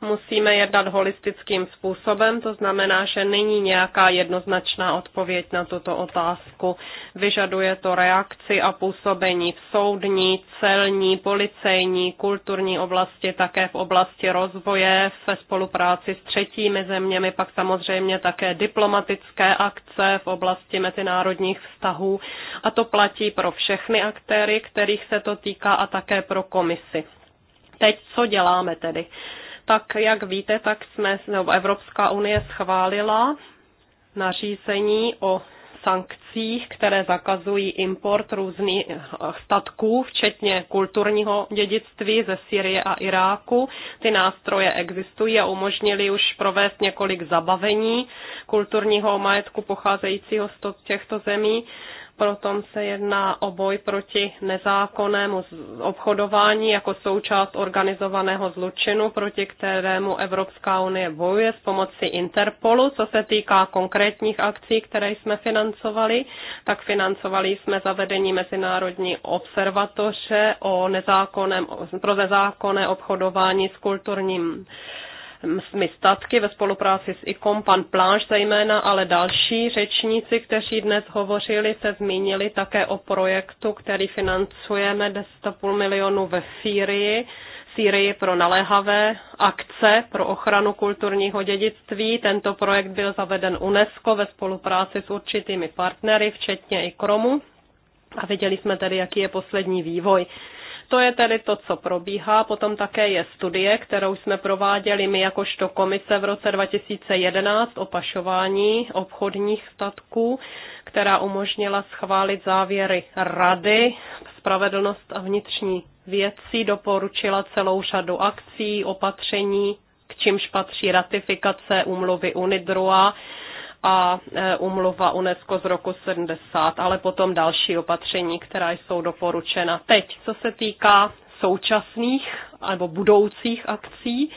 Musíme jednat holistickým způsobem, to znamená, že není nějaká jednoznačná odpověď na tuto otázku. Vyžaduje to reakci a působení v soudní, celní, policejní, kulturní oblasti, také v oblasti rozvoje, ve spolupráci s třetími zeměmi, pak samozřejmě také diplomatické akce v oblasti mezinárodních vztahů. A to platí pro všechny aktéry, kterých se to týká a také pro komisi. Teď co děláme tedy? Tak jak víte, tak jsme, nebo Evropská unie schválila nařízení o sankcích, které zakazují import různých statků, včetně kulturního dědictví ze Syrie a Iráku. Ty nástroje existují a umožnili už provést několik zabavení kulturního majetku pocházejícího z těchto zemí. Proto se jedná o boj proti nezákonnému obchodování jako součást organizovaného zločinu, proti kterému Evropská unie bojuje s pomocí Interpolu. Co se týká konkrétních akcí, které jsme financovali, tak financovali jsme zavedení Mezinárodní observatoře o nezákonném, pro nezákonné obchodování s kulturním statky ve spolupráci s ICOM, pan Pláž zejména, ale další řečníci, kteří dnes hovořili, se zmínili také o projektu, který financujeme 10,5 milionů ve Sýrii. Sýrii pro naléhavé akce pro ochranu kulturního dědictví. Tento projekt byl zaveden UNESCO ve spolupráci s určitými partnery, včetně i Kromu. A viděli jsme tedy, jaký je poslední vývoj. To je tedy to, co probíhá. Potom také je studie, kterou jsme prováděli my jakožto komise v roce 2011 o pašování obchodních statků, která umožnila schválit závěry Rady spravedlnost a vnitřní věcí, doporučila celou řadu akcí, opatření, k čímž patří ratifikace úmluvy UNIDROA a e, umluva UNESCO z roku 70, ale potom další opatření, která jsou doporučena teď. Co se týká současných nebo budoucích akcí,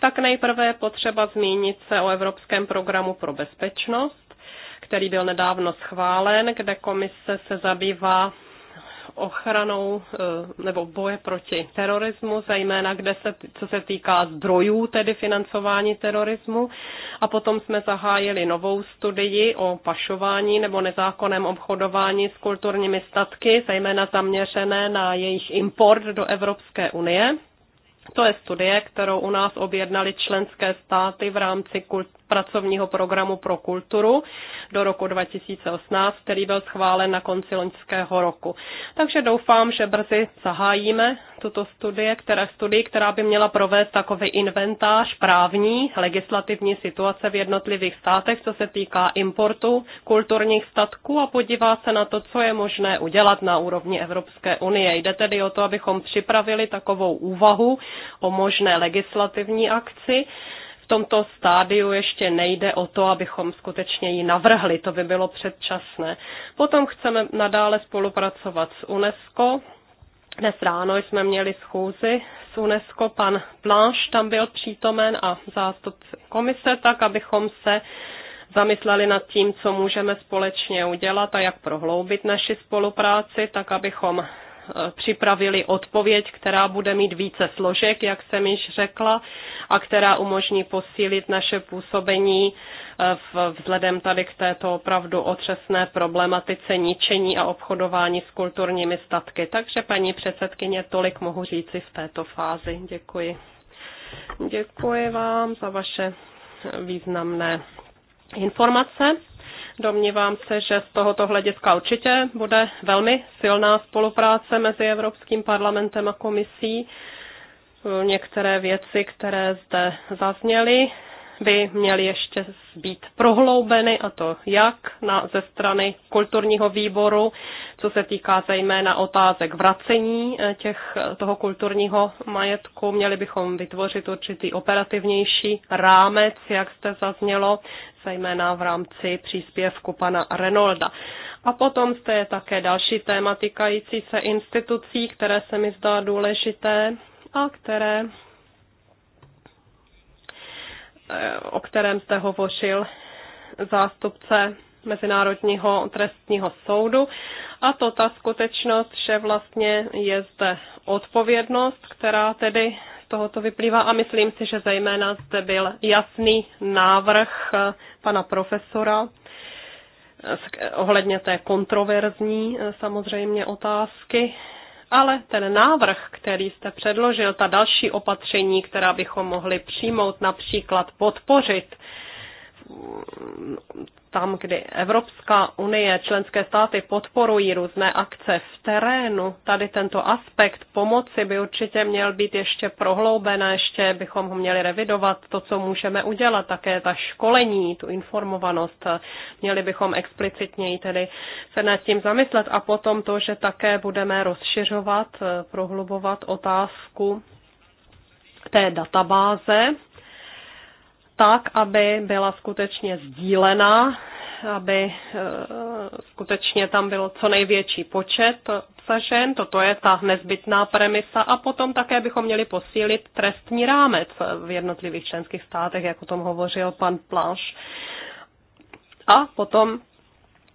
tak nejprve je potřeba zmínit se o Evropském programu pro bezpečnost, který byl nedávno schválen, kde komise se zabývá ochranou eh, nebo boje proti terorismu, zejména kde se, co se týká zdrojů, tedy financování terorismu. A potom jsme zahájili novou studii o pašování nebo nezákonném obchodování s kulturními statky, zejména zaměřené na jejich import do Evropské unie. To je studie, kterou u nás objednali členské státy v rámci kult, pracovního programu pro kulturu do roku 2018, který byl schválen na konci loňského roku. Takže doufám, že brzy zahájíme tuto studie, která, studii, která by měla provést takový inventář právní, legislativní situace v jednotlivých státech, co se týká importu kulturních statků a podívá se na to, co je možné udělat na úrovni Evropské unie. Jde tedy o to, abychom připravili takovou úvahu o možné legislativní akci. V tomto stádiu ještě nejde o to, abychom skutečně ji navrhli, to by bylo předčasné. Potom chceme nadále spolupracovat s UNESCO, dnes ráno jsme měli schůzi s UNESCO, pan Blanche tam byl přítomen a zástupce komise, tak abychom se zamysleli nad tím, co můžeme společně udělat a jak prohloubit naši spolupráci, tak abychom připravili odpověď, která bude mít více složek, jak jsem již řekla, a která umožní posílit naše působení eh, vzhledem tady k této opravdu otřesné problematice ničení a obchodování s kulturními statky. Takže paní předsedkyně, tolik mohu říci v této fázi. Děkuji. Děkuji vám za vaše významné informace. Domnívám se, že z tohoto hlediska určitě bude velmi silná spolupráce mezi Evropským parlamentem a komisí. Některé věci, které zde zazněly, by měly ještě být prohloubeny, a to jak na, ze strany kulturního výboru, co se týká zejména otázek vracení eh, těch, eh, toho kulturního majetku. Měli bychom vytvořit určitý operativnější rámec, jak jste zaznělo, zejména v rámci příspěvku pana Renolda. A potom zde je také další téma týkající se institucí, které se mi zdá důležité a které o kterém jste hovořil zástupce Mezinárodního trestního soudu. A to ta skutečnost, že vlastně je zde odpovědnost, která tedy z tohoto vyplývá. A myslím si, že zejména zde byl jasný návrh eh, pana profesora eh, eh, ohledně té kontroverzní samozřejmě otázky ale ten návrh, který jste předložil, ta další opatření, která bychom mohli přijmout, například podpořit tam, kdy Evropská unie, členské státy podporují různé akce v terénu, tady tento aspekt pomoci by určitě měl být ještě prohlouben a ještě bychom ho měli revidovat, to, co můžeme udělat, také ta školení, tu informovanost, měli bychom explicitněji tedy se nad tím zamyslet a potom to, že také budeme rozšiřovat, prohlubovat otázku té databáze, tak, aby byla skutečně sdílená, aby eh, skutečně tam bylo co největší počet obsažen, toto je ta nezbytná premisa a potom také bychom měli posílit trestní rámec v jednotlivých členských státech, jak o tom hovořil pan Planš. A potom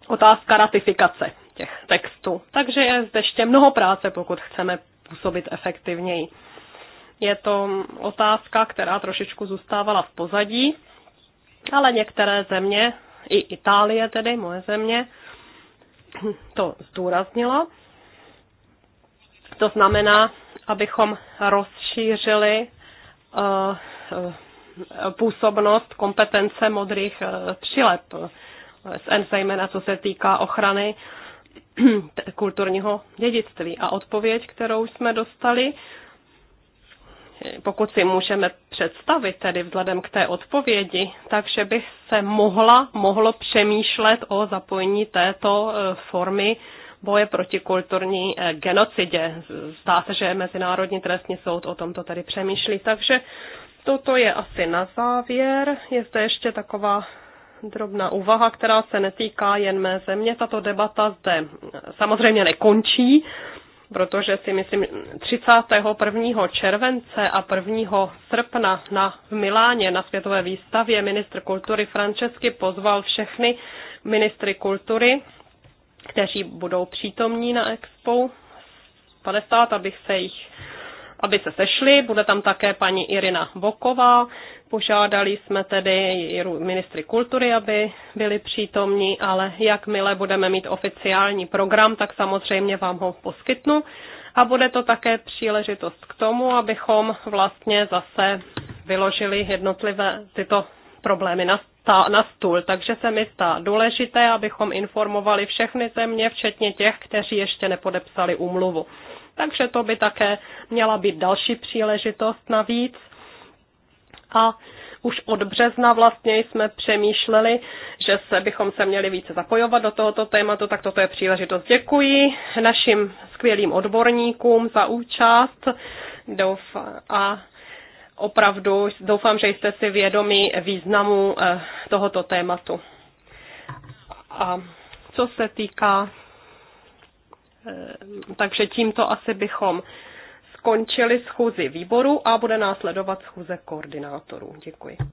otázka ratifikace těch textů. Takže je zde ještě mnoho práce, pokud chceme působit efektivněji. Je to otázka, která trošičku zůstávala v pozadí, ale některé země, i Itálie tedy, moje země, to zdůraznila. To znamená, abychom rozšířili eh, eh, působnost kompetence modrých eh, přilep, zejména co se týká ochrany kulturního dědictví. A odpověď, kterou jsme dostali, pokud si můžeme představit, tedy vzhledem k té odpovědi, takže by se mohla, mohlo přemýšlet o zapojení této e, formy boje proti kulturní e, genocidě. Zdá se, že Mezinárodní trestní soud o tomto tady přemýšlí. Takže toto je asi na závěr. Je zde ještě taková drobná úvaha, která se netýká jen mé země. Tato debata zde samozřejmě nekončí protože si myslím 31. července a 1. srpna na, v Miláně na světové výstavě ministr kultury Francesky pozval všechny ministry kultury, kteří budou přítomní na Expo 50, abych se jich aby se sešli. Bude tam také paní Irina Boková, Požádali jsme tedy ministry kultury, aby byli přítomní, ale jakmile budeme mít oficiální program, tak samozřejmě vám ho poskytnu. A bude to také příležitost k tomu, abychom vlastně zase vyložili jednotlivé tyto problémy na, stá, na stůl. Takže se mi stá důležité, abychom informovali všechny země, včetně těch, kteří ještě nepodepsali úmluvu. Takže to by také měla být další příležitost navíc a už od března vlastně jsme přemýšleli, že se bychom se měli více zapojovat do tohoto tématu, tak toto je příležitost. Děkuji našim skvělým odborníkům za účast Doufám a opravdu doufám, že jste si vědomi významu eh, tohoto tématu. A co se týká, eh, takže tímto asi bychom skončili schůzi výboru a bude následovat schůze koordinátorů. Děkuji.